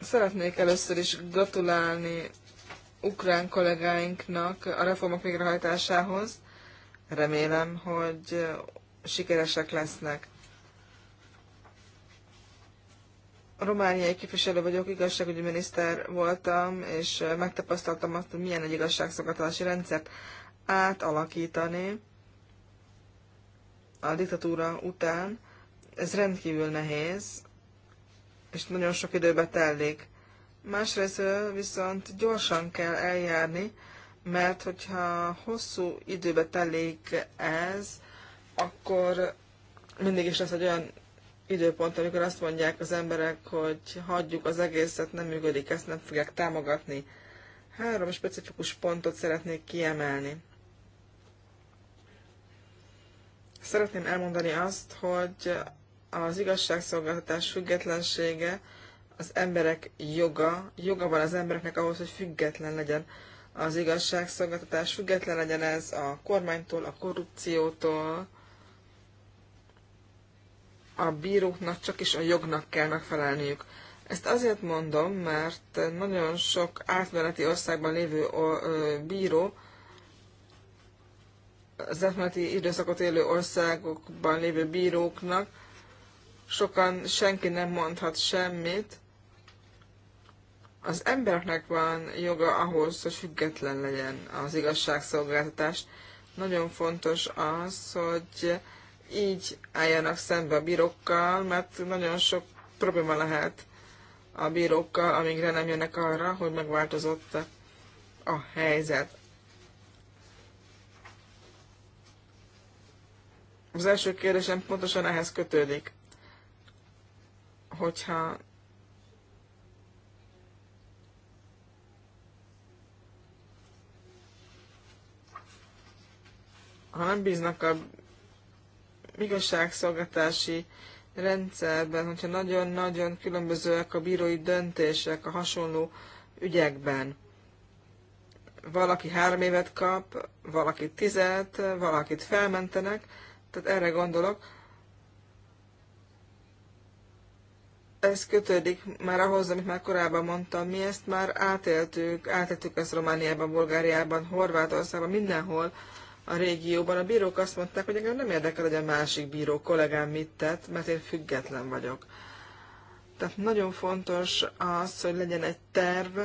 szeretnék először is gratulálni ukrán kollégáinknak a reformok végrehajtásához. Remélem, hogy sikeresek lesznek. romániai képviselő vagyok, igazságügyi miniszter voltam, és megtapasztaltam azt, hogy milyen egy igazságszolgáltatási rendszert átalakítani a diktatúra után, ez rendkívül nehéz, és nagyon sok időbe telik. Másrészt viszont gyorsan kell eljárni, mert hogyha hosszú időbe telik ez, akkor mindig is lesz egy olyan időpont, amikor azt mondják az emberek, hogy hagyjuk az egészet, nem működik, ezt nem fogják támogatni. Három specifikus pontot szeretnék kiemelni. Szeretném elmondani azt, hogy az igazságszolgáltatás függetlensége az emberek joga, joga van az embereknek ahhoz, hogy független legyen az igazságszolgáltatás, független legyen ez a kormánytól, a korrupciótól, a bíróknak csak is a jognak kell megfelelniük. Ezt azért mondom, mert nagyon sok átmeneti országban lévő bíró az átmeneti időszakot élő országokban lévő bíróknak sokan senki nem mondhat semmit. Az embereknek van joga ahhoz, hogy független legyen az igazságszolgáltatás. Nagyon fontos az, hogy így álljanak szembe a bírókkal, mert nagyon sok probléma lehet a bírókkal, amíg nem jönnek arra, hogy megváltozott a helyzet. Az első kérdésem pontosan ehhez kötődik. Hogyha ha nem bíznak a igazságszolgatási rendszerben, hogyha nagyon-nagyon különbözőek a bírói döntések a hasonló ügyekben. Valaki három évet kap, valaki tizet, valakit felmentenek, tehát erre gondolok, ez kötődik már ahhoz, amit már korábban mondtam, mi ezt már átéltük, átéltük ezt Romániában, Bulgáriában, Horvátországban, mindenhol a régióban. A bírók azt mondták, hogy engem nem érdekel, hogy a másik bíró kollégám mit tett, mert én független vagyok. Tehát nagyon fontos az, hogy legyen egy terv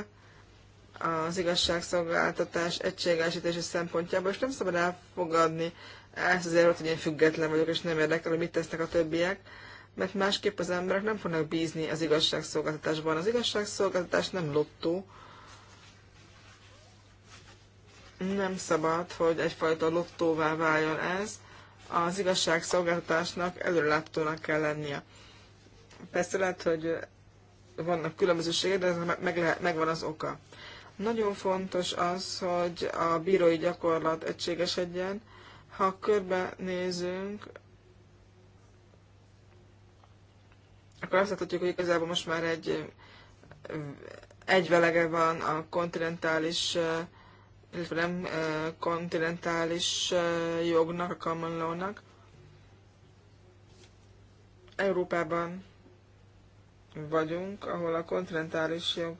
az igazságszolgáltatás egységesítési szempontjából, és nem szabad elfogadni ezt azért volt, hogy én független vagyok, és nem érdekel, hogy mit tesznek a többiek, mert másképp az emberek nem fognak bízni az igazságszolgáltatásban. Az igazságszolgáltatás nem lottó, nem szabad, hogy egyfajta lottóvá váljon ez, az igazságszolgáltatásnak előrelátónak kell lennie. Persze lehet, hogy vannak különbözőségek, de meg lehet, megvan az oka. Nagyon fontos az, hogy a bírói gyakorlat egységesedjen, ha körbe nézünk, akkor azt láthatjuk, hogy igazából most már egy egyvelege van a kontinentális, illetve nem kontinentális jognak, a common law-nak. Európában vagyunk, ahol a kontinentális jog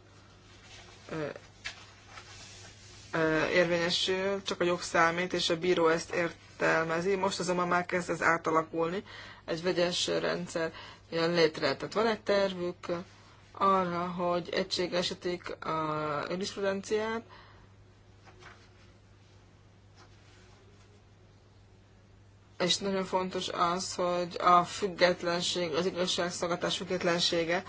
érvényesül, csak a jog számít, és a bíró ezt ért, értelmezi, most azonban már kezd ez átalakulni, egy vegyes rendszer jön létre. Tehát van egy tervük arra, hogy egységesítik a jurisprudenciát, és nagyon fontos az, hogy a függetlenség, az igazságszolgáltás függetlensége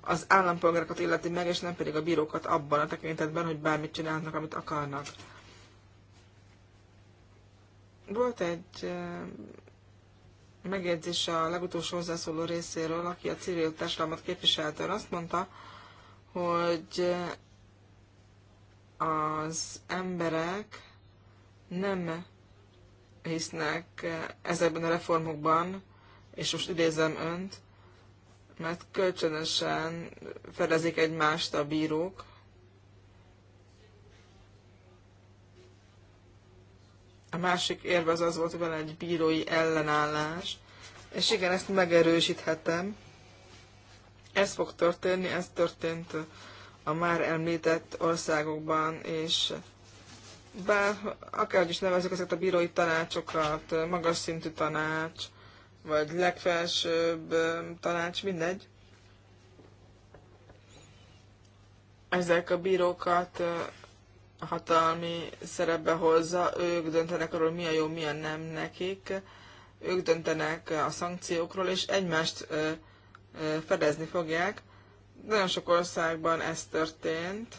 az állampolgárokat illeti meg, és nem pedig a bírókat abban a tekintetben, hogy bármit csinálnak, amit akarnak. Volt egy megjegyzés a legutolsó hozzászóló részéről, aki a civil társadalmat képviselte, azt mondta, hogy az emberek nem hisznek ezekben a reformokban, és most idézem önt, mert kölcsönösen fedezik egymást a bírók, A másik érve az az volt, hogy van egy bírói ellenállás, és igen, ezt megerősíthetem. Ez fog történni, ez történt a már említett országokban, és bár akárhogy is nevezzük ezeket a bírói tanácsokat, magas szintű tanács, vagy legfelsőbb tanács, mindegy. Ezek a bírókat hatalmi szerepbe hozza, ők döntenek arról, mi a jó, mi a nem nekik, ők döntenek a szankciókról, és egymást fedezni fogják. Nagyon sok országban ez történt.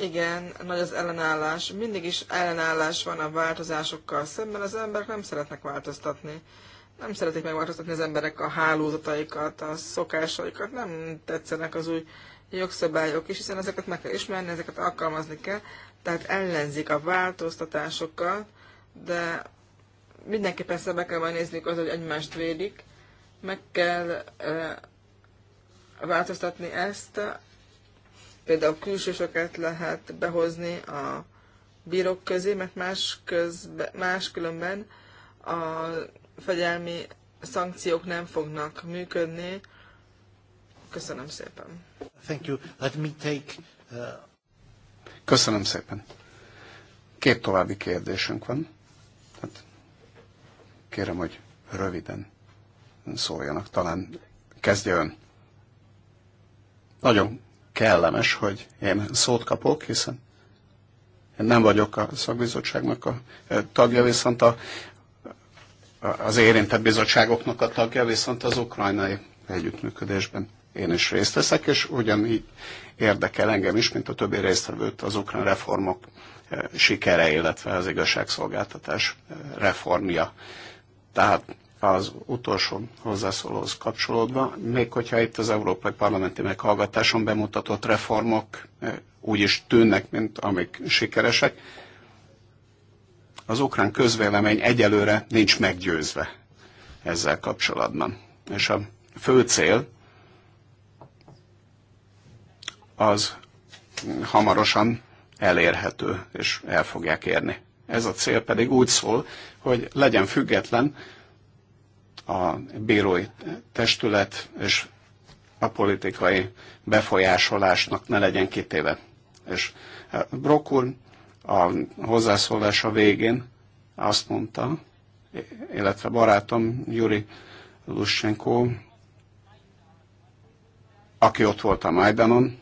Igen, nagy az ellenállás. Mindig is ellenállás van a változásokkal szemben, az emberek nem szeretnek változtatni nem szeretik megváltoztatni az emberek a hálózataikat, a szokásaikat, nem tetszenek az új jogszabályok is, hiszen ezeket meg kell ismerni, ezeket alkalmazni kell, tehát ellenzik a változtatásokat, de mindenképpen szembe kell majd nézni az, hogy egymást védik, meg kell e, változtatni ezt, például külsősöket lehet behozni a bírók közé, mert más, közbe, más különben a fegyelmi szankciók nem fognak működni. Köszönöm szépen. Thank you. Let me take, uh... Köszönöm szépen. Két további kérdésünk van. Hát kérem, hogy röviden szóljanak. Talán kezdje ön. Nagyon kellemes, hogy én szót kapok, hiszen én nem vagyok a szakbizottságnak a tagja, viszont a az érintett bizottságoknak a tagja, viszont az ukrajnai együttműködésben én is részt veszek, és ugyanígy érdekel engem is, mint a többi résztvevőt az ukrán reformok eh, sikere, illetve az igazságszolgáltatás eh, reformja. Tehát az utolsó hozzászólóhoz kapcsolódva, még hogyha itt az Európai Parlamenti meghallgatáson bemutatott reformok eh, úgy is tűnnek, mint amik sikeresek, az ukrán közvélemény egyelőre nincs meggyőzve ezzel kapcsolatban. És a fő cél az hamarosan elérhető, és el fogják érni. Ez a cél pedig úgy szól, hogy legyen független a bírói testület, és a politikai befolyásolásnak ne legyen kitéve. És eh, Brokul a hozzászólása végén azt mondta, illetve barátom Juri Lushenko, aki ott volt a Majdanon,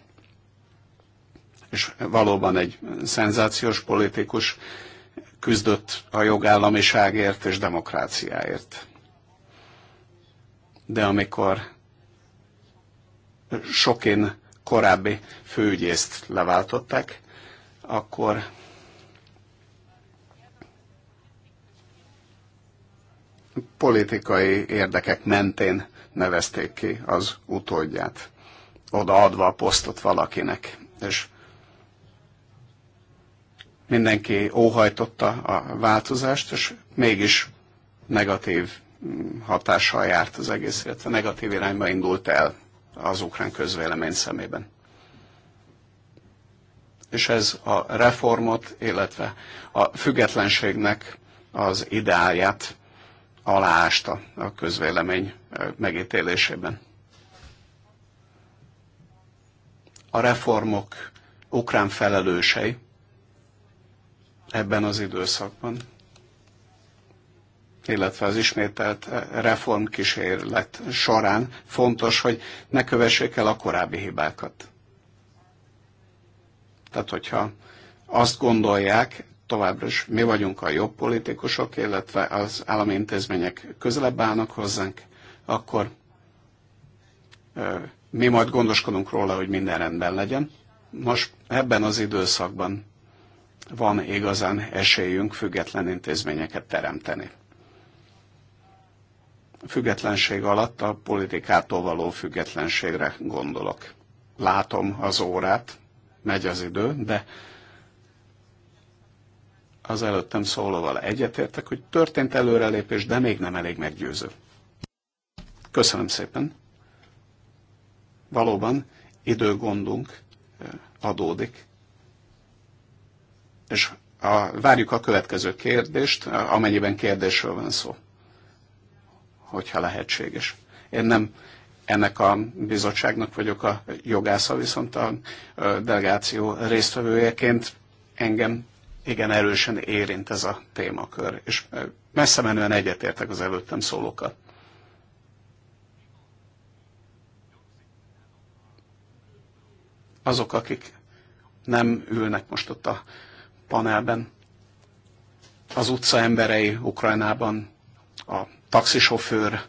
és valóban egy szenzációs politikus küzdött a jogállamiságért és demokráciáért. De amikor sokén korábbi főügyészt leváltották, akkor politikai érdekek mentén nevezték ki az utódját, odaadva a posztot valakinek. És mindenki óhajtotta a változást, és mégis negatív hatással járt az egész, illetve negatív irányba indult el az ukrán közvélemény szemében. És ez a reformot, illetve a függetlenségnek az ideáját aláásta a közvélemény megítélésében. A reformok ukrán felelősei ebben az időszakban, illetve az ismételt reformkísérlet során fontos, hogy ne kövessék el a korábbi hibákat. Tehát, hogyha azt gondolják továbbra is mi vagyunk a jobb politikusok, illetve az állami intézmények közelebb állnak hozzánk, akkor mi majd gondoskodunk róla, hogy minden rendben legyen. Most ebben az időszakban van igazán esélyünk független intézményeket teremteni. Függetlenség alatt a politikától való függetlenségre gondolok. Látom az órát, megy az idő, de az előttem szólóval egyetértek, hogy történt előrelépés, de még nem elég meggyőző. Köszönöm szépen. Valóban időgondunk eh, adódik. És a, várjuk a következő kérdést, amennyiben kérdésről van szó, hogyha lehetséges. Én nem ennek a bizottságnak vagyok a jogásza, viszont a eh, delegáció résztvevőjeként engem igen erősen érint ez a témakör, és messze menően egyetértek az előttem szólókat. Azok, akik nem ülnek most ott a panelben, az utca emberei Ukrajnában, a taxisofőr,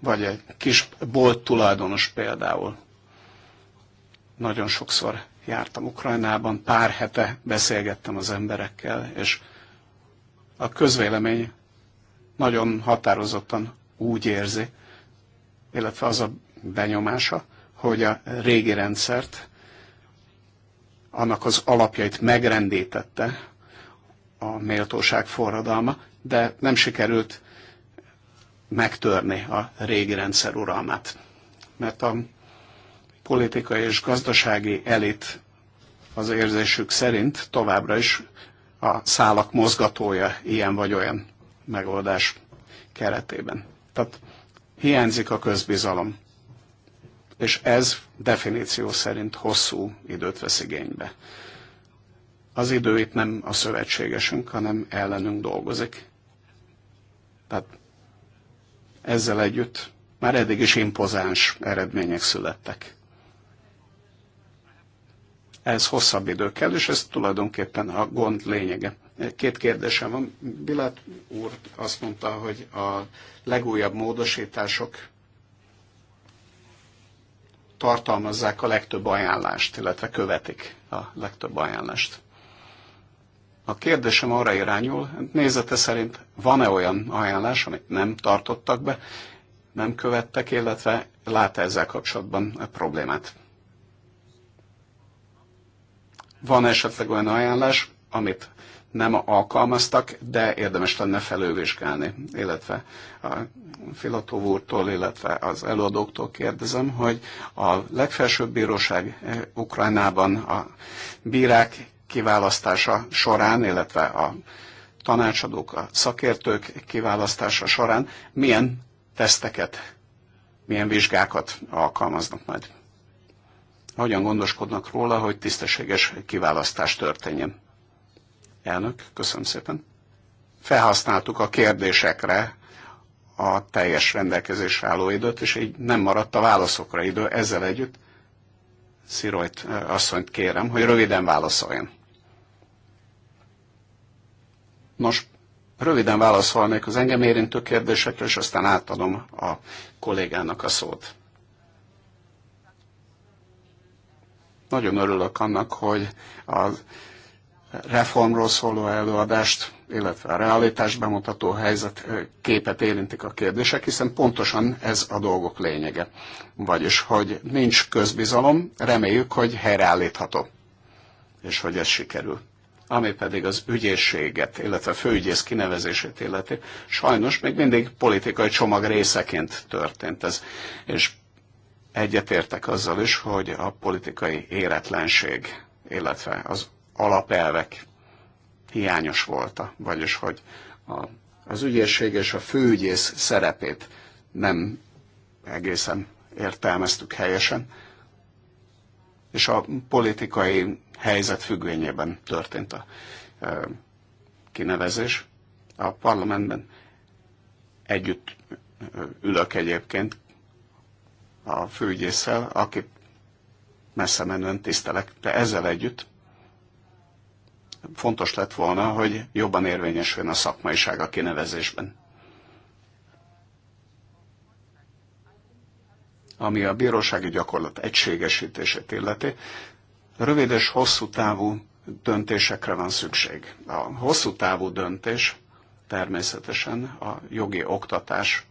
vagy egy kis bolt tulajdonos például nagyon sokszor jártam Ukrajnában, pár hete beszélgettem az emberekkel, és a közvélemény nagyon határozottan úgy érzi, illetve az a benyomása, hogy a régi rendszert, annak az alapjait megrendítette a méltóság forradalma, de nem sikerült megtörni a régi rendszer uralmát. Mert a politikai és gazdasági elit az érzésük szerint továbbra is a szálak mozgatója ilyen vagy olyan megoldás keretében. Tehát hiányzik a közbizalom, és ez definíció szerint hosszú időt vesz igénybe. Az idő itt nem a szövetségesünk, hanem ellenünk dolgozik. Tehát ezzel együtt már eddig is impozáns eredmények születtek ehhez hosszabb idő kell, és ez tulajdonképpen a gond lényege. Két kérdésem van. Bilát úr azt mondta, hogy a legújabb módosítások tartalmazzák a legtöbb ajánlást, illetve követik a legtöbb ajánlást. A kérdésem arra irányul, nézete szerint van-e olyan ajánlás, amit nem tartottak be, nem követtek, illetve lát -e ezzel kapcsolatban a problémát? Van esetleg olyan ajánlás, amit nem alkalmaztak, de érdemes lenne felővizsgálni, illetve a Filatov úrtól, illetve az előadóktól kérdezem, hogy a legfelsőbb bíróság eh, Ukrajnában a bírák kiválasztása során, illetve a tanácsadók, a szakértők kiválasztása során milyen teszteket, milyen vizsgákat alkalmaznak majd hogyan gondoskodnak róla, hogy tisztességes kiválasztás történjen. Elnök, köszönöm szépen. Felhasználtuk a kérdésekre a teljes rendelkezésre álló időt, és így nem maradt a válaszokra idő. Ezzel együtt Szirojt asszonyt kérem, hogy röviden válaszoljon. Nos, röviden válaszolnék az engem érintő kérdésekre, és aztán átadom a kollégának a szót. Nagyon örülök annak, hogy a reformról szóló előadást, illetve a realitás bemutató helyzet képet érintik a kérdések, hiszen pontosan ez a dolgok lényege. Vagyis, hogy nincs közbizalom, reméljük, hogy helyreállítható, és hogy ez sikerül ami pedig az ügyészséget, illetve a főügyész kinevezését illeti, sajnos még mindig politikai csomag részeként történt ez. És Egyetértek azzal is, hogy a politikai éretlenség, illetve az alapelvek hiányos volt, vagyis hogy a, az ügyészség és a főügyész szerepét nem egészen értelmeztük helyesen, és a politikai helyzet függvényében történt a e, kinevezés. A parlamentben együtt ülök egyébként a főügyészsel, aki messze menően tisztelek, de ezzel együtt fontos lett volna, hogy jobban érvényesüljön a szakmaiság a kinevezésben. Ami a bírósági gyakorlat egységesítését illeti, rövid és hosszú távú döntésekre van szükség. A hosszú távú döntés természetesen a jogi oktatás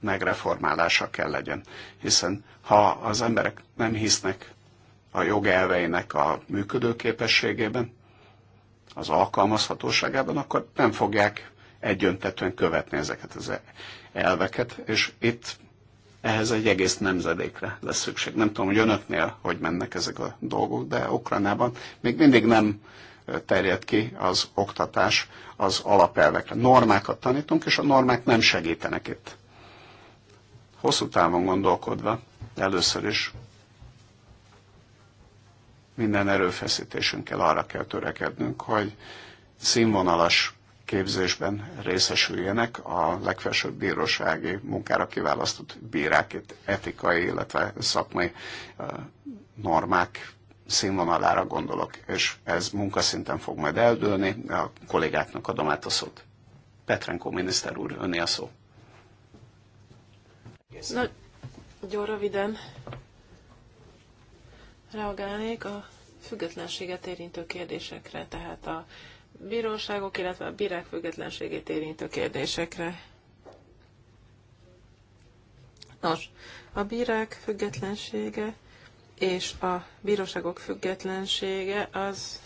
megreformálása kell legyen. Hiszen ha az emberek nem hisznek a jogelveinek a működőképességében, az alkalmazhatóságában, akkor nem fogják egyöntetően követni ezeket az elveket, és itt ehhez egy egész nemzedékre lesz szükség. Nem tudom, hogy önöknél hogy mennek ezek a dolgok, de Ukrajnában még mindig nem terjed ki az oktatás az alapelvekre. Normákat tanítunk, és a normák nem segítenek itt. Hosszú távon gondolkodva először is minden erőfeszítésünkkel arra kell törekednünk, hogy színvonalas képzésben részesüljenek a legfelsőbb bírósági munkára kiválasztott bírák, itt etikai, illetve szakmai normák színvonalára gondolok, és ez munkaszinten fog majd eldőlni. A kollégáknak adom át a szót. Petrenko miniszter úr, öné a szó. Nagyon röviden reagálnék a függetlenséget érintő kérdésekre, tehát a bíróságok, illetve a bírák függetlenségét érintő kérdésekre. Nos, a bírák függetlensége és a bíróságok függetlensége az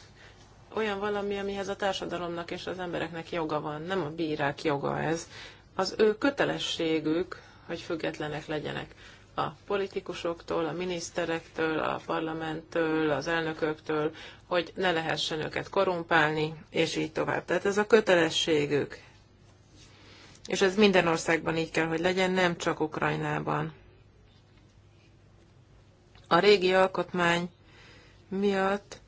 olyan valami, amihez a társadalomnak és az embereknek joga van, nem a bírák joga ez. Az ő kötelességük, hogy függetlenek legyenek a politikusoktól, a miniszterektől, a parlamenttől, az elnököktől, hogy ne lehessen őket korumpálni, és így tovább. Tehát ez a kötelességük. És ez minden országban így kell, hogy legyen, nem csak Ukrajnában. A régi alkotmány miatt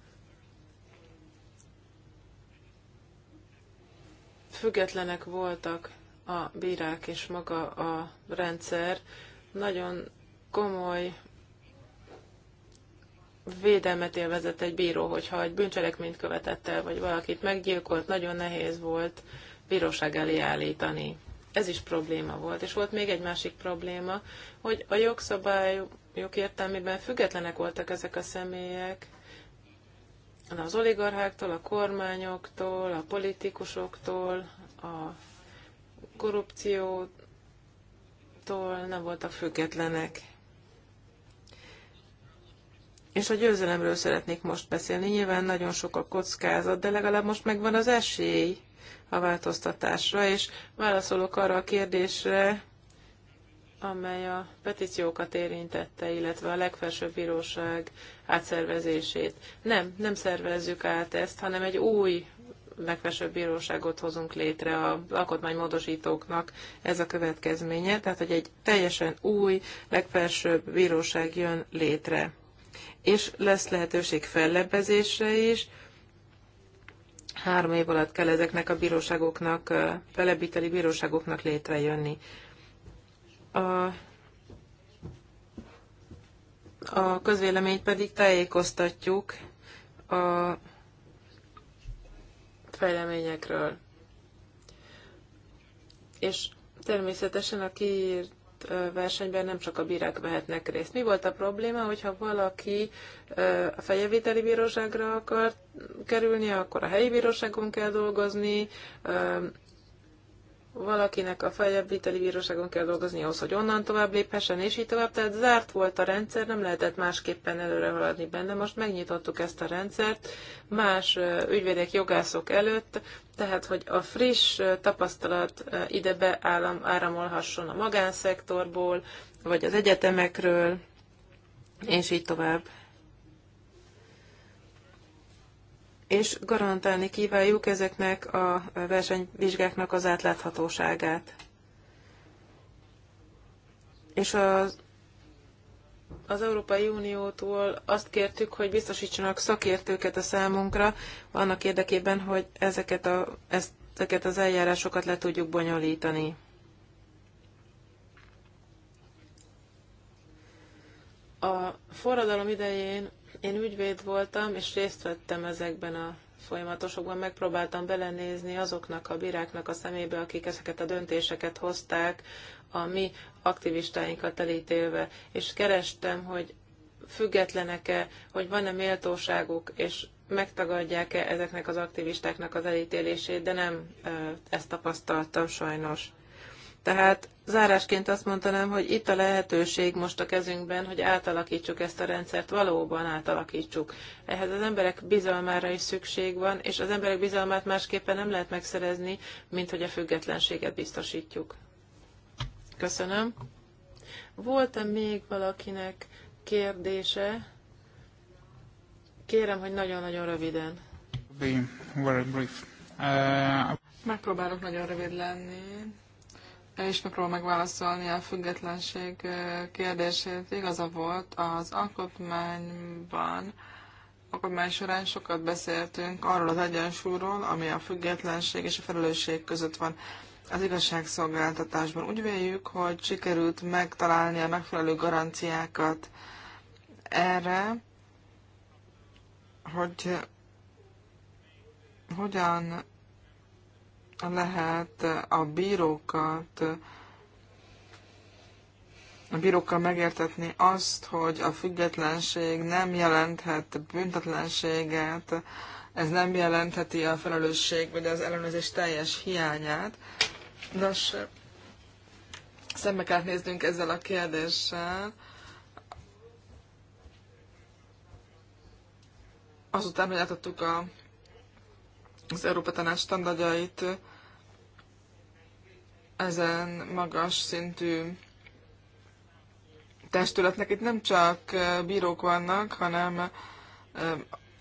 függetlenek voltak a bírák és maga a rendszer nagyon komoly védelmet élvezett egy bíró, hogyha egy bűncselekményt követett el, vagy valakit meggyilkolt, nagyon nehéz volt bíróság elé állítani. Ez is probléma volt. És volt még egy másik probléma, hogy a jogszabályok értelmében függetlenek voltak ezek a személyek, az oligarcháktól, a kormányoktól, a politikusoktól, a korrupciótól nem voltak függetlenek. És a győzelemről szeretnék most beszélni. Nyilván nagyon sok a kockázat, de legalább most megvan az esély a változtatásra, és válaszolok arra a kérdésre, amely a petíciókat érintette, illetve a legfelsőbb bíróság átszervezését. Nem, nem szervezzük át ezt, hanem egy új legfelsőbb bíróságot hozunk létre a alkotmánymódosítóknak, ez a következménye, tehát hogy egy teljesen új legfelsőbb bíróság jön létre. És lesz lehetőség fellebbezésre is, három év alatt kell ezeknek a bíróságoknak, felebbíteli bíróságoknak létrejönni. A a közvéleményt pedig tájékoztatjuk a fejleményekről. És természetesen a kiírt versenyben nem csak a bírák vehetnek részt. Mi volt a probléma, hogyha valaki a fejevételi bíróságra akart kerülni, akkor a helyi bíróságon kell dolgozni, valakinek a feljebb viteli bíróságon kell dolgozni ahhoz, hogy onnan tovább léphessen, és így tovább. Tehát zárt volt a rendszer, nem lehetett másképpen előre haladni benne. Most megnyitottuk ezt a rendszert más ügyvédek, jogászok előtt, tehát hogy a friss tapasztalat ide beáramolhasson a magánszektorból, vagy az egyetemekről, és így tovább. és garantálni kívánjuk ezeknek a versenyvizsgáknak az átláthatóságát. És az, az Európai Uniótól azt kértük, hogy biztosítsanak szakértőket a számunkra, annak érdekében, hogy ezeket, a, ezeket az eljárásokat le tudjuk bonyolítani. A forradalom idején én ügyvéd voltam, és részt vettem ezekben a folyamatosokban, megpróbáltam belenézni azoknak a bíráknak a szemébe, akik ezeket a döntéseket hozták, a mi aktivistáinkat elítélve, és kerestem, hogy függetlenek-e, hogy van-e méltóságuk, és megtagadják-e ezeknek az aktivistáknak az elítélését, de nem ezt tapasztaltam sajnos. Tehát zárásként azt mondanám, hogy itt a lehetőség most a kezünkben, hogy átalakítsuk ezt a rendszert, valóban átalakítsuk. Ehhez az emberek bizalmára is szükség van, és az emberek bizalmát másképpen nem lehet megszerezni, mint hogy a függetlenséget biztosítjuk. Köszönöm. Volt-e még valakinek kérdése? Kérem, hogy nagyon-nagyon röviden. Be very brief. Uh... Megpróbálok nagyon rövid lenni és megpróbál megválaszolni a függetlenség kérdését. Igaza volt, az alkotmányban, alkotmány során sokat beszéltünk arról az egyensúlyról, ami a függetlenség és a felelősség között van az igazságszolgáltatásban. Úgy véljük, hogy sikerült megtalálni a megfelelő garanciákat erre, hogy hogyan lehet a bírókat a bírókkal megértetni azt, hogy a függetlenség nem jelenthet büntetlenséget, ez nem jelentheti a felelősség vagy az ellenőrzés teljes hiányát. Nos, szembe kell néznünk ezzel a kérdéssel. Azután, hogy a az Európa Tanács tandagyait ezen magas szintű testületnek. Itt nem csak bírók vannak, hanem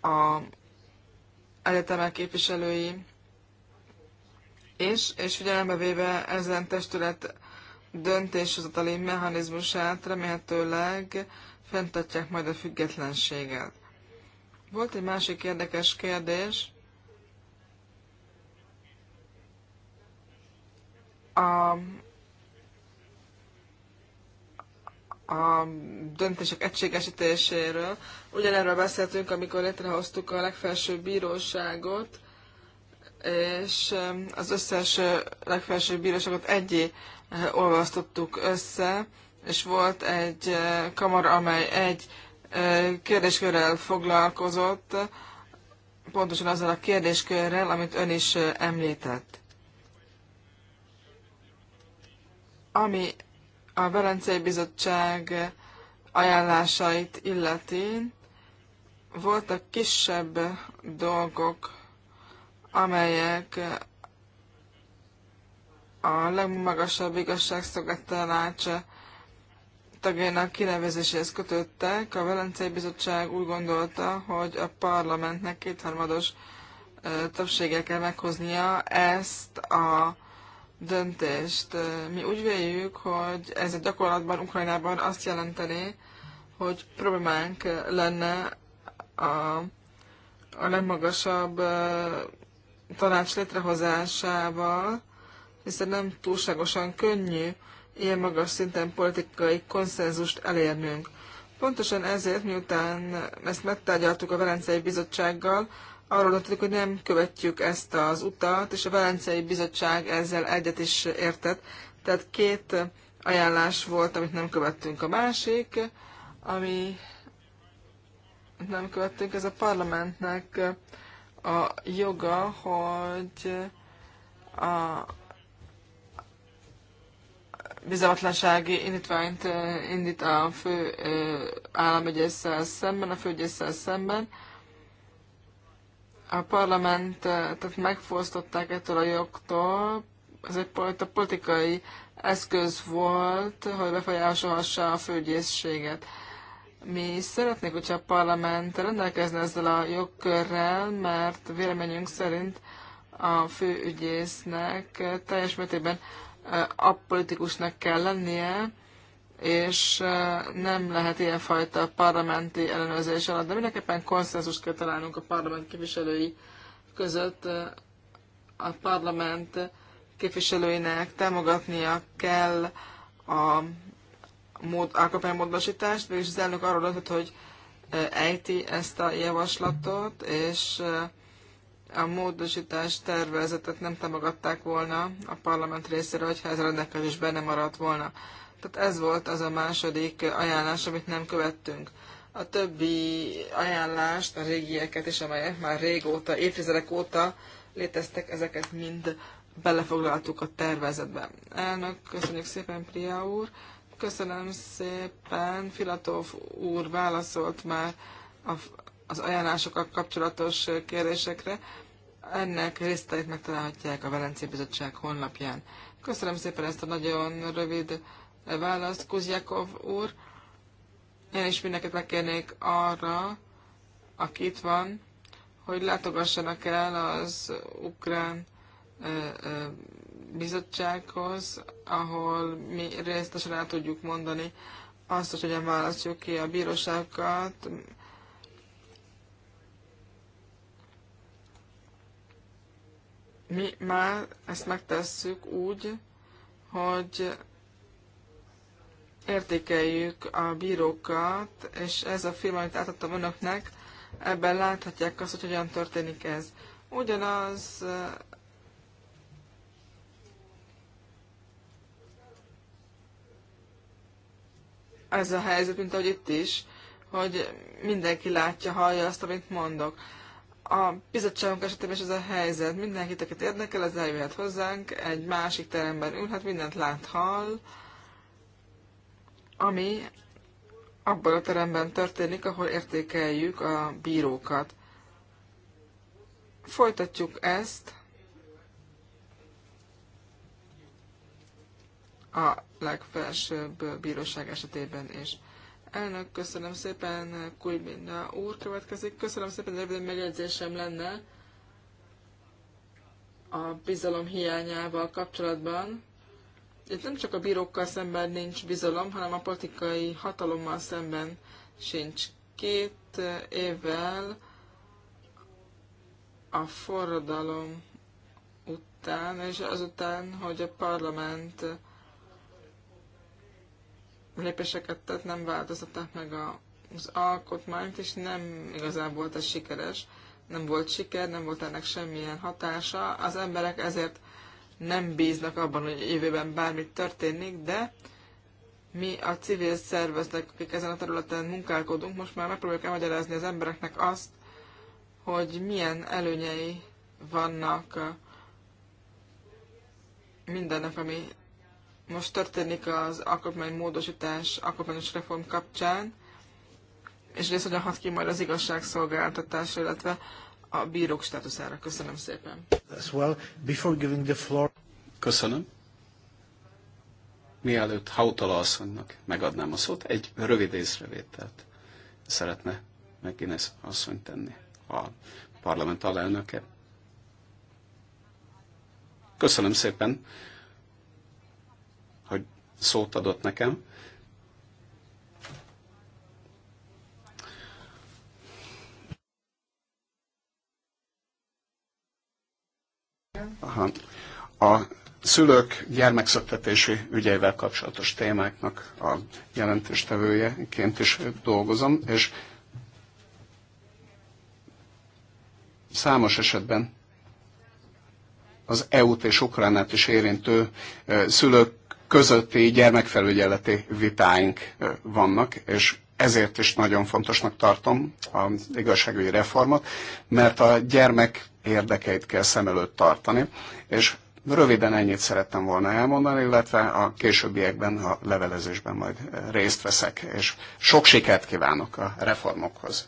a egyetemek képviselői és, és figyelembe véve ezen testület döntéshozatali mechanizmusát remélhetőleg fenntartják majd a függetlenséget. Volt egy másik érdekes kérdés, a, a döntések egységesítéséről. Ugyanerről beszéltünk, amikor létrehoztuk a legfelsőbb bíróságot, és az összes legfelsőbb bíróságot egyé olvasztottuk össze, és volt egy kamara, amely egy kérdéskörrel foglalkozott, pontosan azzal a kérdéskörrel, amit ön is említett. Ami a Velencei Bizottság ajánlásait illeti, voltak kisebb dolgok, amelyek a legmagasabb igazságszolgáltanács tagjának kinevezéséhez kötöttek. A Velencei Bizottság úgy gondolta, hogy a parlamentnek kétharmados többséggel kell meghoznia ezt a döntést. Mi úgy véljük, hogy ez a gyakorlatban Ukrajnában azt jelenteni, hogy problémánk lenne a, a legmagasabb tanács létrehozásával, hiszen nem túlságosan könnyű ilyen magas szinten politikai konszenzust elérnünk. Pontosan ezért, miután ezt megtárgyaltuk a Velencei Bizottsággal, arról döntöttük, hogy nem követjük ezt az utat, és a Velencei Bizottság ezzel egyet is értett. Tehát két ajánlás volt, amit nem követtünk. A másik, ami nem követtünk, ez a parlamentnek a joga, hogy a bizalmatlansági indítványt eh, indít a fő eh, államügyésszel szemben, a főügyésszel szemben, a parlamentet eh, megfosztották ettől a jogtól, ez egy politikai eszköz volt, hogy befolyásolhassa a főgyészséget. Mi szeretnék, hogyha a parlament rendelkezne ezzel a jogkörrel, mert véleményünk szerint a főügyésznek eh, teljes mértékben eh, politikusnak kell lennie, és nem lehet ilyenfajta parlamenti ellenőrzés alatt, de mindenképpen konszenzust kell találnunk a parlament képviselői között. A parlament képviselőinek támogatnia kell a mód, alkotmánymódosítást, és az elnök arról adott, hogy ejti ezt a javaslatot, és a módosítás tervezetet nem támogatták volna a parlament részéről, hogyha ez a rendelkezésben nem maradt volna. Tehát ez volt az a második ajánlás, amit nem követtünk. A többi ajánlást, a régieket is, amelyek már régóta, évtizedek óta léteztek, ezeket mind belefoglaltuk a tervezetbe. Elnök, köszönjük szépen, Priya úr. Köszönöm szépen, Filatov úr válaszolt már a, az ajánlásokkal kapcsolatos kérdésekre. Ennek részteit megtalálhatják a Velencé Bizottság honlapján. Köszönöm szépen ezt a nagyon rövid választ, Kuzjakov úr. Én is mindenkit megkérnék arra, aki itt van, hogy látogassanak el az ukrán bizottsághoz, ahol mi részletesen el tudjuk mondani azt, hogy hogyan választjuk ki a bíróságokat, mi már ezt megtesszük úgy, hogy értékeljük a bírókat, és ez a film, amit átadtam önöknek, ebben láthatják azt, hogy hogyan történik ez. Ugyanaz eh, ez a helyzet, mint ahogy itt is, hogy mindenki látja, hallja azt, amit mondok. A bizottságunk esetében is ez a helyzet. Mindenkit, akit érdekel, az eljöhet hozzánk, egy másik teremben ülhet, mindent lát, hall, ami abban a teremben történik, ahol értékeljük a bírókat. Folytatjuk ezt a legfelsőbb bíróság esetében is. Elnök, köszönöm szépen, Kujminda úr következik. Köszönöm szépen, röviden megjegyzésem lenne a bizalom hiányával kapcsolatban. Itt nem csak a bírókkal szemben nincs bizalom, hanem a politikai hatalommal szemben sincs. Két évvel a forradalom után, és azután, hogy a parlament lépéseket tett, nem változtatták meg a, az alkotmányt, és nem igazán volt ez sikeres. Nem volt siker, nem volt ennek semmilyen hatása. Az emberek ezért nem bíznak abban, hogy jövőben bármi történik, de mi a civil szervezetek, akik ezen a területen munkálkodunk, most már megpróbáljuk elmagyarázni az embereknek azt, hogy milyen előnyei vannak uh, mindennek, ami most történik az módosítás, alkotmányos reform kapcsán, és hogy ez hogyan hat ki majd az igazságszolgáltatásra, illetve a bírók státuszára. Köszönöm szépen. Well, before giving the floor... Köszönöm. Mielőtt Hautala asszonynak megadnám a szót, egy rövid észrevételt szeretne McGuinness asszony tenni, a parlament alelnöke. Köszönöm szépen, hogy szót adott nekem Aha. A szülők gyermekszöktetési ügyeivel kapcsolatos témáknak a jelentéstevőjeként is dolgozom, és számos esetben az EU-t és Ukránát is érintő szülők közötti gyermekfelügyeleti vitáink vannak, és ezért is nagyon fontosnak tartom az igazságügyi reformot, mert a gyermek érdekeit kell szem előtt tartani, és röviden ennyit szerettem volna elmondani, illetve a későbbiekben a levelezésben majd részt veszek, és sok sikert kívánok a reformokhoz.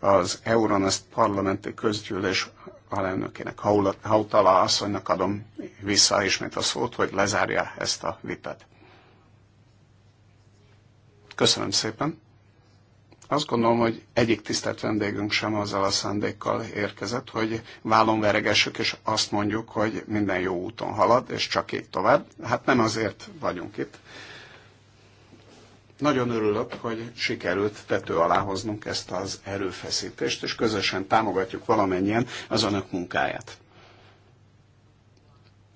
Az Euronest parlamenti közgyűlés alelnökének, Hautala asszonynak adom vissza ismét a szót, hogy lezárja ezt a vitát. Köszönöm szépen. Azt gondolom, hogy egyik tisztelt vendégünk sem azzal a szándékkal érkezett, hogy vállon veregessük, és azt mondjuk, hogy minden jó úton halad, és csak így tovább. Hát nem azért vagyunk itt. Nagyon örülök, hogy sikerült tető alá hoznunk ezt az erőfeszítést, és közösen támogatjuk valamennyien az önök munkáját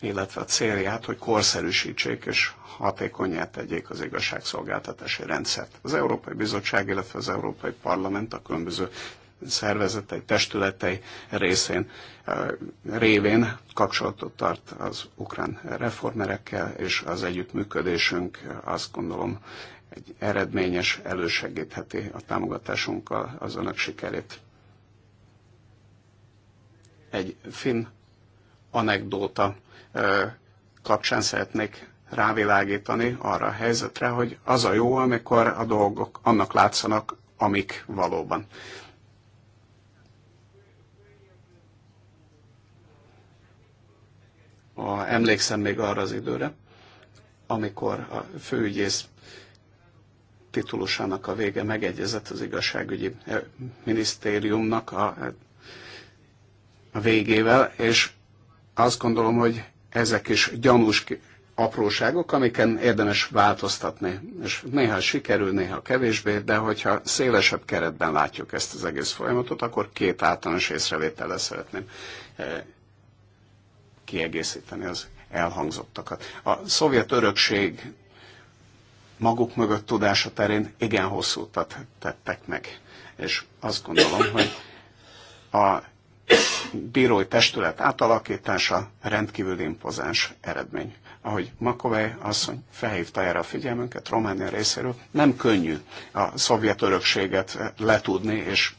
illetve a célját, hogy korszerűsítsék és hatékonyá tegyék az igazságszolgáltatási rendszert. Az Európai Bizottság, illetve az Európai Parlament a különböző szervezetei, testületei részén, eh, révén kapcsolatot tart az ukrán reformerekkel, és az együttműködésünk azt gondolom egy eredményes elősegítheti a támogatásunkkal az önök sikerét. Egy finn anekdóta kapcsán szeretnék rávilágítani arra a helyzetre, hogy az a jó, amikor a dolgok annak látszanak, amik valóban. A, emlékszem még arra az időre, amikor a főügyész titulusának a vége megegyezett az igazságügyi minisztériumnak a, a végével, és azt gondolom, hogy ezek is gyanús apróságok, amiken érdemes változtatni. És néha sikerül, néha kevésbé, de hogyha szélesebb keretben látjuk ezt az egész folyamatot, akkor két általános észrevétellel szeretném eh, kiegészíteni az elhangzottakat. A szovjet örökség maguk mögött tudása terén igen hosszú utat tettek meg. És azt gondolom, hogy a bírói testület átalakítása rendkívül impozáns eredmény. Ahogy Makovej asszony felhívta erre a figyelmünket Románia részéről, nem könnyű a szovjet örökséget letudni és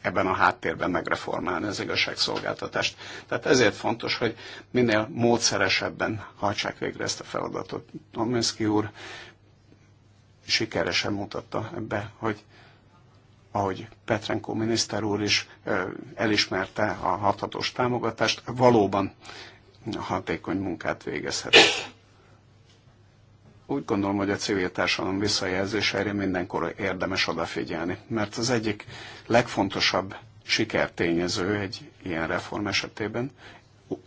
ebben a háttérben megreformálni az igazságszolgáltatást. Tehát ezért fontos, hogy minél módszeresebben hajtsák végre ezt a feladatot. Tominski úr sikeresen mutatta ebbe, hogy ahogy Petrenko miniszter úr is elismerte a hathatós támogatást, valóban hatékony munkát végezhetett. Úgy gondolom, hogy a civil társadalom visszajelzéseire mindenkor érdemes odafigyelni, mert az egyik legfontosabb sikertényező egy ilyen reform esetében,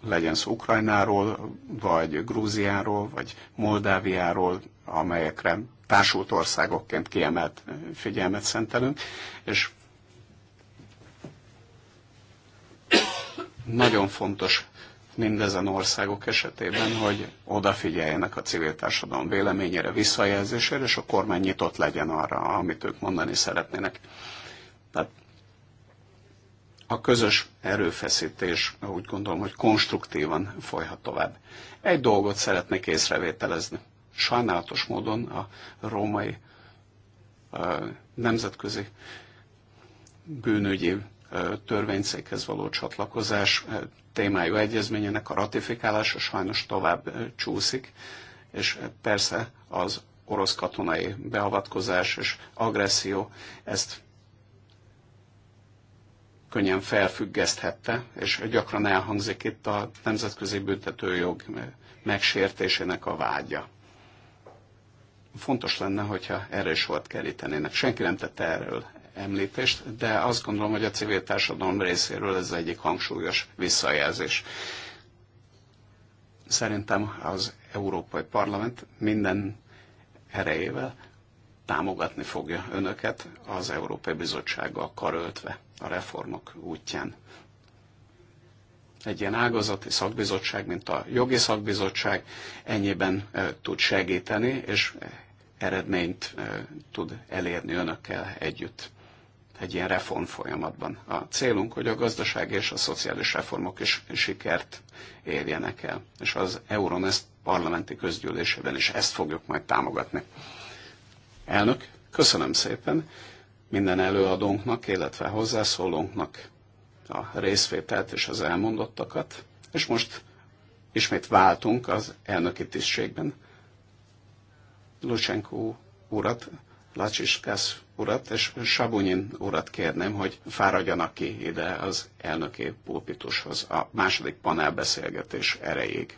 legyen szó Ukrajnáról, vagy Grúziáról, vagy Moldáviáról, amelyekre társult országokként kiemelt figyelmet szentelünk, és nagyon fontos mindezen országok esetében, hogy odafigyeljenek a civil társadalom véleményére, visszajelzésére, és a kormány nyitott legyen arra, amit ők mondani szeretnének. Tehát a közös erőfeszítés úgy gondolom, hogy konstruktívan folyhat tovább. Egy dolgot szeretnék észrevételezni sajnálatos módon a római nemzetközi bűnügyi törvényszékhez való csatlakozás témájú egyezményének a ratifikálása sajnos tovább csúszik, és persze az orosz katonai beavatkozás és agresszió ezt könnyen felfüggeszthette, és gyakran elhangzik itt a nemzetközi büntetőjog megsértésének a vágya fontos lenne, hogyha erre is volt kerítenének. Senki nem tette erről említést, de azt gondolom, hogy a civil társadalom részéről ez egyik hangsúlyos visszajelzés. Szerintem az Európai Parlament minden erejével támogatni fogja önöket az Európai Bizottsággal karöltve a reformok útján. Egy ilyen ágazati szakbizottság, mint a jogi szakbizottság ennyiben tud segíteni, és eredményt tud elérni önökkel együtt egy ilyen reform folyamatban. A célunk, hogy a gazdaság és a szociális reformok is sikert érjenek el, és az Euronest parlamenti közgyűlésében is ezt fogjuk majd támogatni. Elnök, köszönöm szépen minden előadónknak, illetve hozzászólónknak a részvételt és az elmondottakat, és most ismét váltunk az elnöki tisztségben. Lucsenko urat, Lacsiskász urat és Sabonyin urat kérném, hogy fáradjanak ki ide az elnöki pulpitushoz a második panelbeszélgetés erejéig.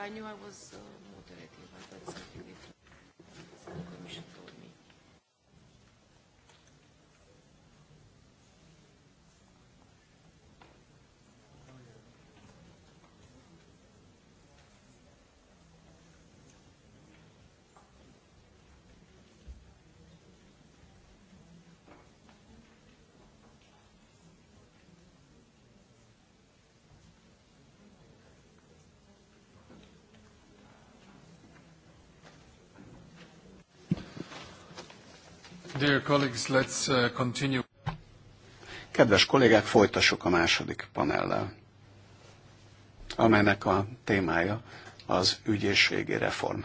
I knew I was. Uh, Uh, Kedves kollégák, folytassuk a második panellel, amelynek a témája az ügyészségi reform.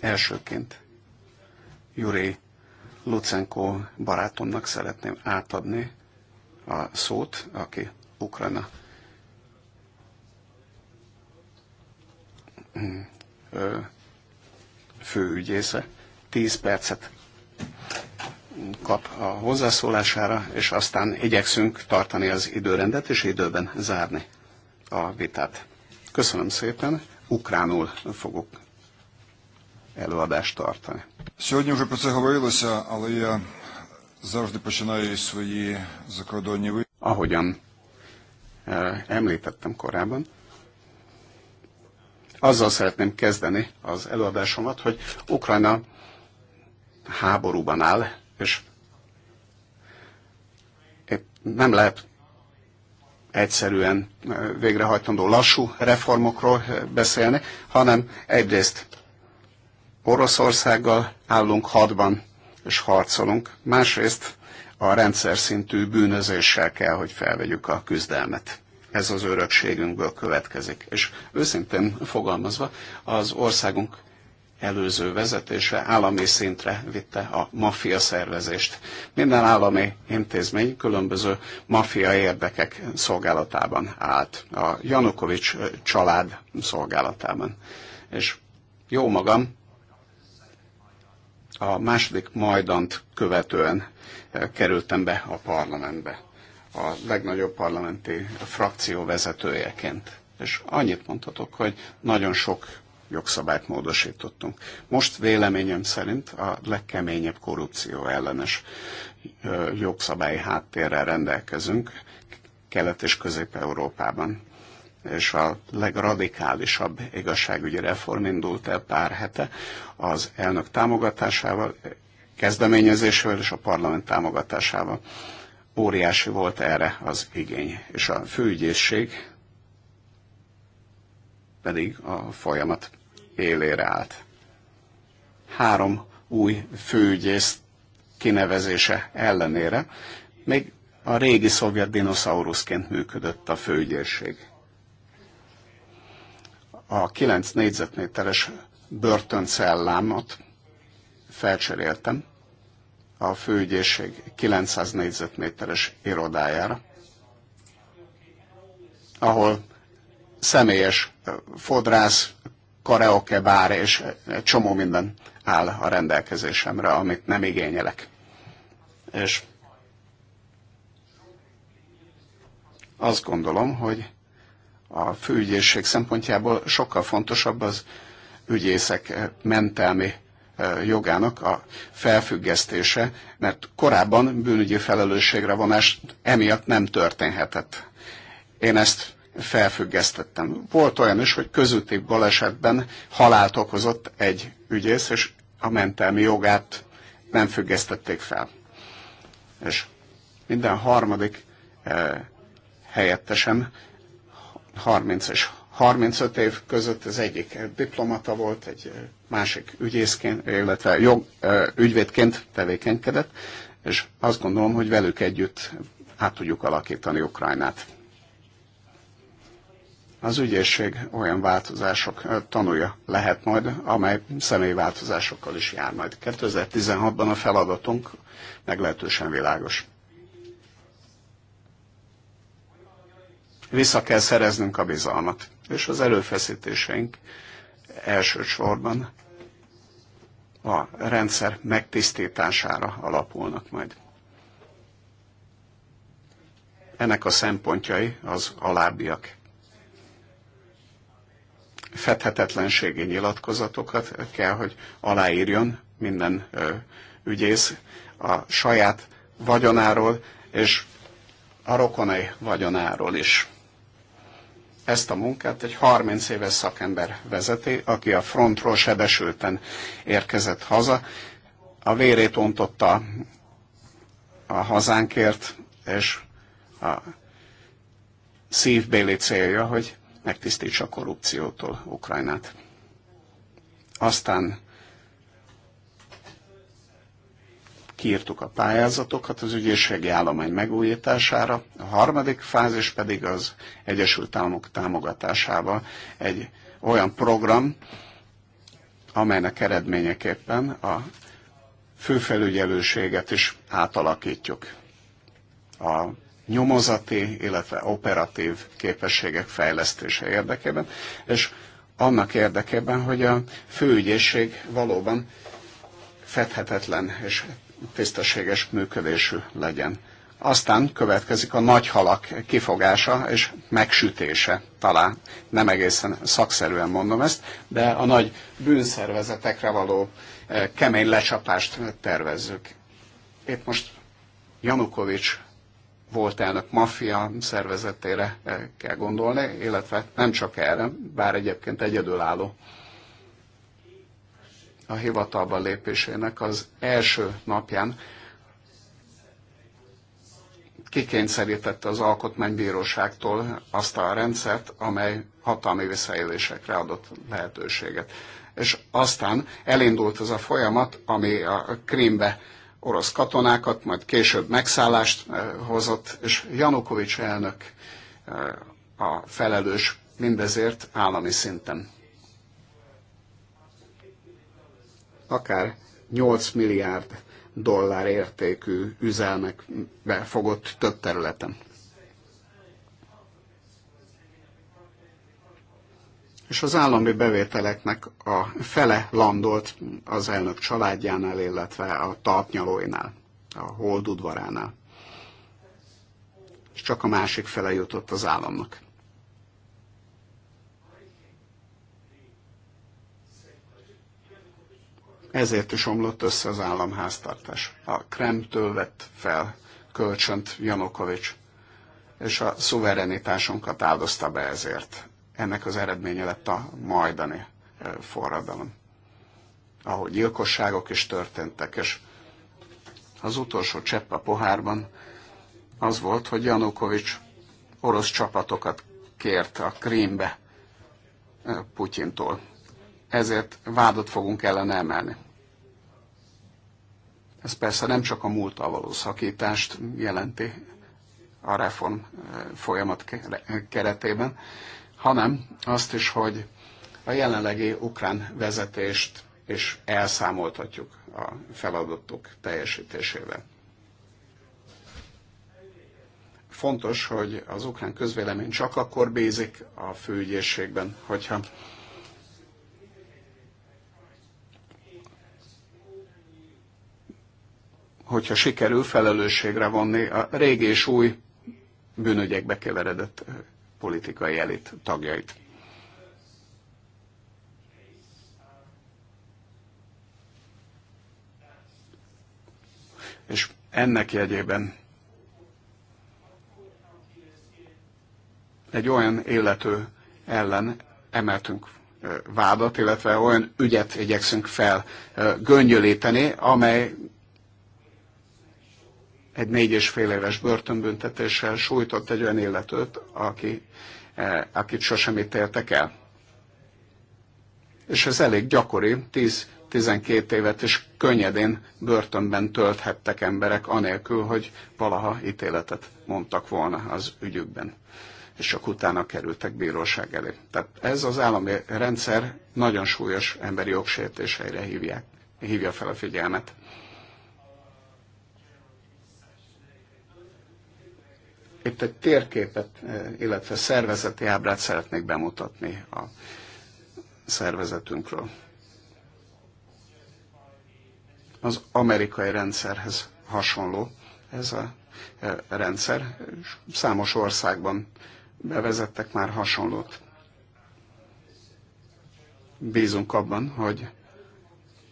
Elsőként Juri Lucenko barátomnak szeretném átadni a szót, aki Ukrajna mm, főügyésze 10 percet kap a hozzászólására, és aztán igyekszünk tartani az időrendet és időben zárni a vitát. Köszönöm szépen, ukránul fogok előadást tartani. Сьогодні вже про це говорилося, але я завжди починаю свої закордонні Ahogyan említettem korábban, azzal szeretném kezdeni az előadásomat, hogy Ukrajna háborúban áll, és nem lehet egyszerűen végrehajtandó lassú reformokról beszélni, hanem egyrészt Oroszországgal állunk hadban és harcolunk, másrészt a rendszer szintű bűnözéssel kell, hogy felvegyük a küzdelmet ez az örökségünkből következik. És őszintén fogalmazva, az országunk előző vezetése állami szintre vitte a maffia szervezést. Minden állami intézmény különböző maffia érdekek szolgálatában állt. A Janukovics család szolgálatában. És jó magam, a második majdant követően kerültem be a parlamentbe a legnagyobb parlamenti frakció vezetőjeként. És annyit mondhatok, hogy nagyon sok jogszabályt módosítottunk. Most véleményem szerint a legkeményebb korrupció ellenes jogszabályi háttérrel rendelkezünk Kelet- és Közép-Európában. És a legradikálisabb igazságügyi reform indult el pár hete az elnök támogatásával, kezdeményezésével és a parlament támogatásával óriási volt erre az igény, és a főügyészség pedig a folyamat élére állt. Három új főügyész kinevezése ellenére még a régi szovjet dinoszauruszként működött a főügyészség. A kilenc négyzetméteres börtöncellámat felcseréltem a főügyészség 900 négyzetméteres irodájára, ahol személyes fodrász, karaoke bár és csomó minden áll a rendelkezésemre, amit nem igényelek. És azt gondolom, hogy a főügyészség szempontjából sokkal fontosabb az ügyészek mentelmi jogának a felfüggesztése, mert korábban bűnügyi felelősségre vonás emiatt nem történhetett. Én ezt felfüggesztettem. Volt olyan is, hogy közúti balesetben halált okozott egy ügyész, és a mentelmi jogát nem függesztették fel. És minden harmadik eh, helyettesen 30 és 35 év között az egyik diplomata volt, egy másik ügyészként, illetve jog, ügyvédként tevékenykedett, és azt gondolom, hogy velük együtt át tudjuk alakítani Ukrajnát. Az ügyészség olyan változások tanulja lehet majd, amely személyváltozásokkal is jár majd. 2016-ban a feladatunk meglehetősen világos. Vissza kell szereznünk a bizalmat és az előfeszítéseink elsősorban a rendszer megtisztítására alapulnak majd. Ennek a szempontjai az alábbiak. Fethetetlenségi nyilatkozatokat kell, hogy aláírjon minden ügyész a saját vagyonáról és a rokonai vagyonáról is ezt a munkát egy 30 éves szakember vezeti, aki a frontról sebesülten érkezett haza. A vérét ontotta a hazánkért, és a szívbéli célja, hogy megtisztítsa a korrupciótól Ukrajnát. Aztán kiírtuk a pályázatokat az ügyészségi állomány megújítására, a harmadik fázis pedig az Egyesült Államok támogatásával egy olyan program, amelynek eredményeképpen a főfelügyelőséget is átalakítjuk. A nyomozati, illetve operatív képességek fejlesztése érdekében, és annak érdekében, hogy a főügyészség valóban fedhetetlen és tisztességes működésű legyen. Aztán következik a nagy halak kifogása és megsütése, talán nem egészen szakszerűen mondom ezt, de a nagy bűnszervezetekre való e, kemény lecsapást tervezzük. Itt most Janukovics volt elnök maffia szervezetére e, kell gondolni, illetve nem csak erre, bár egyébként egyedülálló a hivatalba lépésének az első napján kikényszerítette az alkotmánybíróságtól azt a rendszert, amely hatalmi visszaélésekre adott lehetőséget. És aztán elindult ez a folyamat, ami a Krímbe orosz katonákat, majd később megszállást eh, hozott, és Janukovics elnök eh, a felelős mindezért állami szinten. akár 8 milliárd dollár értékű üzelmekbe fogott több területen. És az állami bevételeknek a fele landolt az elnök családjánál, illetve a talpnyalóinál, a holdudvaránál. És csak a másik fele jutott az államnak. Ezért is omlott össze az államháztartás. A Kremtől vett fel kölcsönt Janukovics, és a szuverenitásunkat áldozta be ezért. Ennek az eredménye lett a majdani forradalom, ahol gyilkosságok is történtek, és az utolsó csepp a pohárban az volt, hogy Janukovics orosz csapatokat kért a Krímbe Putyintól ezért vádat fogunk ellene emelni. Ez persze nem csak a múltal való szakítást jelenti a reform eh, folyamat keretében, hanem azt is, hogy a jelenlegi ukrán vezetést és elszámoltatjuk a feladatok teljesítésével. Fontos, hogy az ukrán közvélemény csak akkor bízik a főügyészségben, hogyha hogyha sikerül felelősségre vonni a régi és új bűnögyekbe keveredett politikai elit tagjait. És ennek jegyében egy olyan élető ellen emeltünk vádat, illetve olyan ügyet igyekszünk fel göngyölíteni, amely egy négy és fél éves börtönbüntetéssel sújtott egy olyan életőt, aki, eh, akit sosem ítéltek el. És ez elég gyakori, 10-12 évet is könnyedén börtönben tölthettek emberek, anélkül, hogy valaha ítéletet mondtak volna az ügyükben és csak utána kerültek bíróság elé. Tehát ez az állami rendszer nagyon súlyos emberi jogsértéseire hívják, hívja fel a figyelmet. Itt egy térképet, eh, illetve szervezeti ábrát szeretnék bemutatni a szervezetünkről. Az amerikai rendszerhez hasonló ez a eh, rendszer, számos országban bevezettek már hasonlót. Bízunk abban, hogy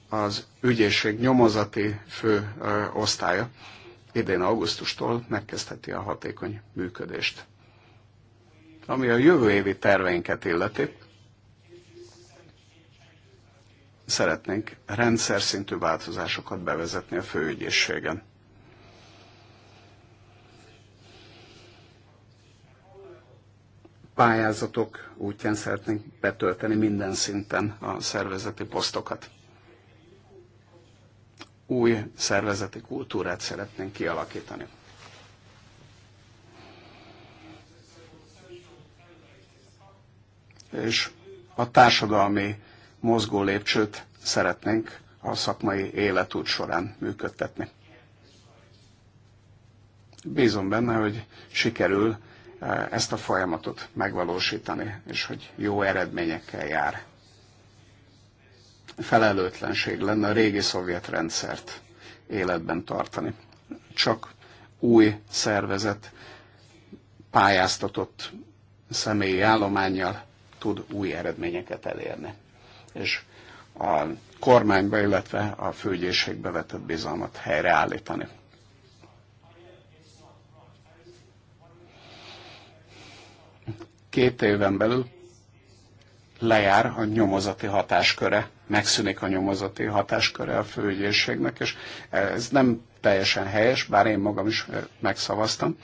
az ügyészség nyomozati fő eh, osztálya idén augusztustól megkezdheti a hatékony működést. Ami a jövő évi terveinket illeti, szeretnénk rendszer szintű változásokat bevezetni a főügyészségen. Pályázatok útján szeretnénk betölteni minden szinten a szervezeti posztokat új szervezeti kultúrát szeretnénk kialakítani. És a társadalmi mozgó lépcsőt szeretnénk a szakmai életút során működtetni. Bízom benne, hogy sikerül eh, ezt a folyamatot megvalósítani, és hogy jó eredményekkel jár felelőtlenség lenne a régi szovjet rendszert életben tartani. Csak új szervezet pályáztatott személyi állományjal tud új eredményeket elérni. És a kormányba, illetve a főgyészségbe vetett bizalmat helyreállítani. Két éven belül lejár a nyomozati hatásköre, megszűnik a nyomozati hatásköre a főügyészségnek, és ez nem teljesen helyes, bár én magam is megszavaztam.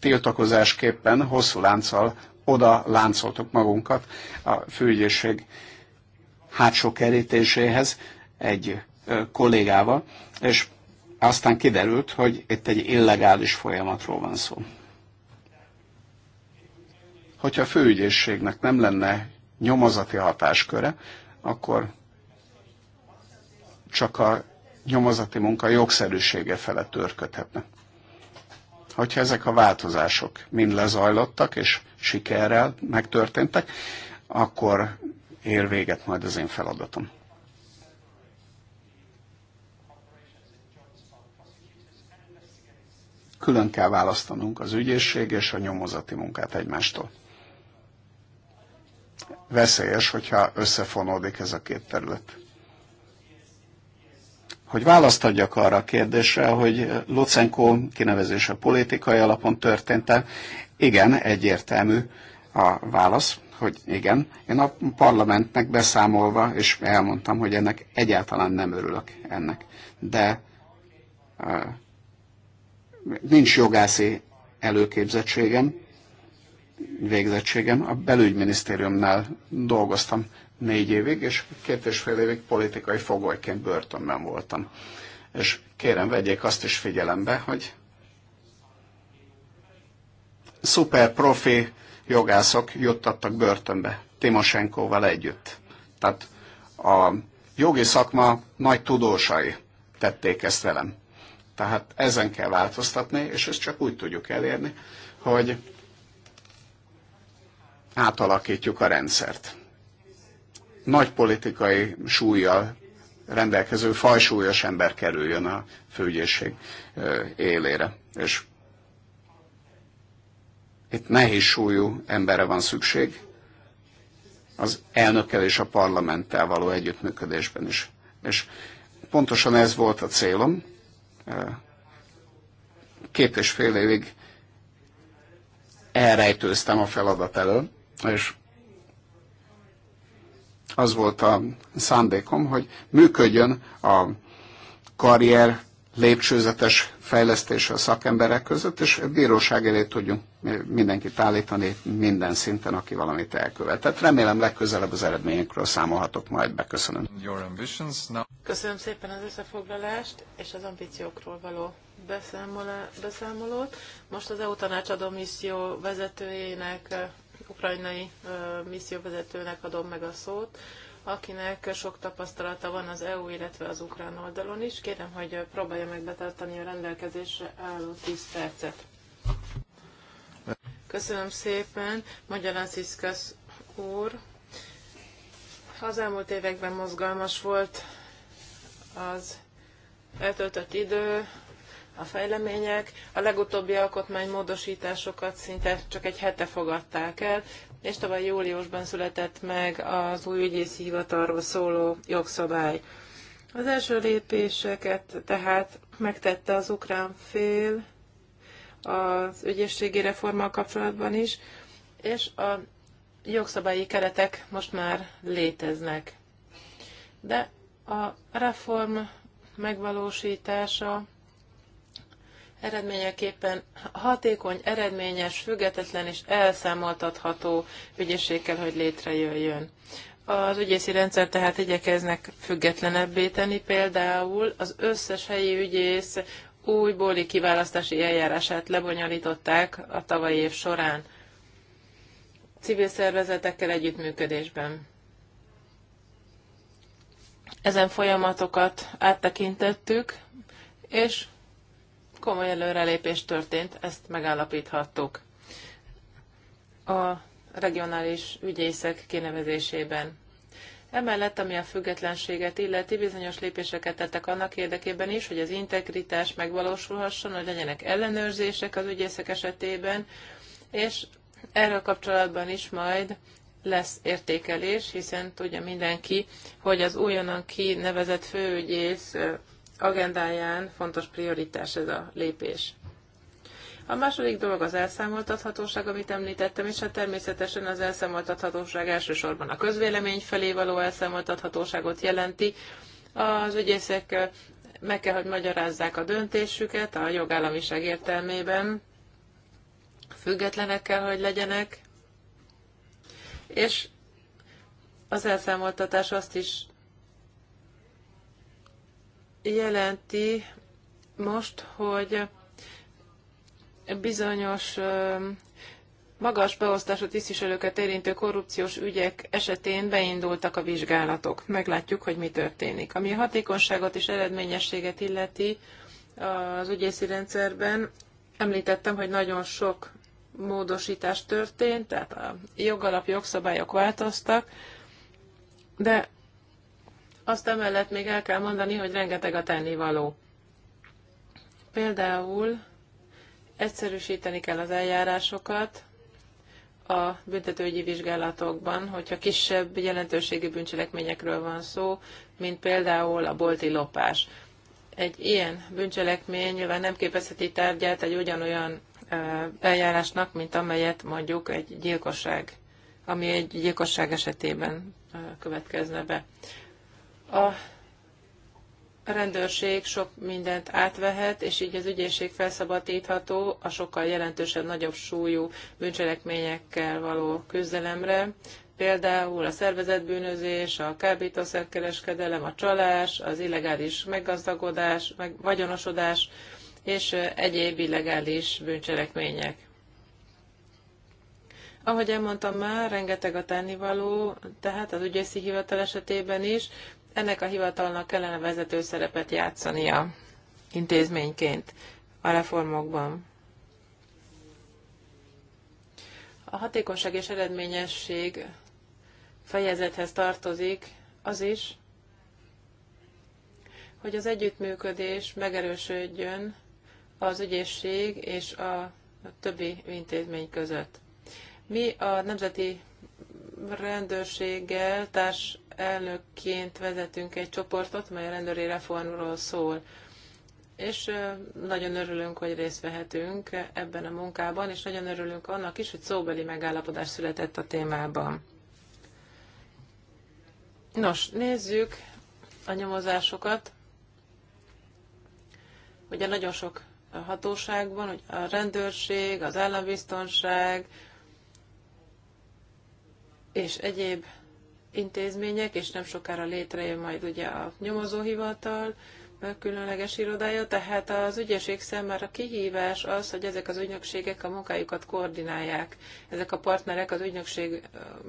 tiltakozásképpen hosszú lánccal oda láncoltuk magunkat a főügyészség hátsó kerítéséhez egy kollégával, és aztán kiderült, hogy itt egy illegális folyamatról van szó. Hogyha a főügyészségnek nem lenne nyomozati hatásköre, akkor csak a nyomozati munka jogszerűsége fele törködhetne. Hogyha ezek a változások mind lezajlottak, és sikerrel megtörténtek, akkor ér véget majd az én feladatom. külön kell választanunk az ügyészség és a nyomozati munkát egymástól. Veszélyes, hogyha összefonódik ez a két terület. Hogy választ adjak arra a kérdésre, hogy Lucenko kinevezése politikai alapon történt -e, igen, egyértelmű a válasz, hogy igen. Én a parlamentnek beszámolva, és elmondtam, hogy ennek egyáltalán nem örülök ennek. De nincs jogászi előképzettségem, végzettségem. A belügyminisztériumnál dolgoztam négy évig, és két és fél évig politikai fogolyként börtönben voltam. És kérem, vegyék azt is figyelembe, hogy szuper profi jogászok juttattak börtönbe Timosenkóval együtt. Tehát a jogi szakma nagy tudósai tették ezt velem. Tehát ezen kell változtatni, és ezt csak úgy tudjuk elérni, hogy átalakítjuk a rendszert. Nagy politikai súlyjal rendelkező fajsúlyos ember kerüljön a főügyészség élére. És itt nehéz súlyú emberre van szükség, az elnökkel és a parlamenttel való együttműködésben is. És pontosan ez volt a célom, két és fél évig elrejtőztem a feladat elől, és az volt a szándékom, hogy működjön a karrier lépcsőzetes fejlesztése a szakemberek között, és a bíróság elé tudjunk mindenkit állítani minden szinten, aki valamit elkövet. Tehát Remélem legközelebb az eredményekről számolhatok majd be. Köszönöm. Köszönöm szépen az összefoglalást és az ambíciókról való beszámolót. Most az EU tanácsadó misszió vezetőjének, eh, ukrajnai eh, misszió vezetőnek adom meg a szót akinek sok tapasztalata van az EU, illetve az ukrán oldalon is. Kérem, hogy próbálja meg betartani a rendelkezésre álló 10 percet. Köszönöm szépen, Magyar Magyaránciszkasz úr. Az elmúlt években mozgalmas volt az eltöltött idő, a fejlemények. A legutóbbi alkotmánymódosításokat szinte csak egy hete fogadták el, és tavaly júliusban született meg az új ügyészi hivatalról szóló jogszabály. Az első lépéseket tehát megtette az ukrán fél az ügyészségi reformmal kapcsolatban is, és a jogszabályi keretek most már léteznek. De a reform megvalósítása eredményeképpen hatékony, eredményes, független és elszámoltatható ügyészség kell, hogy létrejöjjön. Az ügyészi rendszer tehát igyekeznek függetlenebbé tenni, például az összes helyi ügyész újbóli kiválasztási eljárását lebonyolították a tavalyi év során civil szervezetekkel együttműködésben. Ezen folyamatokat áttekintettük, és komoly előrelépés történt, ezt megállapíthattuk. A regionális ügyészek kinevezésében. Emellett, ami a függetlenséget illeti, bizonyos lépéseket tettek annak érdekében is, hogy az integritás megvalósulhasson, hogy legyenek ellenőrzések az ügyészek esetében, és erről kapcsolatban is majd lesz értékelés, hiszen tudja mindenki, hogy az újonnan kinevezett főügyész agendáján fontos prioritás ez a lépés. A második dolog az elszámoltathatóság, amit említettem, és hát természetesen az elszámoltathatóság elsősorban a közvélemény felé való elszámoltathatóságot jelenti. Az ügyészek meg kell, hogy magyarázzák a döntésüket a jogállamiság értelmében, függetlenek kell, hogy legyenek, és az elszámoltatás azt is jelenti most, hogy bizonyos magas beosztású tisztviselőket érintő korrupciós ügyek esetén beindultak a vizsgálatok. Meglátjuk, hogy mi történik. Ami a hatékonyságot és eredményességet illeti az ügyészi rendszerben, említettem, hogy nagyon sok módosítás történt, tehát a jogalap, jogszabályok változtak, de azt emellett még el kell mondani, hogy rengeteg a tennivaló. Például egyszerűsíteni kell az eljárásokat a büntetőgyi vizsgálatokban, hogyha kisebb jelentőségi bűncselekményekről van szó, mint például a bolti lopás. Egy ilyen bűncselekmény nyilván nem képezheti tárgyát egy ugyanolyan eljárásnak, mint amelyet mondjuk egy gyilkosság, ami egy gyilkosság esetében következne be. A rendőrség sok mindent átvehet, és így az ügyészség felszabadítható a sokkal jelentősebb, nagyobb súlyú bűncselekményekkel való küzdelemre, például a szervezetbűnözés, a kábítószerkereskedelem, a csalás, az illegális meggazdagodás, meg vagyonosodás és egyéb illegális bűncselekmények. Ahogy elmondtam már, rengeteg a tennivaló, tehát az ügyészi hivatal esetében is, ennek a hivatalnak kellene vezető szerepet játszania intézményként a reformokban. A hatékonyság és eredményesség fejezethez tartozik az is, hogy az együttműködés megerősödjön az ügyészség és a többi intézmény között. Mi a Nemzeti Rendőrséggel társ elnökként vezetünk egy csoportot, mely a rendőri reformról szól. És nagyon örülünk, hogy részt vehetünk ebben a munkában, és nagyon örülünk annak is, hogy szóbeli megállapodás született a témában. Nos, nézzük a nyomozásokat. Ugye nagyon sok hatóságban, hogy a rendőrség, az állambiztonság és egyéb intézmények, és nem sokára létrejön majd ugye a nyomozóhivatal, különleges irodája, tehát az ügyesség számára kihívás az, hogy ezek az ügynökségek a munkájukat koordinálják, ezek a partnerek az ügynökség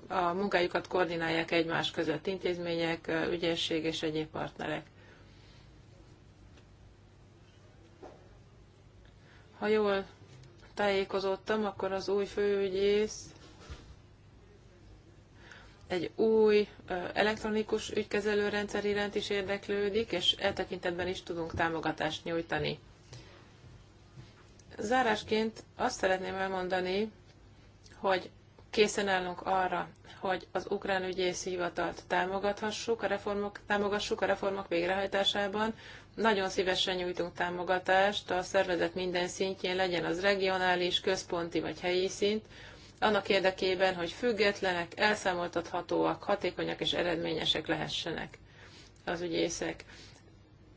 a munkájukat koordinálják egymás között, intézmények, ügyesség és egyéb partnerek. Ha jól tájékozottam, akkor az új főügyész egy új elektronikus ügykezelőrendszer iránt is érdeklődik, és e tekintetben is tudunk támogatást nyújtani. Zárásként azt szeretném elmondani, hogy készen állunk arra, hogy az ukrán ügyész hivatalt támogathassuk, a reformok, támogassuk a reformok végrehajtásában. Nagyon szívesen nyújtunk támogatást a szervezet minden szintjén, legyen az regionális, központi vagy helyi szint, annak érdekében, hogy függetlenek, elszámoltathatóak, hatékonyak és eredményesek lehessenek az ügyészek.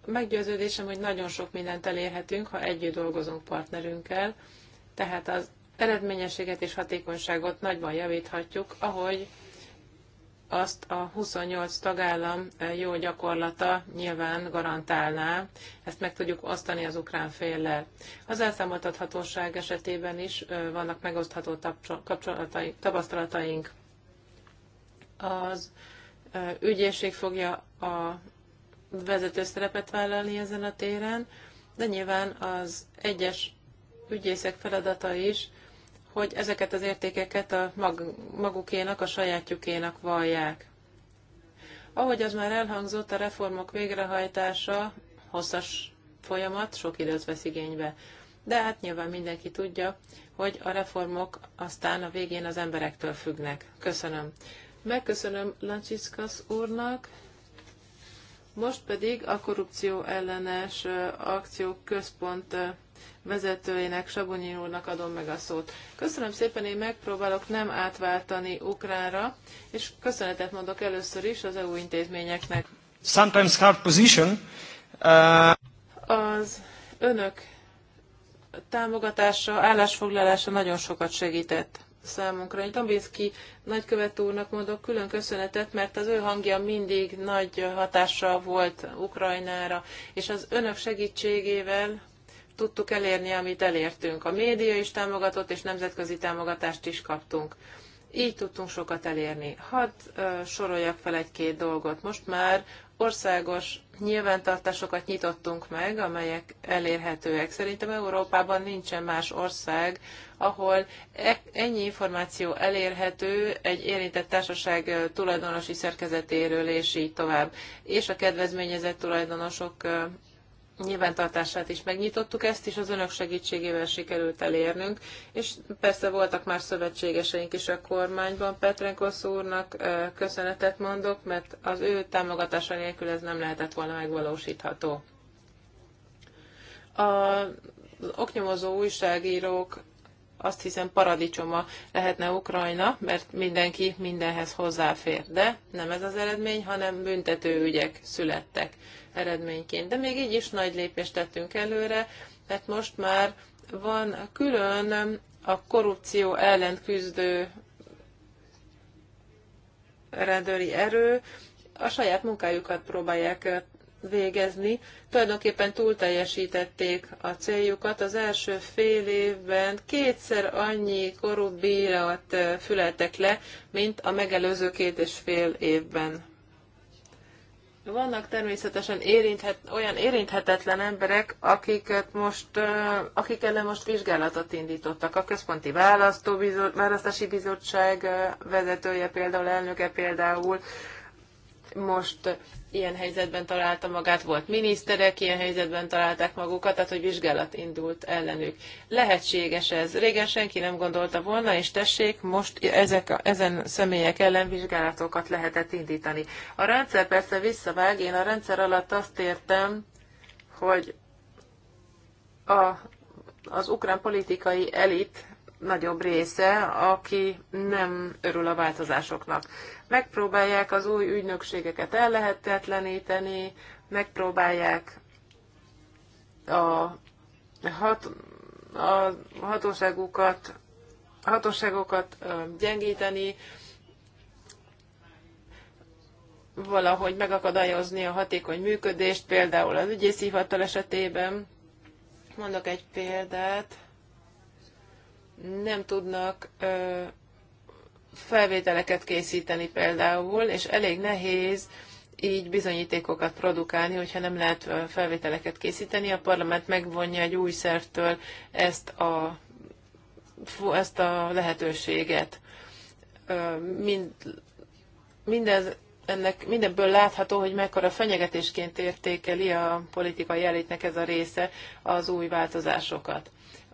Meggyőződésem, hogy nagyon sok mindent elérhetünk, ha együtt dolgozunk partnerünkkel, tehát az eredményességet és hatékonyságot nagyban javíthatjuk, ahogy azt a 28 tagállam e, jó gyakorlata nyilván garantálná, ezt meg tudjuk osztani az ukrán féllel. Az elszámoltathatóság esetében is e, vannak megosztható tapasztalataink. Az e, ügyészség fogja a vezető szerepet vállalni ezen a téren, de nyilván az egyes ügyészek feladata is hogy ezeket az értékeket a mag, magukénak, a sajátjukénak vallják. Ahogy az már elhangzott, a reformok végrehajtása hosszas folyamat, sok időt vesz igénybe. De hát nyilván mindenki tudja, hogy a reformok aztán a végén az emberektől függnek. Köszönöm. Megköszönöm Lancsiszkas úrnak, most pedig a korrupció ellenes akciók központ vezetőjének, Sabonyi úrnak adom meg a szót. Köszönöm szépen, én megpróbálok nem átváltani ukránra, és köszönetet mondok először is az EU intézményeknek. Sometimes hard position. Uh... Az önök támogatása, állásfoglalása nagyon sokat segített számunkra. Egy Dombinski nagykövet úrnak mondok külön köszönetet, mert az ő hangja mindig nagy hatással volt Ukrajnára, és az önök segítségével tudtuk elérni, amit elértünk. A média is támogatott, és nemzetközi támogatást is kaptunk. Így tudtunk sokat elérni. Hadd uh, soroljak fel egy-két dolgot. Most már országos nyilvántartásokat nyitottunk meg, amelyek elérhetőek. Szerintem Európában nincsen más ország, ahol e-, ennyi információ elérhető egy érintett társaság tulajdonosi szerkezetéről, és így tovább. És a kedvezményezett tulajdonosok nyilvántartását is megnyitottuk, ezt is az önök segítségével sikerült elérnünk, és persze voltak más szövetségeseink is a kormányban. Petrenkosz úrnak köszönetet mondok, mert az ő támogatása nélkül ez nem lehetett volna megvalósítható. A oknyomozó újságírók azt hiszem paradicsoma lehetne Ukrajna, mert mindenki mindenhez hozzáfér. De nem ez az eredmény, hanem büntető ügyek születtek eredményként. De még így is nagy lépést tettünk előre, mert most már van külön a korrupció ellen küzdő rendőri erő, a saját munkájukat próbálják végezni. Tulajdonképpen túlteljesítették a céljukat. Az első fél évben kétszer annyi korúbírat füleltek le, mint a megelőző két és fél évben. Vannak természetesen érinthet, olyan érinthetetlen emberek, akiket most, akik ellen most vizsgálatot indítottak. A Központi Választási Bizottság vezetője például, elnöke például, most ilyen helyzetben találta magát, volt miniszterek, ilyen helyzetben találták magukat, tehát hogy vizsgálat indult ellenük. Lehetséges ez. Régen senki nem gondolta volna, és tessék, most ezek a, ezen személyek ellen vizsgálatokat lehetett indítani. A rendszer persze visszavág, én a rendszer alatt azt értem, hogy a, az ukrán politikai elit nagyobb része, aki nem örül a változásoknak. Megpróbálják az új ügynökségeket ellehetetleníteni, megpróbálják a, hat, a hatóságokat, hatóságokat gyengíteni, valahogy megakadályozni a hatékony működést, például az hivatal esetében. Mondok egy példát nem tudnak felvételeket készíteni például, és elég nehéz így bizonyítékokat produkálni, hogyha nem lehet felvételeket készíteni. A parlament megvonja egy új szervtől ezt a, ezt a lehetőséget. Mind, mindez, ennek mindebből látható, hogy mekkora fenyegetésként értékeli a politikai elitnek ez a része az új változásokat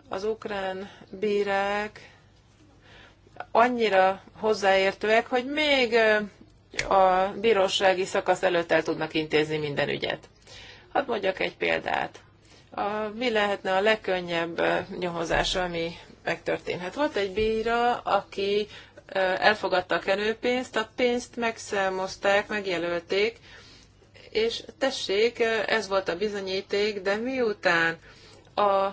az ukrán bírák annyira hozzáértőek, hogy még a bírósági szakasz előtt el tudnak intézni minden ügyet. Hadd mondjak egy példát. A, mi lehetne a legkönnyebb nyomozás, ami megtörténhet? Volt egy bíra, aki elfogadta a kenőpénzt, a pénzt megszámozták, megjelölték, és tessék, ez volt a bizonyíték, de miután a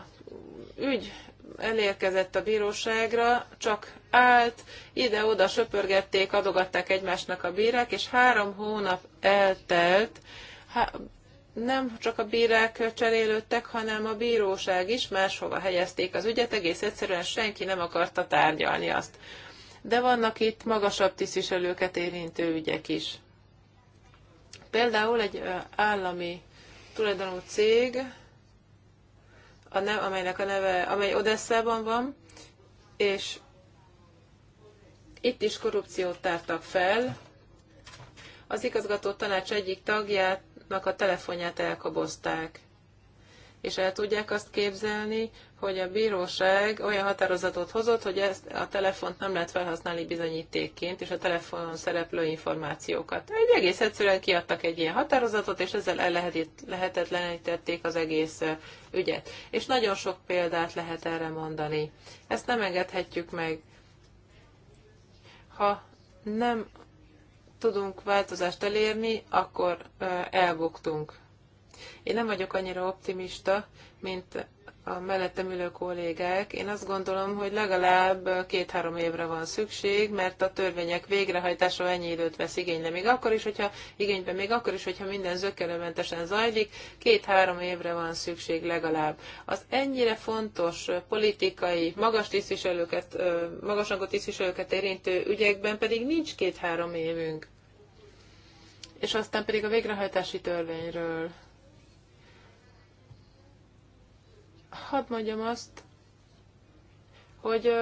ügy elérkezett a bíróságra, csak állt, ide-oda söpörgették, adogatták egymásnak a bírák, és három hónap eltelt, há- nem csak a bírák cserélődtek, hanem a bíróság is máshova helyezték az ügyet, egész egyszerűen senki nem akarta tárgyalni azt. De vannak itt magasabb tisztviselőket érintő ügyek is. Például egy állami tulajdonú cég a neve, amelynek a neve, amely Odesszában van, és itt is korrupciót tártak fel. Az igazgató tanács egyik tagjának a telefonját elkobozták. És el tudják azt képzelni, hogy a bíróság olyan határozatot hozott, hogy ezt a telefont nem lehet felhasználni bizonyítékként, és a telefonon szereplő információkat. Egy egész egyszerűen kiadtak egy ilyen határozatot, és ezzel el lehetetlenítették az egész ügyet. És nagyon sok példát lehet erre mondani. Ezt nem engedhetjük meg. Ha nem tudunk változást elérni, akkor elbuktunk. Én nem vagyok annyira optimista, mint a mellettem ülő kollégák, én azt gondolom, hogy legalább két-három évre van szükség, mert a törvények végrehajtása ennyi időt vesz igénybe, még akkor is, hogyha igénybe, még akkor is, hogyha minden zökkenőmentesen zajlik, két-három évre van szükség legalább. Az ennyire fontos politikai, magas tisztviselőket, magasrangú tisztviselőket érintő ügyekben pedig nincs két-három évünk. És aztán pedig a végrehajtási törvényről hadd mondjam azt, hogy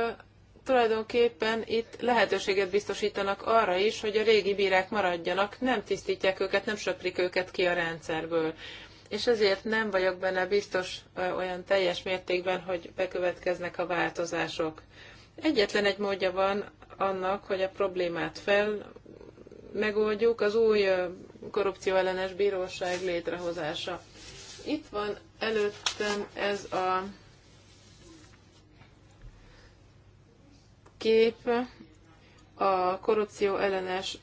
tulajdonképpen itt lehetőséget biztosítanak arra is, hogy a régi bírák maradjanak, nem tisztítják őket, nem söprik őket ki a rendszerből. És ezért nem vagyok benne biztos olyan teljes mértékben, hogy bekövetkeznek a változások. Egyetlen egy módja van annak, hogy a problémát fel megoldjuk, az új korrupcióellenes bíróság létrehozása. Itt van Előttem ez a kép a korrupció ellenes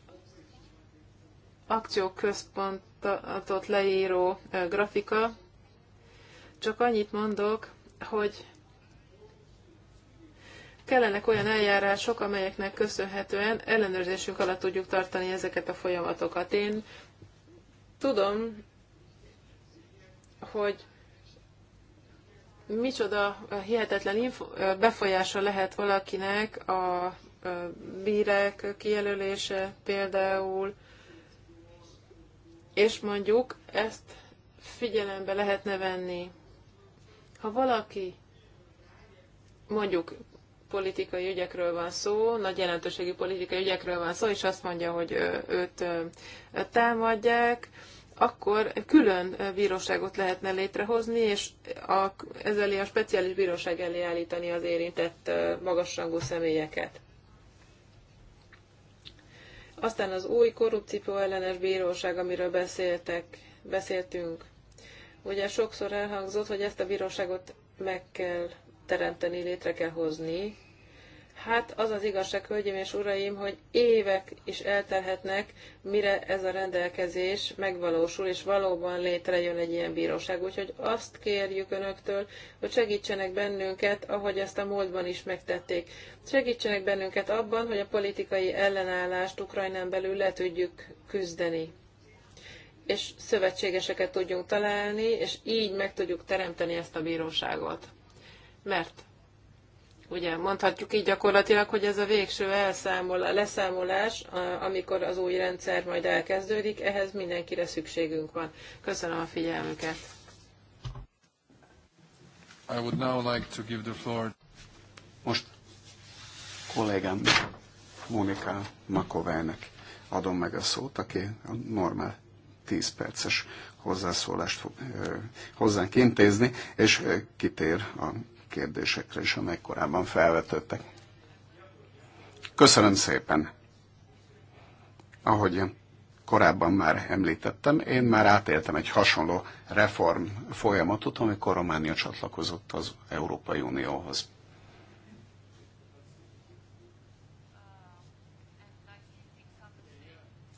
akcióközpontot leíró grafika. Csak annyit mondok, hogy kellenek olyan eljárások, amelyeknek köszönhetően ellenőrzésünk alatt tudjuk tartani ezeket a folyamatokat. Én tudom, hogy micsoda hihetetlen info- befolyása lehet valakinek a bírák kijelölése például, és mondjuk ezt figyelembe lehetne venni. Ha valaki mondjuk politikai ügyekről van szó, nagy jelentőségi politikai ügyekről van szó, és azt mondja, hogy őt támadják, akkor külön bíróságot lehetne létrehozni, és a, ez elé a speciális bíróság elé állítani az érintett magasrangú személyeket. Aztán az új korrupció ellenes bíróság, amiről beszéltek, beszéltünk. Ugye sokszor elhangzott, hogy ezt a bíróságot meg kell teremteni, létre kell hozni, Hát az az igazság, hölgyeim és uraim, hogy évek is eltelhetnek, mire ez a rendelkezés megvalósul, és valóban létrejön egy ilyen bíróság. Úgyhogy azt kérjük önöktől, hogy segítsenek bennünket, ahogy ezt a múltban is megtették. Segítsenek bennünket abban, hogy a politikai ellenállást Ukrajnán belül le tudjuk küzdeni és szövetségeseket tudjunk találni, és így meg tudjuk teremteni ezt a bíróságot. Mert Ugye mondhatjuk így gyakorlatilag, hogy ez a végső elszámolás, leszámolás, amikor az új rendszer majd elkezdődik, ehhez mindenkire szükségünk van. Köszönöm a figyelmüket. I would now like to give the floor. Most kollégám Monika Makovának adom meg a szót, aki a normál 10 perces hozzászólást fog hozzánk intézni, és kitér a kérdésekre is, amelyek korábban felvetődtek. Köszönöm szépen! Ahogy korábban már említettem, én már átéltem egy hasonló reform folyamatot, amikor Románia csatlakozott az Európai Unióhoz.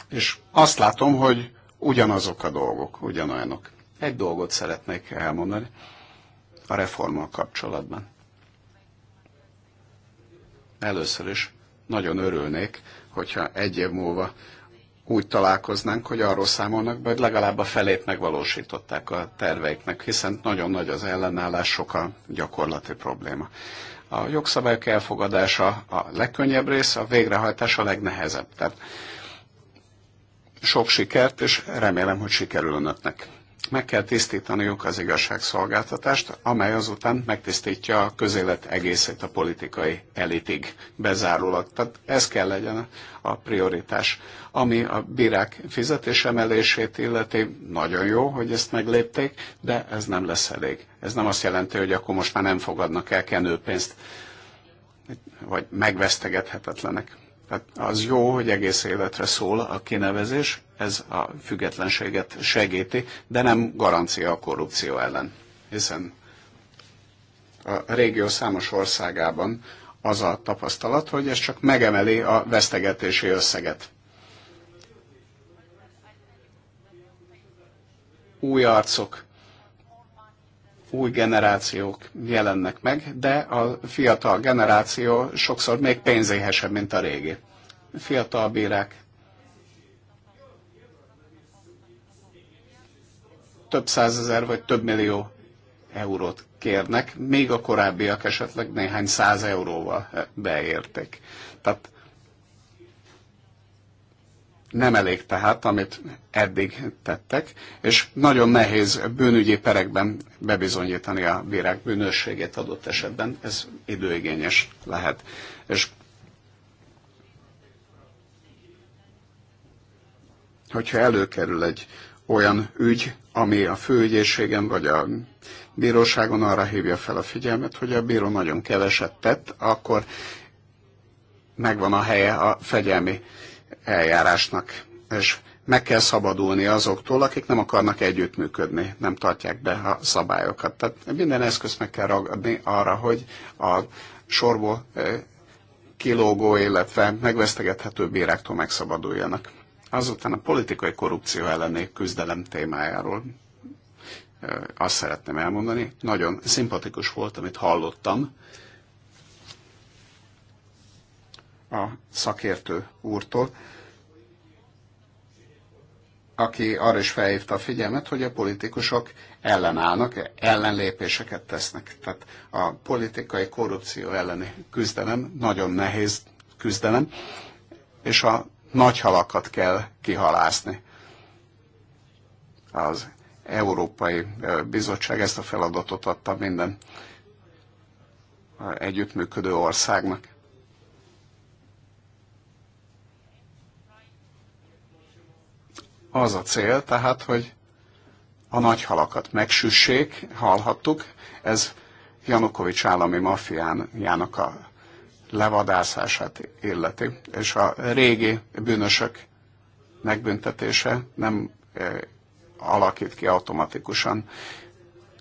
És azt látom, hogy ugyanazok a dolgok, ugyanolyanok. Egy dolgot szeretnék elmondani a reformmal kapcsolatban. Először is nagyon örülnék, hogyha egy év múlva úgy találkoznánk, hogy arról számolnak be, hogy legalább a felét megvalósították a terveiknek, hiszen nagyon nagy az ellenállás, sok a gyakorlati probléma. A jogszabályok elfogadása a legkönnyebb rész, a végrehajtás a legnehezebb. Tehát sok sikert, és remélem, hogy sikerül önöknek meg kell tisztítaniuk az igazságszolgáltatást, amely azután megtisztítja a közélet egészét a politikai elitig bezárólag. Tehát ez kell legyen a prioritás. Ami a bírák fizetésemelését illeti, nagyon jó, hogy ezt meglépték, de ez nem lesz elég. Ez nem azt jelenti, hogy akkor most már nem fogadnak el kenőpénzt, vagy megvesztegethetetlenek tehát az jó, hogy egész életre szól a kinevezés, ez a függetlenséget segíti, de nem garancia a korrupció ellen. Hiszen a régió számos országában az a tapasztalat, hogy ez csak megemeli a vesztegetési összeget. Új arcok új generációk jelennek meg, de a fiatal generáció sokszor még pénzéhesebb, mint a régi. Fiatal bírák több százezer vagy több millió eurót kérnek, még a korábbiak esetleg néhány száz euróval beérték. Tehát nem elég tehát, amit eddig tettek, és nagyon nehéz bűnügyi perekben bebizonyítani a bírák bűnösségét adott esetben, ez időigényes lehet. És hogyha előkerül egy olyan ügy, ami a főügyészségen vagy a bíróságon arra hívja fel a figyelmet, hogy a bíró nagyon keveset tett, akkor megvan a helye a fegyelmi eljárásnak, és meg kell szabadulni azoktól, akik nem akarnak együttműködni, nem tartják be a szabályokat. Tehát minden eszközt meg kell ragadni arra, hogy a sorból kilógó, illetve megvesztegethető bíráktól megszabaduljanak. Azután a politikai korrupció elleni küzdelem témájáról azt szeretném elmondani. Nagyon szimpatikus volt, amit hallottam a szakértő úrtól, aki arra is felhívta a figyelmet, hogy a politikusok ellenállnak, ellenlépéseket tesznek. Tehát a politikai korrupció elleni küzdelem nagyon nehéz küzdelem, és a nagy halakat kell kihalászni. Az Európai Bizottság ezt a feladatot adta minden együttműködő országnak. Az a cél tehát, hogy a nagy halakat megsüssék, hallhattuk, ez Janukovics állami maffiának a levadászását illeti, és a régi bűnösök megbüntetése nem eh, alakít ki automatikusan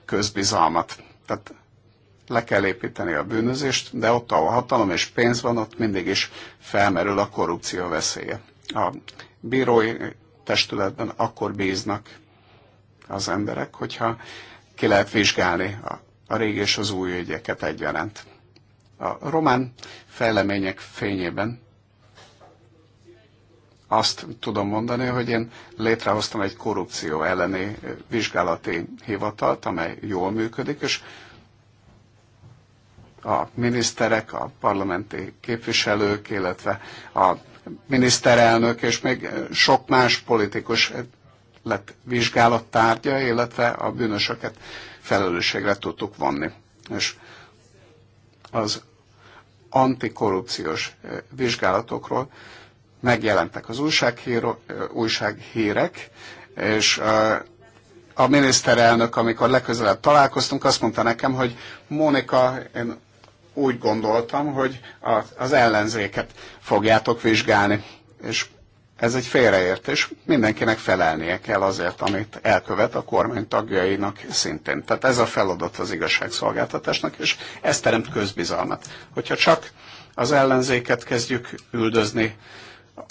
közbizalmat. Tehát le kell építeni a bűnözést, de ott, ahol hatalom és pénz van, ott mindig is felmerül a korrupció veszélye. A bírói testületben akkor bíznak az emberek, hogyha ki lehet vizsgálni a, a régi és az új ügyeket egyaránt. A román fejlemények fényében azt tudom mondani, hogy én létrehoztam egy korrupció elleni vizsgálati hivatalt, amely jól működik, és a miniszterek, a parlamenti képviselők, illetve a miniszterelnök és még eh, sok más politikus lett vizsgálattárgya, illetve a bűnösöket felelősségre tudtuk vonni. És az antikorrupciós eh, vizsgálatokról megjelentek az eh, újsághírek, és a miniszterelnök, amikor legközelebb találkoztunk, azt mondta nekem, hogy Mónika, én úgy gondoltam, hogy az ellenzéket fogjátok vizsgálni. És ez egy félreértés, mindenkinek felelnie kell azért, amit elkövet a kormány tagjainak szintén. Tehát ez a feladat az igazságszolgáltatásnak, és ez teremt közbizalmat. Hogyha csak az ellenzéket kezdjük üldözni,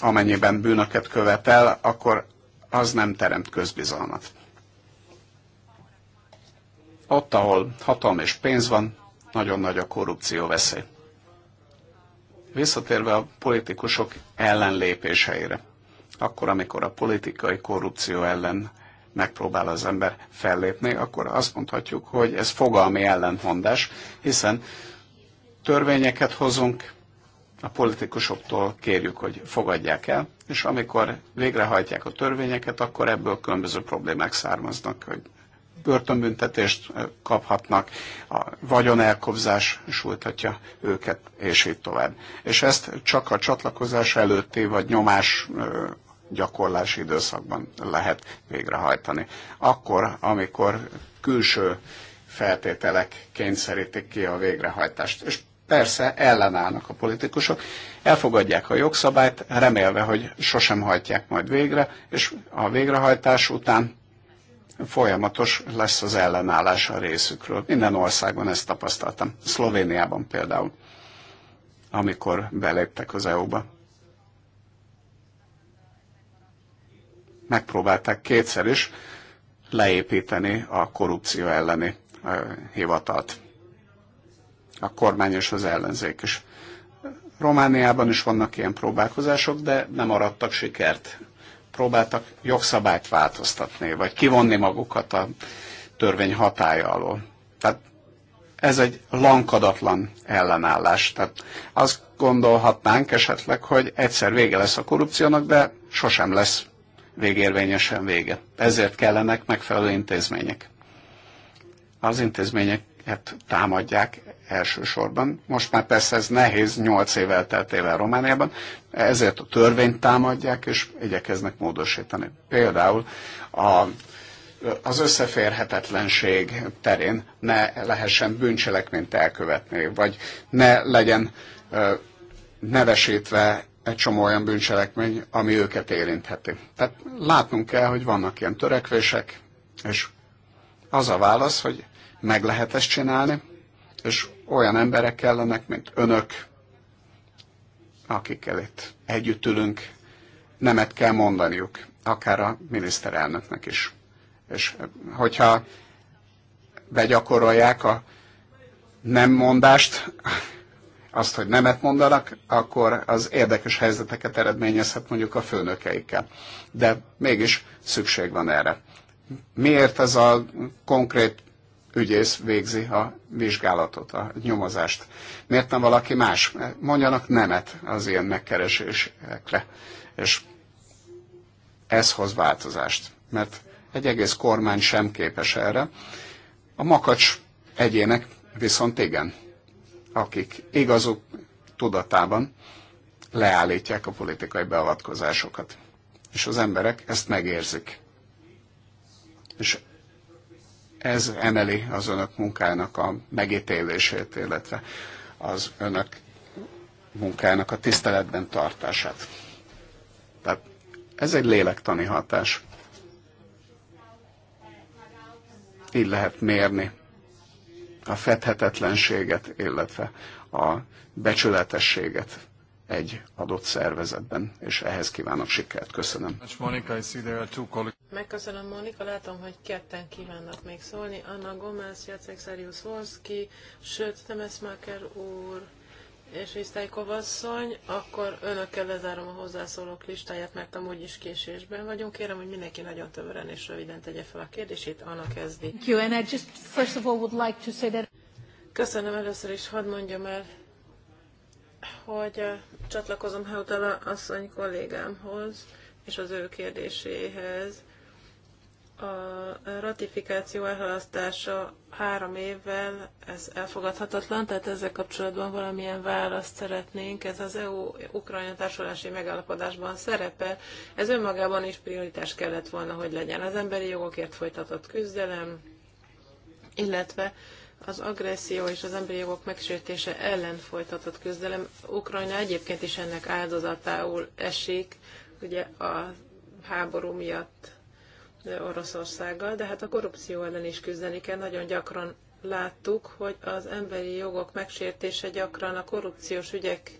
amennyiben bűnöket követel, akkor az nem teremt közbizalmat. Ott, ahol hatalom és pénz van, nagyon nagy a korrupció veszély. Visszatérve a politikusok ellenlépéseire, akkor, amikor a politikai korrupció ellen megpróbál az ember fellépni, akkor azt mondhatjuk, hogy ez fogalmi ellentmondás, hiszen törvényeket hozunk, a politikusoktól kérjük, hogy fogadják el, és amikor végrehajtják a törvényeket, akkor ebből különböző problémák származnak, hogy börtönbüntetést kaphatnak, a vagyonelkobzás sújthatja őket, és így tovább. És ezt csak a csatlakozás előtti, vagy nyomás gyakorlási időszakban lehet végrehajtani. Akkor, amikor külső feltételek kényszerítik ki a végrehajtást. És persze ellenállnak a politikusok, elfogadják a jogszabályt, remélve, hogy sosem hajtják majd végre, és a végrehajtás után folyamatos lesz az ellenállás a részükről. Minden országban ezt tapasztaltam. Szlovéniában például, amikor beléptek az EU-ba. Megpróbálták kétszer is leépíteni a korrupció elleni hivatalt. A kormány és az ellenzék is. Romániában is vannak ilyen próbálkozások, de nem arattak sikert próbáltak jogszabályt változtatni, vagy kivonni magukat a törvény hatája alól. Tehát ez egy lankadatlan ellenállás. Tehát azt gondolhatnánk esetleg, hogy egyszer vége lesz a korrupciónak, de sosem lesz végérvényesen vége. Ezért kellenek megfelelő intézmények. Az intézményeket támadják elsősorban. Most már persze ez nehéz, nyolc év el Romániában, ezért a törvényt támadják, és igyekeznek módosítani. Például a, az összeférhetetlenség terén ne lehessen bűncselekményt elkövetni, vagy ne legyen nevesítve egy csomó olyan bűncselekmény, ami őket érintheti. Tehát látnunk kell, hogy vannak ilyen törekvések, és az a válasz, hogy meg lehet ezt csinálni, és olyan emberek kellenek, mint önök, akikkel itt együtt ülünk, nemet kell mondaniuk, akár a miniszterelnöknek is. És hogyha begyakorolják a nem mondást, azt, hogy nemet mondanak, akkor az érdekes helyzeteket eredményezhet mondjuk a főnökeikkel. De mégis szükség van erre. Miért ez a konkrét ügyész végzi a vizsgálatot, a nyomozást. Miért nem valaki más? Mondjanak nemet az ilyen megkeresésekre. És ez hoz változást, mert egy egész kormány sem képes erre. A makacs egyének viszont igen, akik igazuk tudatában leállítják a politikai beavatkozásokat. És az emberek ezt megérzik. És ez emeli az önök munkának a megítélését, illetve az önök munkának a tiszteletben tartását. Tehát ez egy lélektani hatás. Így lehet mérni a fedhetetlenséget, illetve a becsületességet egy adott szervezetben, és ehhez kívánok sikert. Köszönöm. Megköszönöm, Monika. Látom, hogy ketten kívánnak még szólni. Anna Gomez, Jacek Szerius Volszki, sőt, Temesmaker úr és Isztály Kovasszony, akkor önökkel lezárom a hozzászólók listáját, mert amúgy is késésben vagyunk. Kérem, hogy mindenki nagyon tömören és röviden tegye fel a kérdését. Anna kezdi. Köszönöm először is, hadd mondjam el hogy csatlakozom Heutala asszony kollégámhoz és az ő kérdéséhez. A ratifikáció elhalasztása három évvel, ez elfogadhatatlan, tehát ezzel kapcsolatban valamilyen választ szeretnénk. Ez az EU-Ukrajna társulási megállapodásban szerepel. Ez önmagában is prioritás kellett volna, hogy legyen az emberi jogokért folytatott küzdelem, illetve az agresszió és az emberi jogok megsértése ellen folytatott küzdelem. Ukrajna egyébként is ennek áldozatául esik, ugye a háború miatt Oroszországgal, de hát a korrupció ellen is küzdeni kell. Nagyon gyakran láttuk, hogy az emberi jogok megsértése gyakran a korrupciós ügyek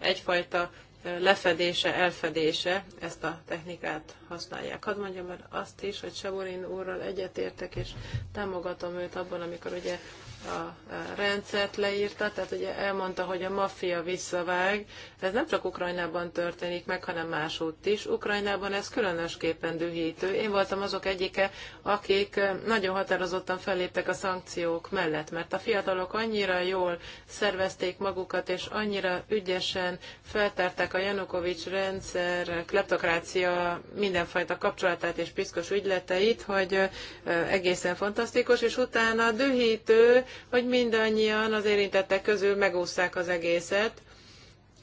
egyfajta lefedése, elfedése, ezt a technikát használják. Hadd mondjam mert azt is, hogy Seborin úrral egyetértek, és támogatom őt abban, amikor ugye a rendszert leírta, tehát ugye elmondta, hogy a maffia visszavág. Ez nem csak Ukrajnában történik meg, hanem másútt is. Ukrajnában ez különösképpen dühítő. Én voltam azok egyike, akik nagyon határozottan felléptek a szankciók mellett, mert a fiatalok annyira jól szervezték magukat, és annyira ügyesen feltárták a Janukovics rendszer, kleptokrácia mindenfajta kapcsolatát és piszkos ügyleteit, hogy egészen fantasztikus, és utána dühítő, hogy mindannyian az érintettek közül megúszták az egészet,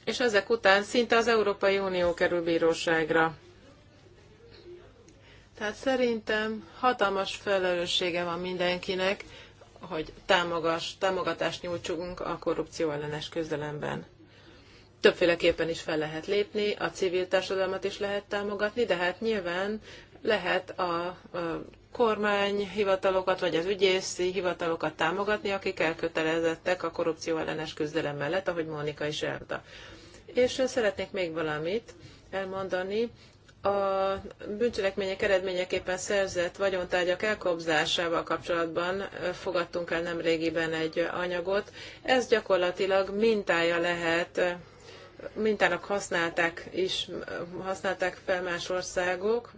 és ezek után szinte az Európai Unió kerül bíróságra. Tehát szerintem hatalmas felelőssége van mindenkinek, hogy támogas, támogatást nyújtsunk a korrupció ellenes közelemben. Többféleképpen is fel lehet lépni, a civil társadalmat is lehet támogatni, de hát nyilván lehet a, a kormányhivatalokat vagy az ügyészi hivatalokat támogatni, akik elkötelezettek a korrupció ellenes küzdelem mellett, ahogy Mónika is elmondta. És szeretnék még valamit elmondani. A bűncselekmények eredményeképpen szerzett vagyontárgyak elkobzásával kapcsolatban fogadtunk el nemrégiben egy anyagot. Ez gyakorlatilag mintája lehet mintának használták is, használták fel más országok,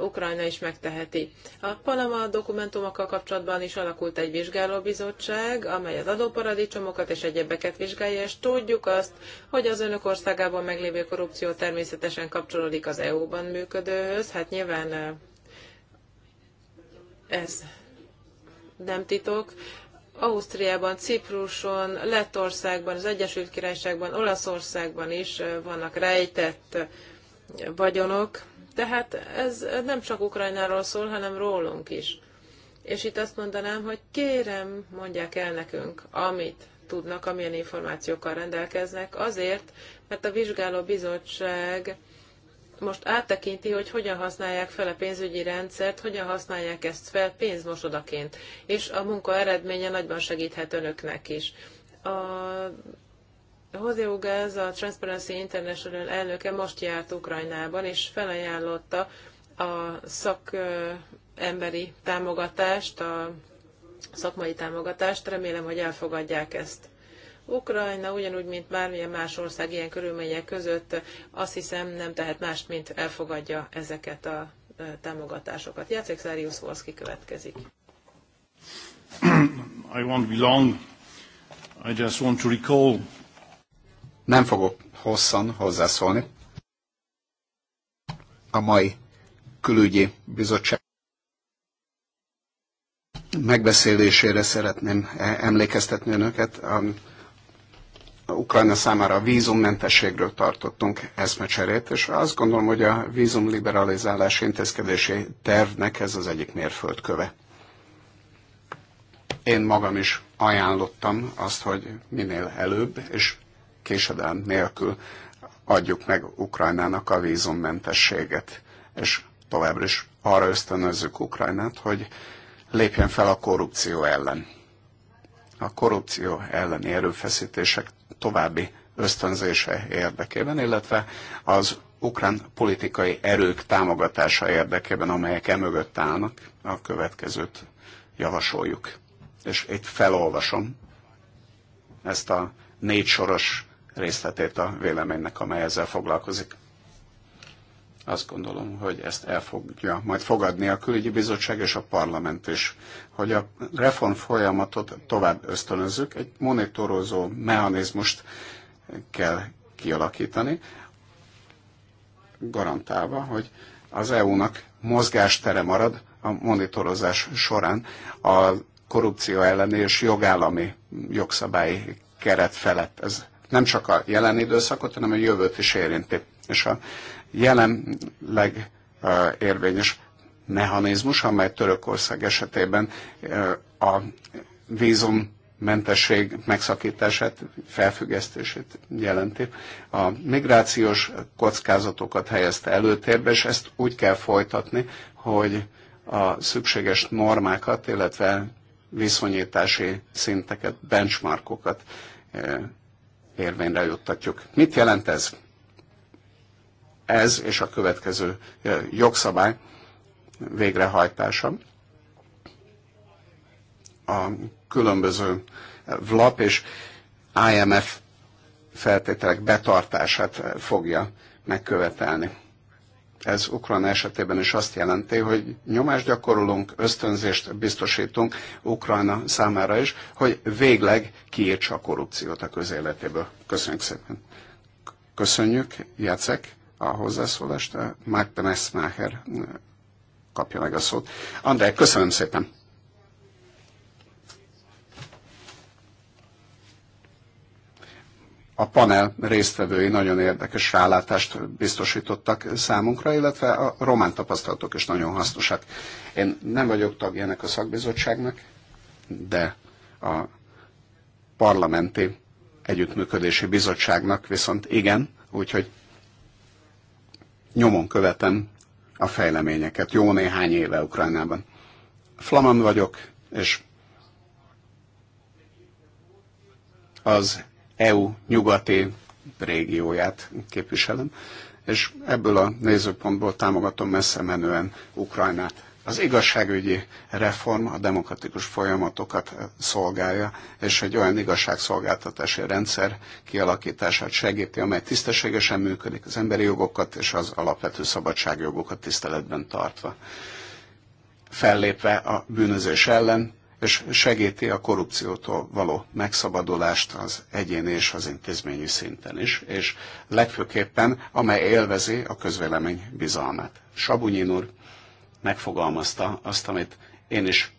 Ukrajna is megteheti. A Panama dokumentumokkal kapcsolatban is alakult egy vizsgálóbizottság, amely az adóparadicsomokat és egyebeket vizsgálja, és tudjuk azt, hogy az önök országában meglévő korrupció természetesen kapcsolódik az EU-ban működőhöz. Hát nyilván ez nem titok. Ausztriában, Cipruson, Lettországban, az Egyesült Királyságban, Olaszországban is vannak rejtett vagyonok, tehát ez nem csak Ukrajnáról szól, hanem rólunk is. És itt azt mondanám, hogy kérem, mondják el nekünk, amit tudnak, amilyen információkkal rendelkeznek, azért, mert a vizsgáló bizottság most áttekinti, hogy hogyan használják fel a pénzügyi rendszert, hogyan használják ezt fel pénzmosodaként. És a munka eredménye nagyban segíthet önöknek is. A José Ugaz, a Transparency International elnöke most járt Ukrajnában, és felajánlotta a szakemberi támogatást, a szakmai támogatást. Remélem, hogy elfogadják ezt. Ukrajna ugyanúgy, mint bármilyen más ország ilyen körülmények között, azt hiszem nem tehet mást, mint elfogadja ezeket a támogatásokat. Jacek Szárius Volszki következik. I won't be long. I just want to recall nem fogok hosszan hozzászólni. A mai külügyi bizottság megbeszélésére szeretném e- emlékeztetni önöket. A, a Ukrajna számára a vízummentességről tartottunk eszmecserét, és azt gondolom, hogy a vízumliberalizálás intézkedési tervnek ez az egyik mérföldköve. Én magam is ajánlottam azt, hogy minél előbb, és késedelem nélkül adjuk meg Ukrajnának a vízummentességet, és továbbra is arra ösztönözzük Ukrajnát, hogy lépjen fel a korrupció ellen. A korrupció elleni erőfeszítések további ösztönzése érdekében, illetve az ukrán politikai erők támogatása érdekében, amelyek emögött állnak, a következőt javasoljuk. És itt felolvasom ezt a négy soros részletét a véleménynek, amely ezzel foglalkozik. Azt gondolom, hogy ezt el fogja majd fogadni a külügyi bizottság és a parlament is, hogy a reform folyamatot tovább ösztönözzük, egy monitorozó mechanizmust kell kialakítani, garantálva, hogy az EU-nak mozgástere marad a monitorozás során a korrupció elleni és jogállami jogszabályi keret felett. Ez nem csak a jelen időszakot, hanem a jövőt is érinti. És a jelenleg érvényes mechanizmus, amely Törökország esetében a mentesség megszakítását, felfüggesztését jelenti. A migrációs kockázatokat helyezte előtérbe, és ezt úgy kell folytatni, hogy a szükséges normákat, illetve viszonyítási szinteket, benchmarkokat érvényre juttatjuk. Mit jelent ez? Ez és a következő jogszabály végrehajtása a különböző VLAP és IMF feltételek betartását fogja megkövetelni. Ez Ukrajna esetében is azt jelenti, hogy nyomást gyakorolunk, ösztönzést biztosítunk Ukrajna számára is, hogy végleg kiírtsa a korrupciót a közéletéből. Köszönjük szépen. Köszönjük, Jacek, a hozzászólást. Magda Beneszmáher kapja meg a szót. André, köszönöm szépen. a panel résztvevői nagyon érdekes rálátást biztosítottak számunkra, illetve a román tapasztalatok is nagyon hasznosak. Én nem vagyok tagja ennek a szakbizottságnak, de a parlamenti együttműködési bizottságnak viszont igen, úgyhogy nyomon követem a fejleményeket jó néhány éve Ukrajnában. Flaman vagyok, és az EU nyugati régióját képviselem, és ebből a nézőpontból támogatom messze menően Ukrajnát. Az igazságügyi reform a demokratikus folyamatokat eh, szolgálja, és egy olyan igazságszolgáltatási rendszer kialakítását segíti, amely tisztességesen működik az emberi jogokat és az alapvető szabadságjogokat tiszteletben tartva. Fellépve a bűnözés ellen, és segíti a korrupciótól való megszabadulást az egyén és az intézményi szinten is, és legfőképpen, amely élvezi a közvélemény bizalmát. Sabunyin úr megfogalmazta azt, amit én is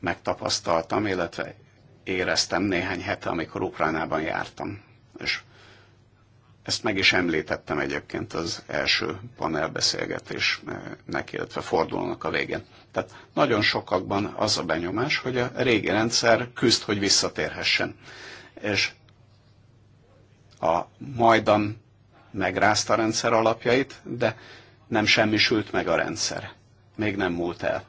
megtapasztaltam, illetve éreztem néhány hete, amikor Ukrajnában jártam. És ezt meg is említettem egyébként az első panelbeszélgetésnek, illetve fordulónak a végén. Tehát nagyon sokakban az a benyomás, hogy a régi rendszer küzd, hogy visszatérhessen. És a majdan megrázta a rendszer alapjait, de nem semmisült meg a rendszer. Még nem múlt el.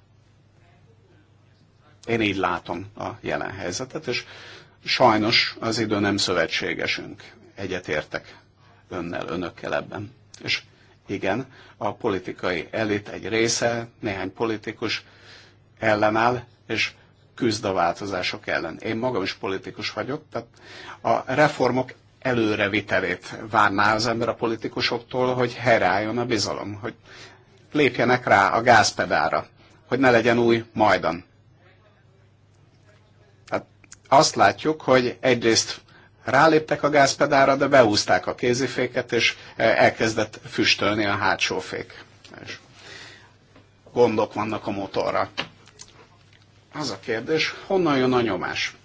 Én így látom a jelen helyzetet, és sajnos az idő nem szövetségesünk. Egyetértek önnel, önökkel ebben. És igen, a politikai elit egy része, néhány politikus ellenáll, és küzd a változások ellen. Én magam is politikus vagyok, tehát a reformok előrevitelét várná az ember a politikusoktól, hogy helyreálljon a bizalom, hogy lépjenek rá a gázpedára, hogy ne legyen új majdan. Tehát azt látjuk, hogy egyrészt Ráléptek a gázpedára, de beúzták a kéziféket, és e, elkezdett füstölni a hátsó fék. És gondok vannak a motorra. Az a kérdés, honnan jön a nyomás?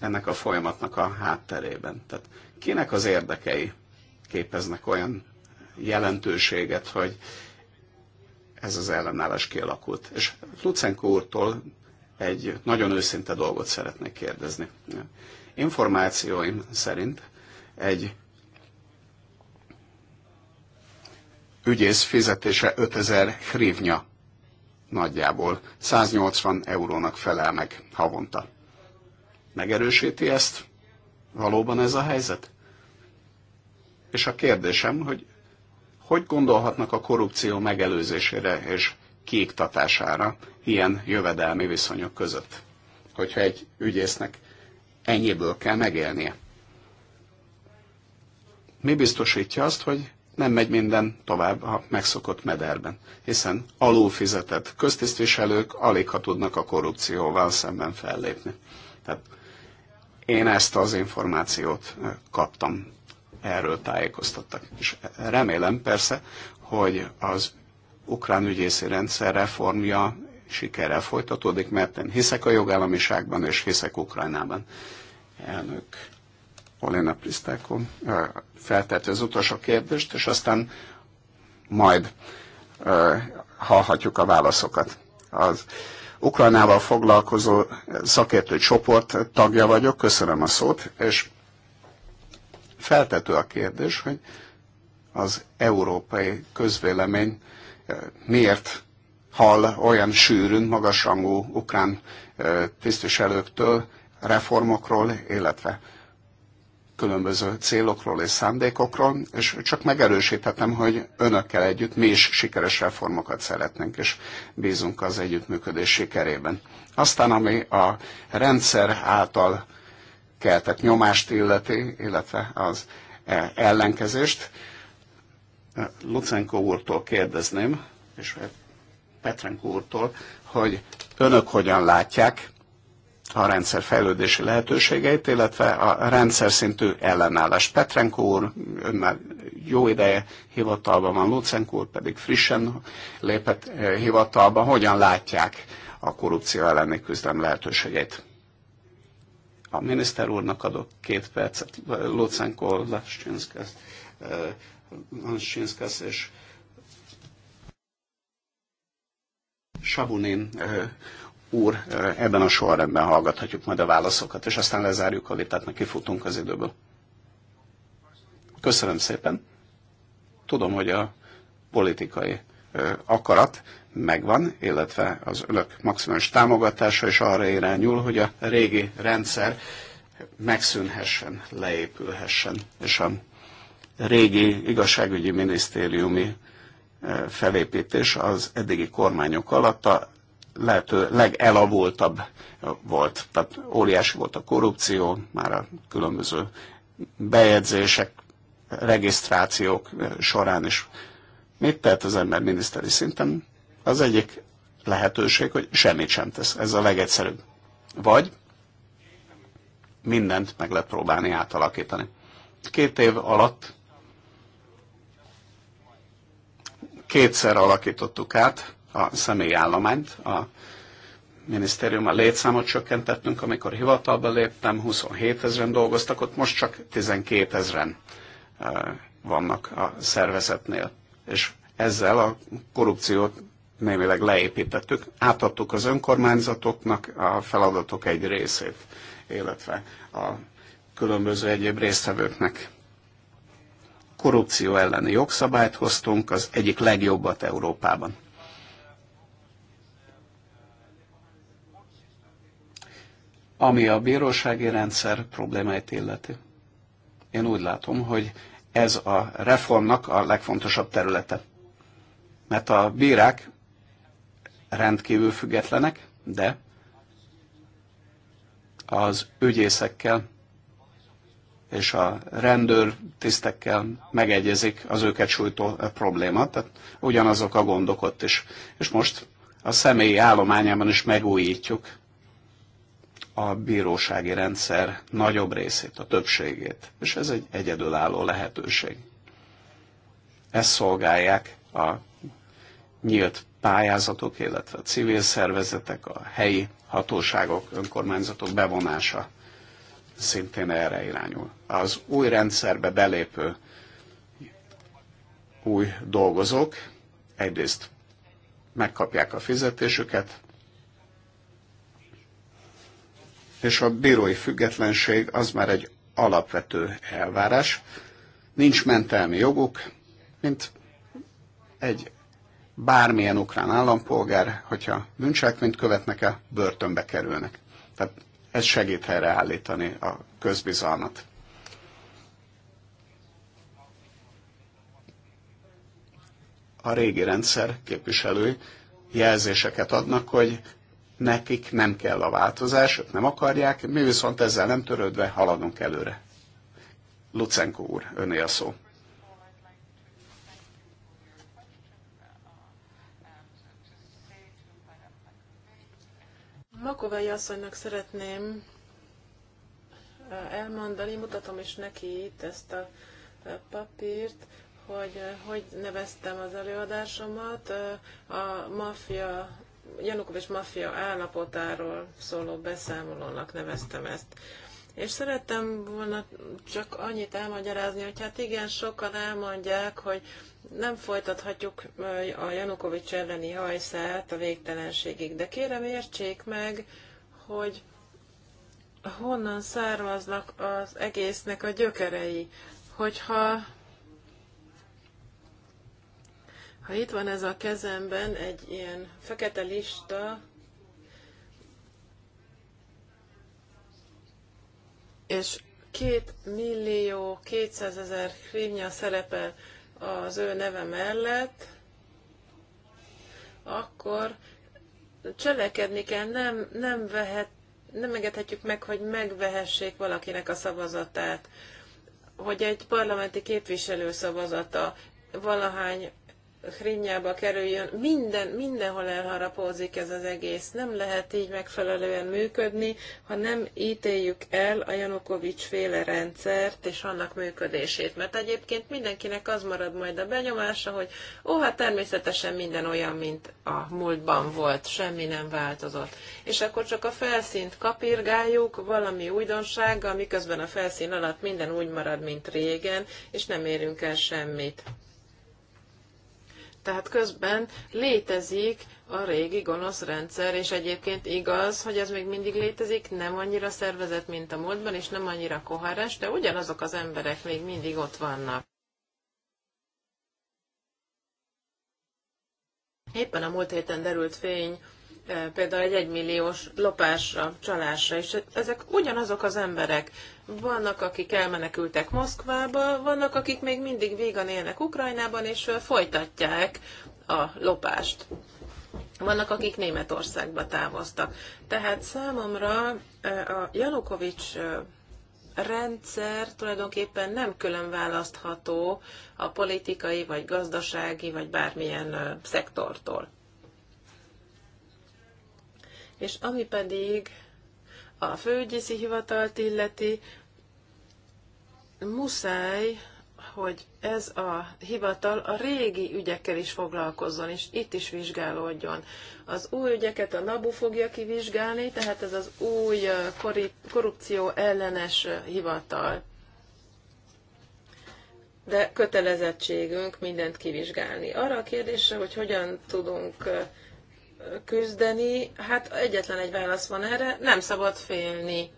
ennek a folyamatnak a hátterében. Tehát kinek az érdekei képeznek olyan jelentőséget, hogy ez az ellenállás kialakult. És Lucenko úrtól egy nagyon őszinte dolgot szeretnék kérdezni. Információim szerint egy ügyész fizetése 5000 hrivnya nagyjából 180 eurónak felel meg havonta. Megerősíti ezt? Valóban ez a helyzet? És a kérdésem, hogy hogy gondolhatnak a korrupció megelőzésére és kiiktatására ilyen jövedelmi viszonyok között. Hogyha egy ügyésznek ennyiből kell megélnie. Mi biztosítja azt, hogy nem megy minden tovább a megszokott mederben, hiszen alulfizetett köztisztviselők alig ha tudnak a korrupcióval szemben fellépni. Tehát én ezt az információt kaptam, erről tájékoztattak. És remélem persze, hogy az ukrán ügyészi rendszer reformja sikerrel folytatódik, mert én hiszek a jogállamiságban és hiszek Ukrajnában. Elnök Olena Plisztáko feltette az utolsó kérdést, és aztán majd hallhatjuk a válaszokat. Az Ukrajnával foglalkozó szakértő csoport tagja vagyok, köszönöm a szót, és feltető a kérdés, hogy az európai közvélemény miért hall olyan sűrűn magasrangú ukrán tisztviselőktől reformokról, illetve különböző célokról és szándékokról, és csak megerősíthetem, hogy önökkel együtt mi is sikeres reformokat szeretnénk, és bízunk az együttműködés sikerében. Aztán, ami a rendszer által keltett nyomást illeti, illetve az e, ellenkezést, Lucenko úrtól kérdezném, és Petrenko úrtól, hogy önök hogyan látják a rendszer fejlődési lehetőségeit, illetve a rendszer szintű ellenállás. Petrenko úr, ön már jó ideje hivatalban van, Lucenko úr pedig frissen lépett eh, hivatalba. Hogyan látják a korrupció elleni küzdelem lehetőségeit? A miniszter úrnak adok két percet, Lucenko Lascsinszkez eh, Ansinskas és Sabunin eh, úr, eh, ebben a sorrendben hallgathatjuk majd a válaszokat, és aztán lezárjuk a vitát, mert kifutunk az időből. Köszönöm szépen. Tudom, hogy a politikai eh, akarat megvan, illetve az önök maximális támogatása is arra irányul, hogy a régi rendszer megszűnhessen, leépülhessen, és a régi igazságügyi minisztériumi e, felépítés az eddigi kormányok alatt a lehető legelavultabb volt. Tehát óriási volt a korrupció, már a különböző bejegyzések, regisztrációk során is. Mit tett az ember miniszteri szinten? Az egyik lehetőség, hogy semmit sem tesz. Ez a legegyszerűbb. Vagy mindent meg lehet próbálni átalakítani. Két év alatt Kétszer alakítottuk át a személyállományt, a minisztérium a létszámot csökkentettünk, amikor hivatalba léptem, 27 ezeren dolgoztak, ott most csak 12 ezeren vannak a szervezetnél. És ezzel a korrupciót némileg leépítettük, átadtuk az önkormányzatoknak a feladatok egy részét, illetve a különböző egyéb résztvevőknek korrupció elleni jogszabályt hoztunk, az egyik legjobbat Európában. Ami a bírósági rendszer problémáit illeti. Én úgy látom, hogy ez a reformnak a legfontosabb területe. Mert a bírák rendkívül függetlenek, de az ügyészekkel és a rendőr tisztekkel megegyezik az őket sújtó probléma, tehát ugyanazok a gondok ott is. És most a személyi állományában is megújítjuk a bírósági rendszer nagyobb részét, a többségét. És ez egy egyedülálló lehetőség. Ezt szolgálják a nyílt pályázatok, illetve a civil szervezetek, a helyi hatóságok, önkormányzatok bevonása szintén erre irányul. Az új rendszerbe belépő új dolgozók egyrészt megkapják a fizetésüket, és a bírói függetlenség az már egy alapvető elvárás. Nincs mentelmi joguk, mint egy bármilyen ukrán állampolgár, hogyha bűncselekményt követnek el, börtönbe kerülnek. Tehát ez segít helyreállítani a közbizalmat. A régi rendszer képviselői jelzéseket adnak, hogy nekik nem kell a változás, ők nem akarják, mi viszont ezzel nem törődve haladunk előre. Lucenko úr, öné a szó. Makovai asszonynak szeretném eh, elmondani, mutatom is neki itt ezt a eh, papírt, hogy eh, hogy neveztem az előadásomat. A maffia, Janukovics maffia állapotáról szóló beszámolónak neveztem ezt. És szerettem volna csak annyit elmagyarázni, hogy hát igen, sokan elmondják, hogy nem folytathatjuk a Janukovics elleni hajszát a végtelenségig, de kérem értsék meg, hogy honnan származnak az egésznek a gyökerei. Hogyha ha itt van ez a kezemben egy ilyen fekete lista, és két millió kétszázezer hívnya szerepel, az ő neve mellett, akkor cselekedni kell, nem, nem, vehet, nem engedhetjük meg, hogy megvehessék valakinek a szavazatát, hogy egy parlamenti képviselő szavazata valahány hrinjába kerüljön. Minden, mindenhol elharapózik ez az egész. Nem lehet így megfelelően működni, ha nem ítéljük el a Janukovics féle rendszert és annak működését. Mert egyébként mindenkinek az marad majd a benyomása, hogy ó, hát természetesen minden olyan, mint a múltban volt, semmi nem változott. És akkor csak a felszínt kapirgáljuk valami újdonsággal, miközben a felszín alatt minden úgy marad, mint régen, és nem érünk el semmit. Tehát közben létezik a régi gonosz rendszer, és egyébként igaz, hogy ez még mindig létezik, nem annyira szervezett, mint a múltban, és nem annyira koherens, de ugyanazok az emberek még mindig ott vannak. Éppen a múlt héten derült fény Eh, például egy egymilliós lopásra, csalásra, és ezek ugyanazok az emberek. Vannak, akik elmenekültek Moszkvába, vannak, akik még mindig vígan élnek Ukrajnában, és eh, folytatják a lopást. Vannak, akik Németországba távoztak. Tehát számomra eh, a Janukovics rendszer tulajdonképpen nem külön választható a politikai, vagy gazdasági, vagy bármilyen szektortól és ami pedig a főügyészi hivatalt illeti, muszáj, hogy ez a hivatal a régi ügyekkel is foglalkozzon, és itt is vizsgálódjon. Az új ügyeket a NABU fogja kivizsgálni, tehát ez az új korrupció ellenes hivatal. De kötelezettségünk mindent kivizsgálni. Arra a kérdésre, hogy hogyan tudunk küzdeni? Hát egyetlen egy válasz van erre, nem szabad félni.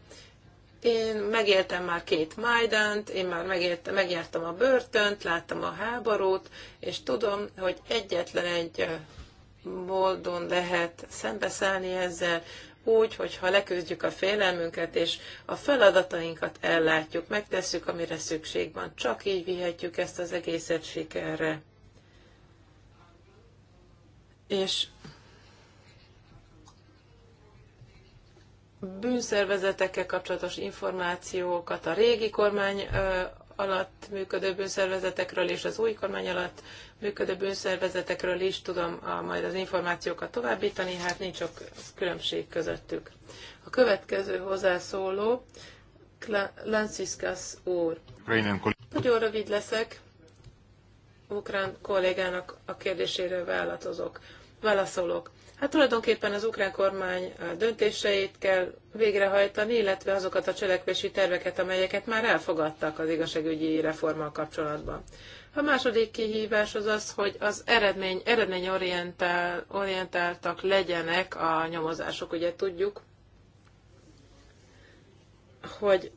Én megéltem már két majdant, én már megéltem, megjártam a börtönt, láttam a háborút, és tudom, hogy egyetlen egy módon lehet szembeszállni ezzel, úgy, hogyha leküzdjük a félelmünket, és a feladatainkat ellátjuk, megtesszük, amire szükség van. Csak így vihetjük ezt az egészet sikerre. És bűnszervezetekkel kapcsolatos információkat a régi kormány alatt működő bűnszervezetekről és az új kormány alatt működő bűnszervezetekről is tudom a, majd az információkat továbbítani, hát nincs sok különbség közöttük. A következő hozzászóló Lanciskas úr. Nagyon rövid leszek, ukrán kollégának a kérdésére válaszolok. Hát tulajdonképpen az ukrán kormány döntéseit kell végrehajtani, illetve azokat a cselekvési terveket, amelyeket már elfogadtak az igazságügyi reformmal kapcsolatban. A második kihívás az az, hogy az eredmény, eredményorientál, orientáltak legyenek a nyomozások. Ugye tudjuk, hogy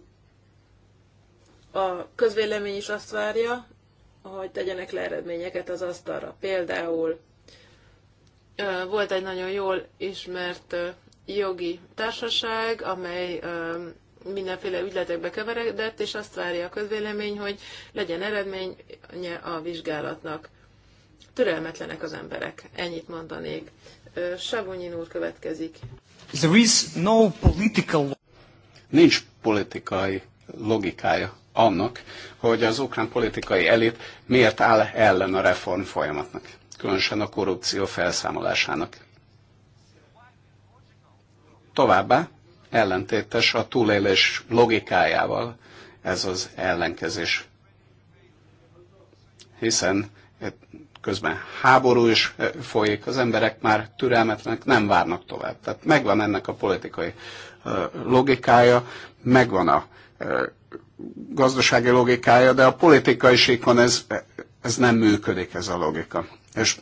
a közvélemény is azt várja, hogy tegyenek le eredményeket az asztalra. Például volt egy nagyon jól ismert jogi társaság, amely mindenféle ügyletekbe keveredett, és azt várja a közvélemény, hogy legyen eredménye a vizsgálatnak. Türelmetlenek az emberek, ennyit mondanék. Savonyin úr következik. There is no political... Nincs politikai logikája annak, hogy az ukrán politikai elit miért áll ellen a reform folyamatnak különösen a korrupció felszámolásának. Továbbá ellentétes a túlélés logikájával ez az ellenkezés. Hiszen közben háború is eh, folyik, az emberek már türelmetlenek, nem várnak tovább. Tehát megvan ennek a politikai eh, logikája, megvan a eh, gazdasági logikája, de a politikai síkon ez, ez nem működik, ez a logika. És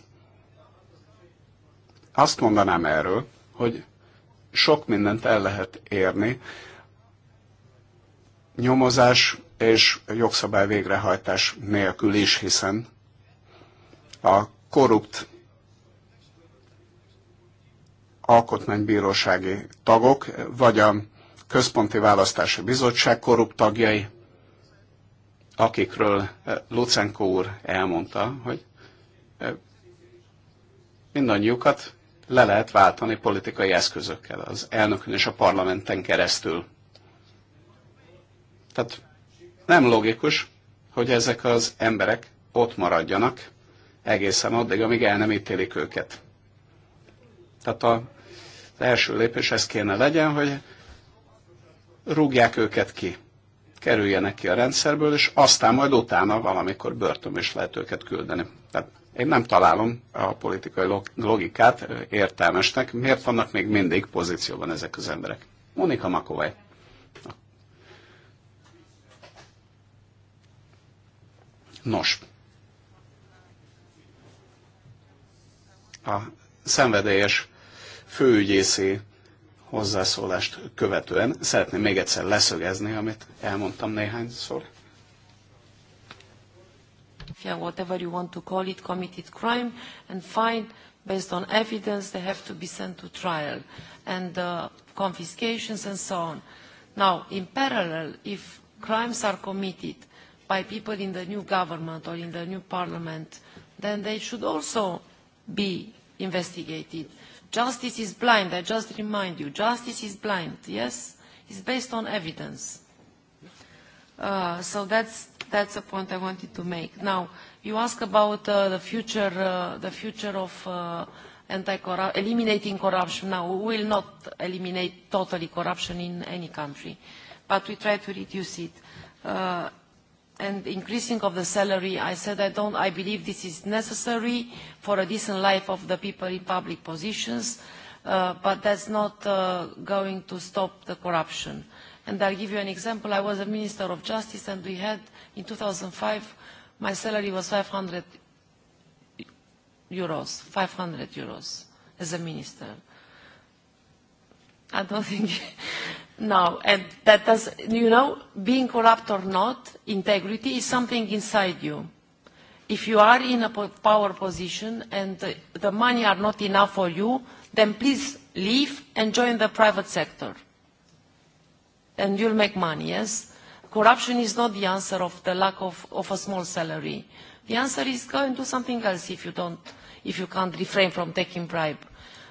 azt mondanám erről, hogy sok mindent el lehet érni nyomozás és jogszabály végrehajtás nélkül is, hiszen a korrupt alkotmánybírósági tagok, vagy a Központi Választási Bizottság korrupt tagjai, akikről Lucenko úr elmondta, hogy mindannyiukat le lehet váltani politikai eszközökkel, az elnökön és a parlamenten keresztül. Tehát nem logikus, hogy ezek az emberek ott maradjanak egészen addig, amíg el nem ítélik őket. Tehát a, az első lépés ez kéne legyen, hogy rúgják őket ki, kerüljenek ki a rendszerből, és aztán majd utána valamikor börtön is lehet őket küldeni. Tehát én nem találom a politikai logikát értelmesnek, miért vannak még mindig pozícióban ezek az emberek. Monika Makovaj. Nos, a szenvedélyes főügyészi hozzászólást követően szeretném még egyszer leszögezni, amit elmondtam néhányszor mafia, whatever you want to call it, committed crime and fine based on evidence they have to be sent to trial and uh, confiscations and so on. Now, in parallel, if crimes are committed by people in the new government or in the new parliament, then they should also be investigated. Justice is blind, I just remind you. Justice is blind, yes? It's based on evidence. Uh, so that's That's a point I wanted to make. Now, you ask about uh, the future, uh, the future of uh, anti-corruption, eliminating corruption. Now, we will not eliminate totally corruption in any country, but we try to reduce it. Uh, and increasing of the salary, I said I don't, I believe this is necessary for a decent life of the people in public positions, uh, but that's not uh, going to stop the corruption. Uh, And I'll give you an example. I was a Minister of Justice and we had, in 2005, my salary was 500 euros, 500 euros as a minister. I don't think, no, and that does, you know, being corrupt or not, integrity is something inside you. If you are in a power position and the money are not enough for you, then please leave and join the private sector and you'll make money, yes? Corruption is not the answer of the lack of, of a small salary. The answer is go and do something else if you, don't, if you can't refrain from taking bribe.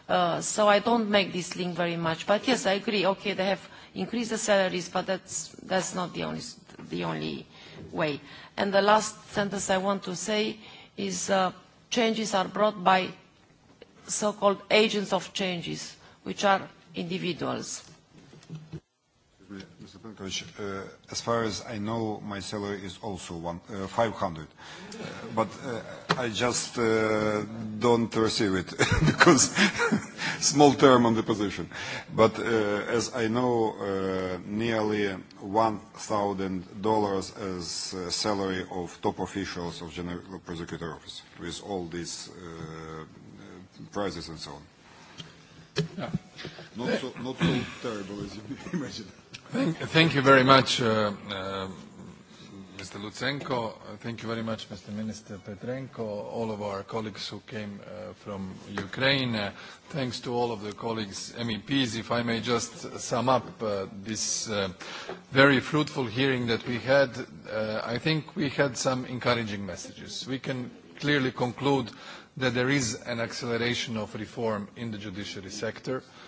Uh, so I don't make this link very much. But yes, I agree. Okay, they have increased the salaries, but that's, that's not the only, the only way. And the last sentence I want to say is uh, changes are brought by so-called agents of changes, which are individuals. Mr. Plenkovich, uh, as far as I know, my salary is also one, uh, 500. Uh, but uh, I just uh, don't receive it because small term on the position. But uh, as I know, uh, nearly $1,000 as uh, salary of top officials of General Prosecutor Office with all these uh, prizes and so on. Yeah. Not so, not so terrible as you imagine. Thank, thank you very much, uh, uh, Mr. Lutsenko. Thank you very much, Mr. Minister Petrenko, all of our colleagues who came uh, from Ukraine. Uh, thanks to all of the colleagues, MEPs. If I may just sum up uh, this uh, very fruitful hearing that we had, uh, I think we had some encouraging messages. We can clearly conclude that there is an acceleration of reform in the judiciary sector. Uh,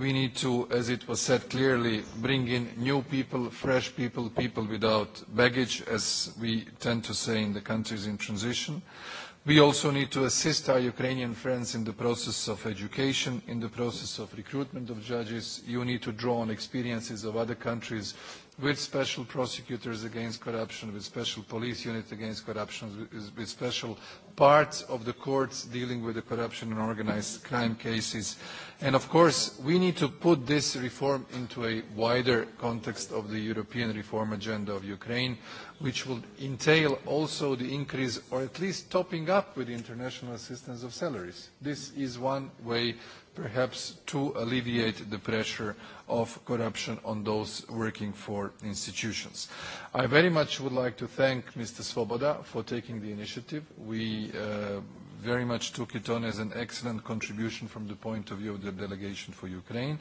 we need to, as it was said clearly, bring in new people, fresh people, people without baggage, as we tend to say in the countries in transition. We also need to assist our Ukrainian friends in the process of education, in the process of recruitment of judges. You need to draw on experiences of other countries with special prosecutors against corruption, with special police units against corruption, with special parts of the courts dealing with the corruption and organized crime cases, And of course, we need to put this reform into a wider context of the European reform agenda of Ukraine, which will entail also the increase or at least topping up with the international assistance of salaries. This is one way perhaps to alleviate the pressure of corruption on those working for institutions. I very much would like to thank Mr. Svoboda for taking the initiative. We uh, very much took it on as an excellent contribution from the point of view of the delegation for Ukraine.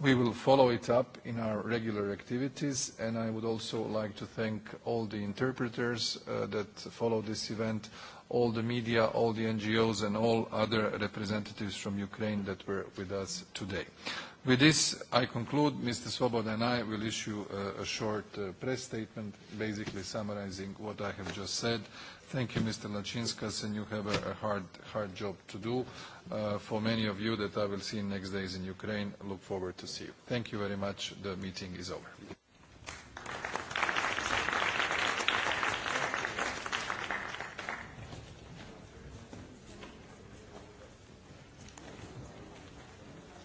We will follow it up in our regular activities, and I would also like to thank all the interpreters uh, that follow this event, all the media, all the NGOs, and all other representatives from Ukraine that were with us today. With this, I conclude. Mr. Svoboda and I will issue a, uh, a short uh, press statement, basically summarizing what I have just said, Thank you, Mr. Lachinskas, and you have a, a hard, hard job to do. Uh, for many of you that I will see in next days in Ukraine, look forward to see you. Thank you very much. The meeting is over.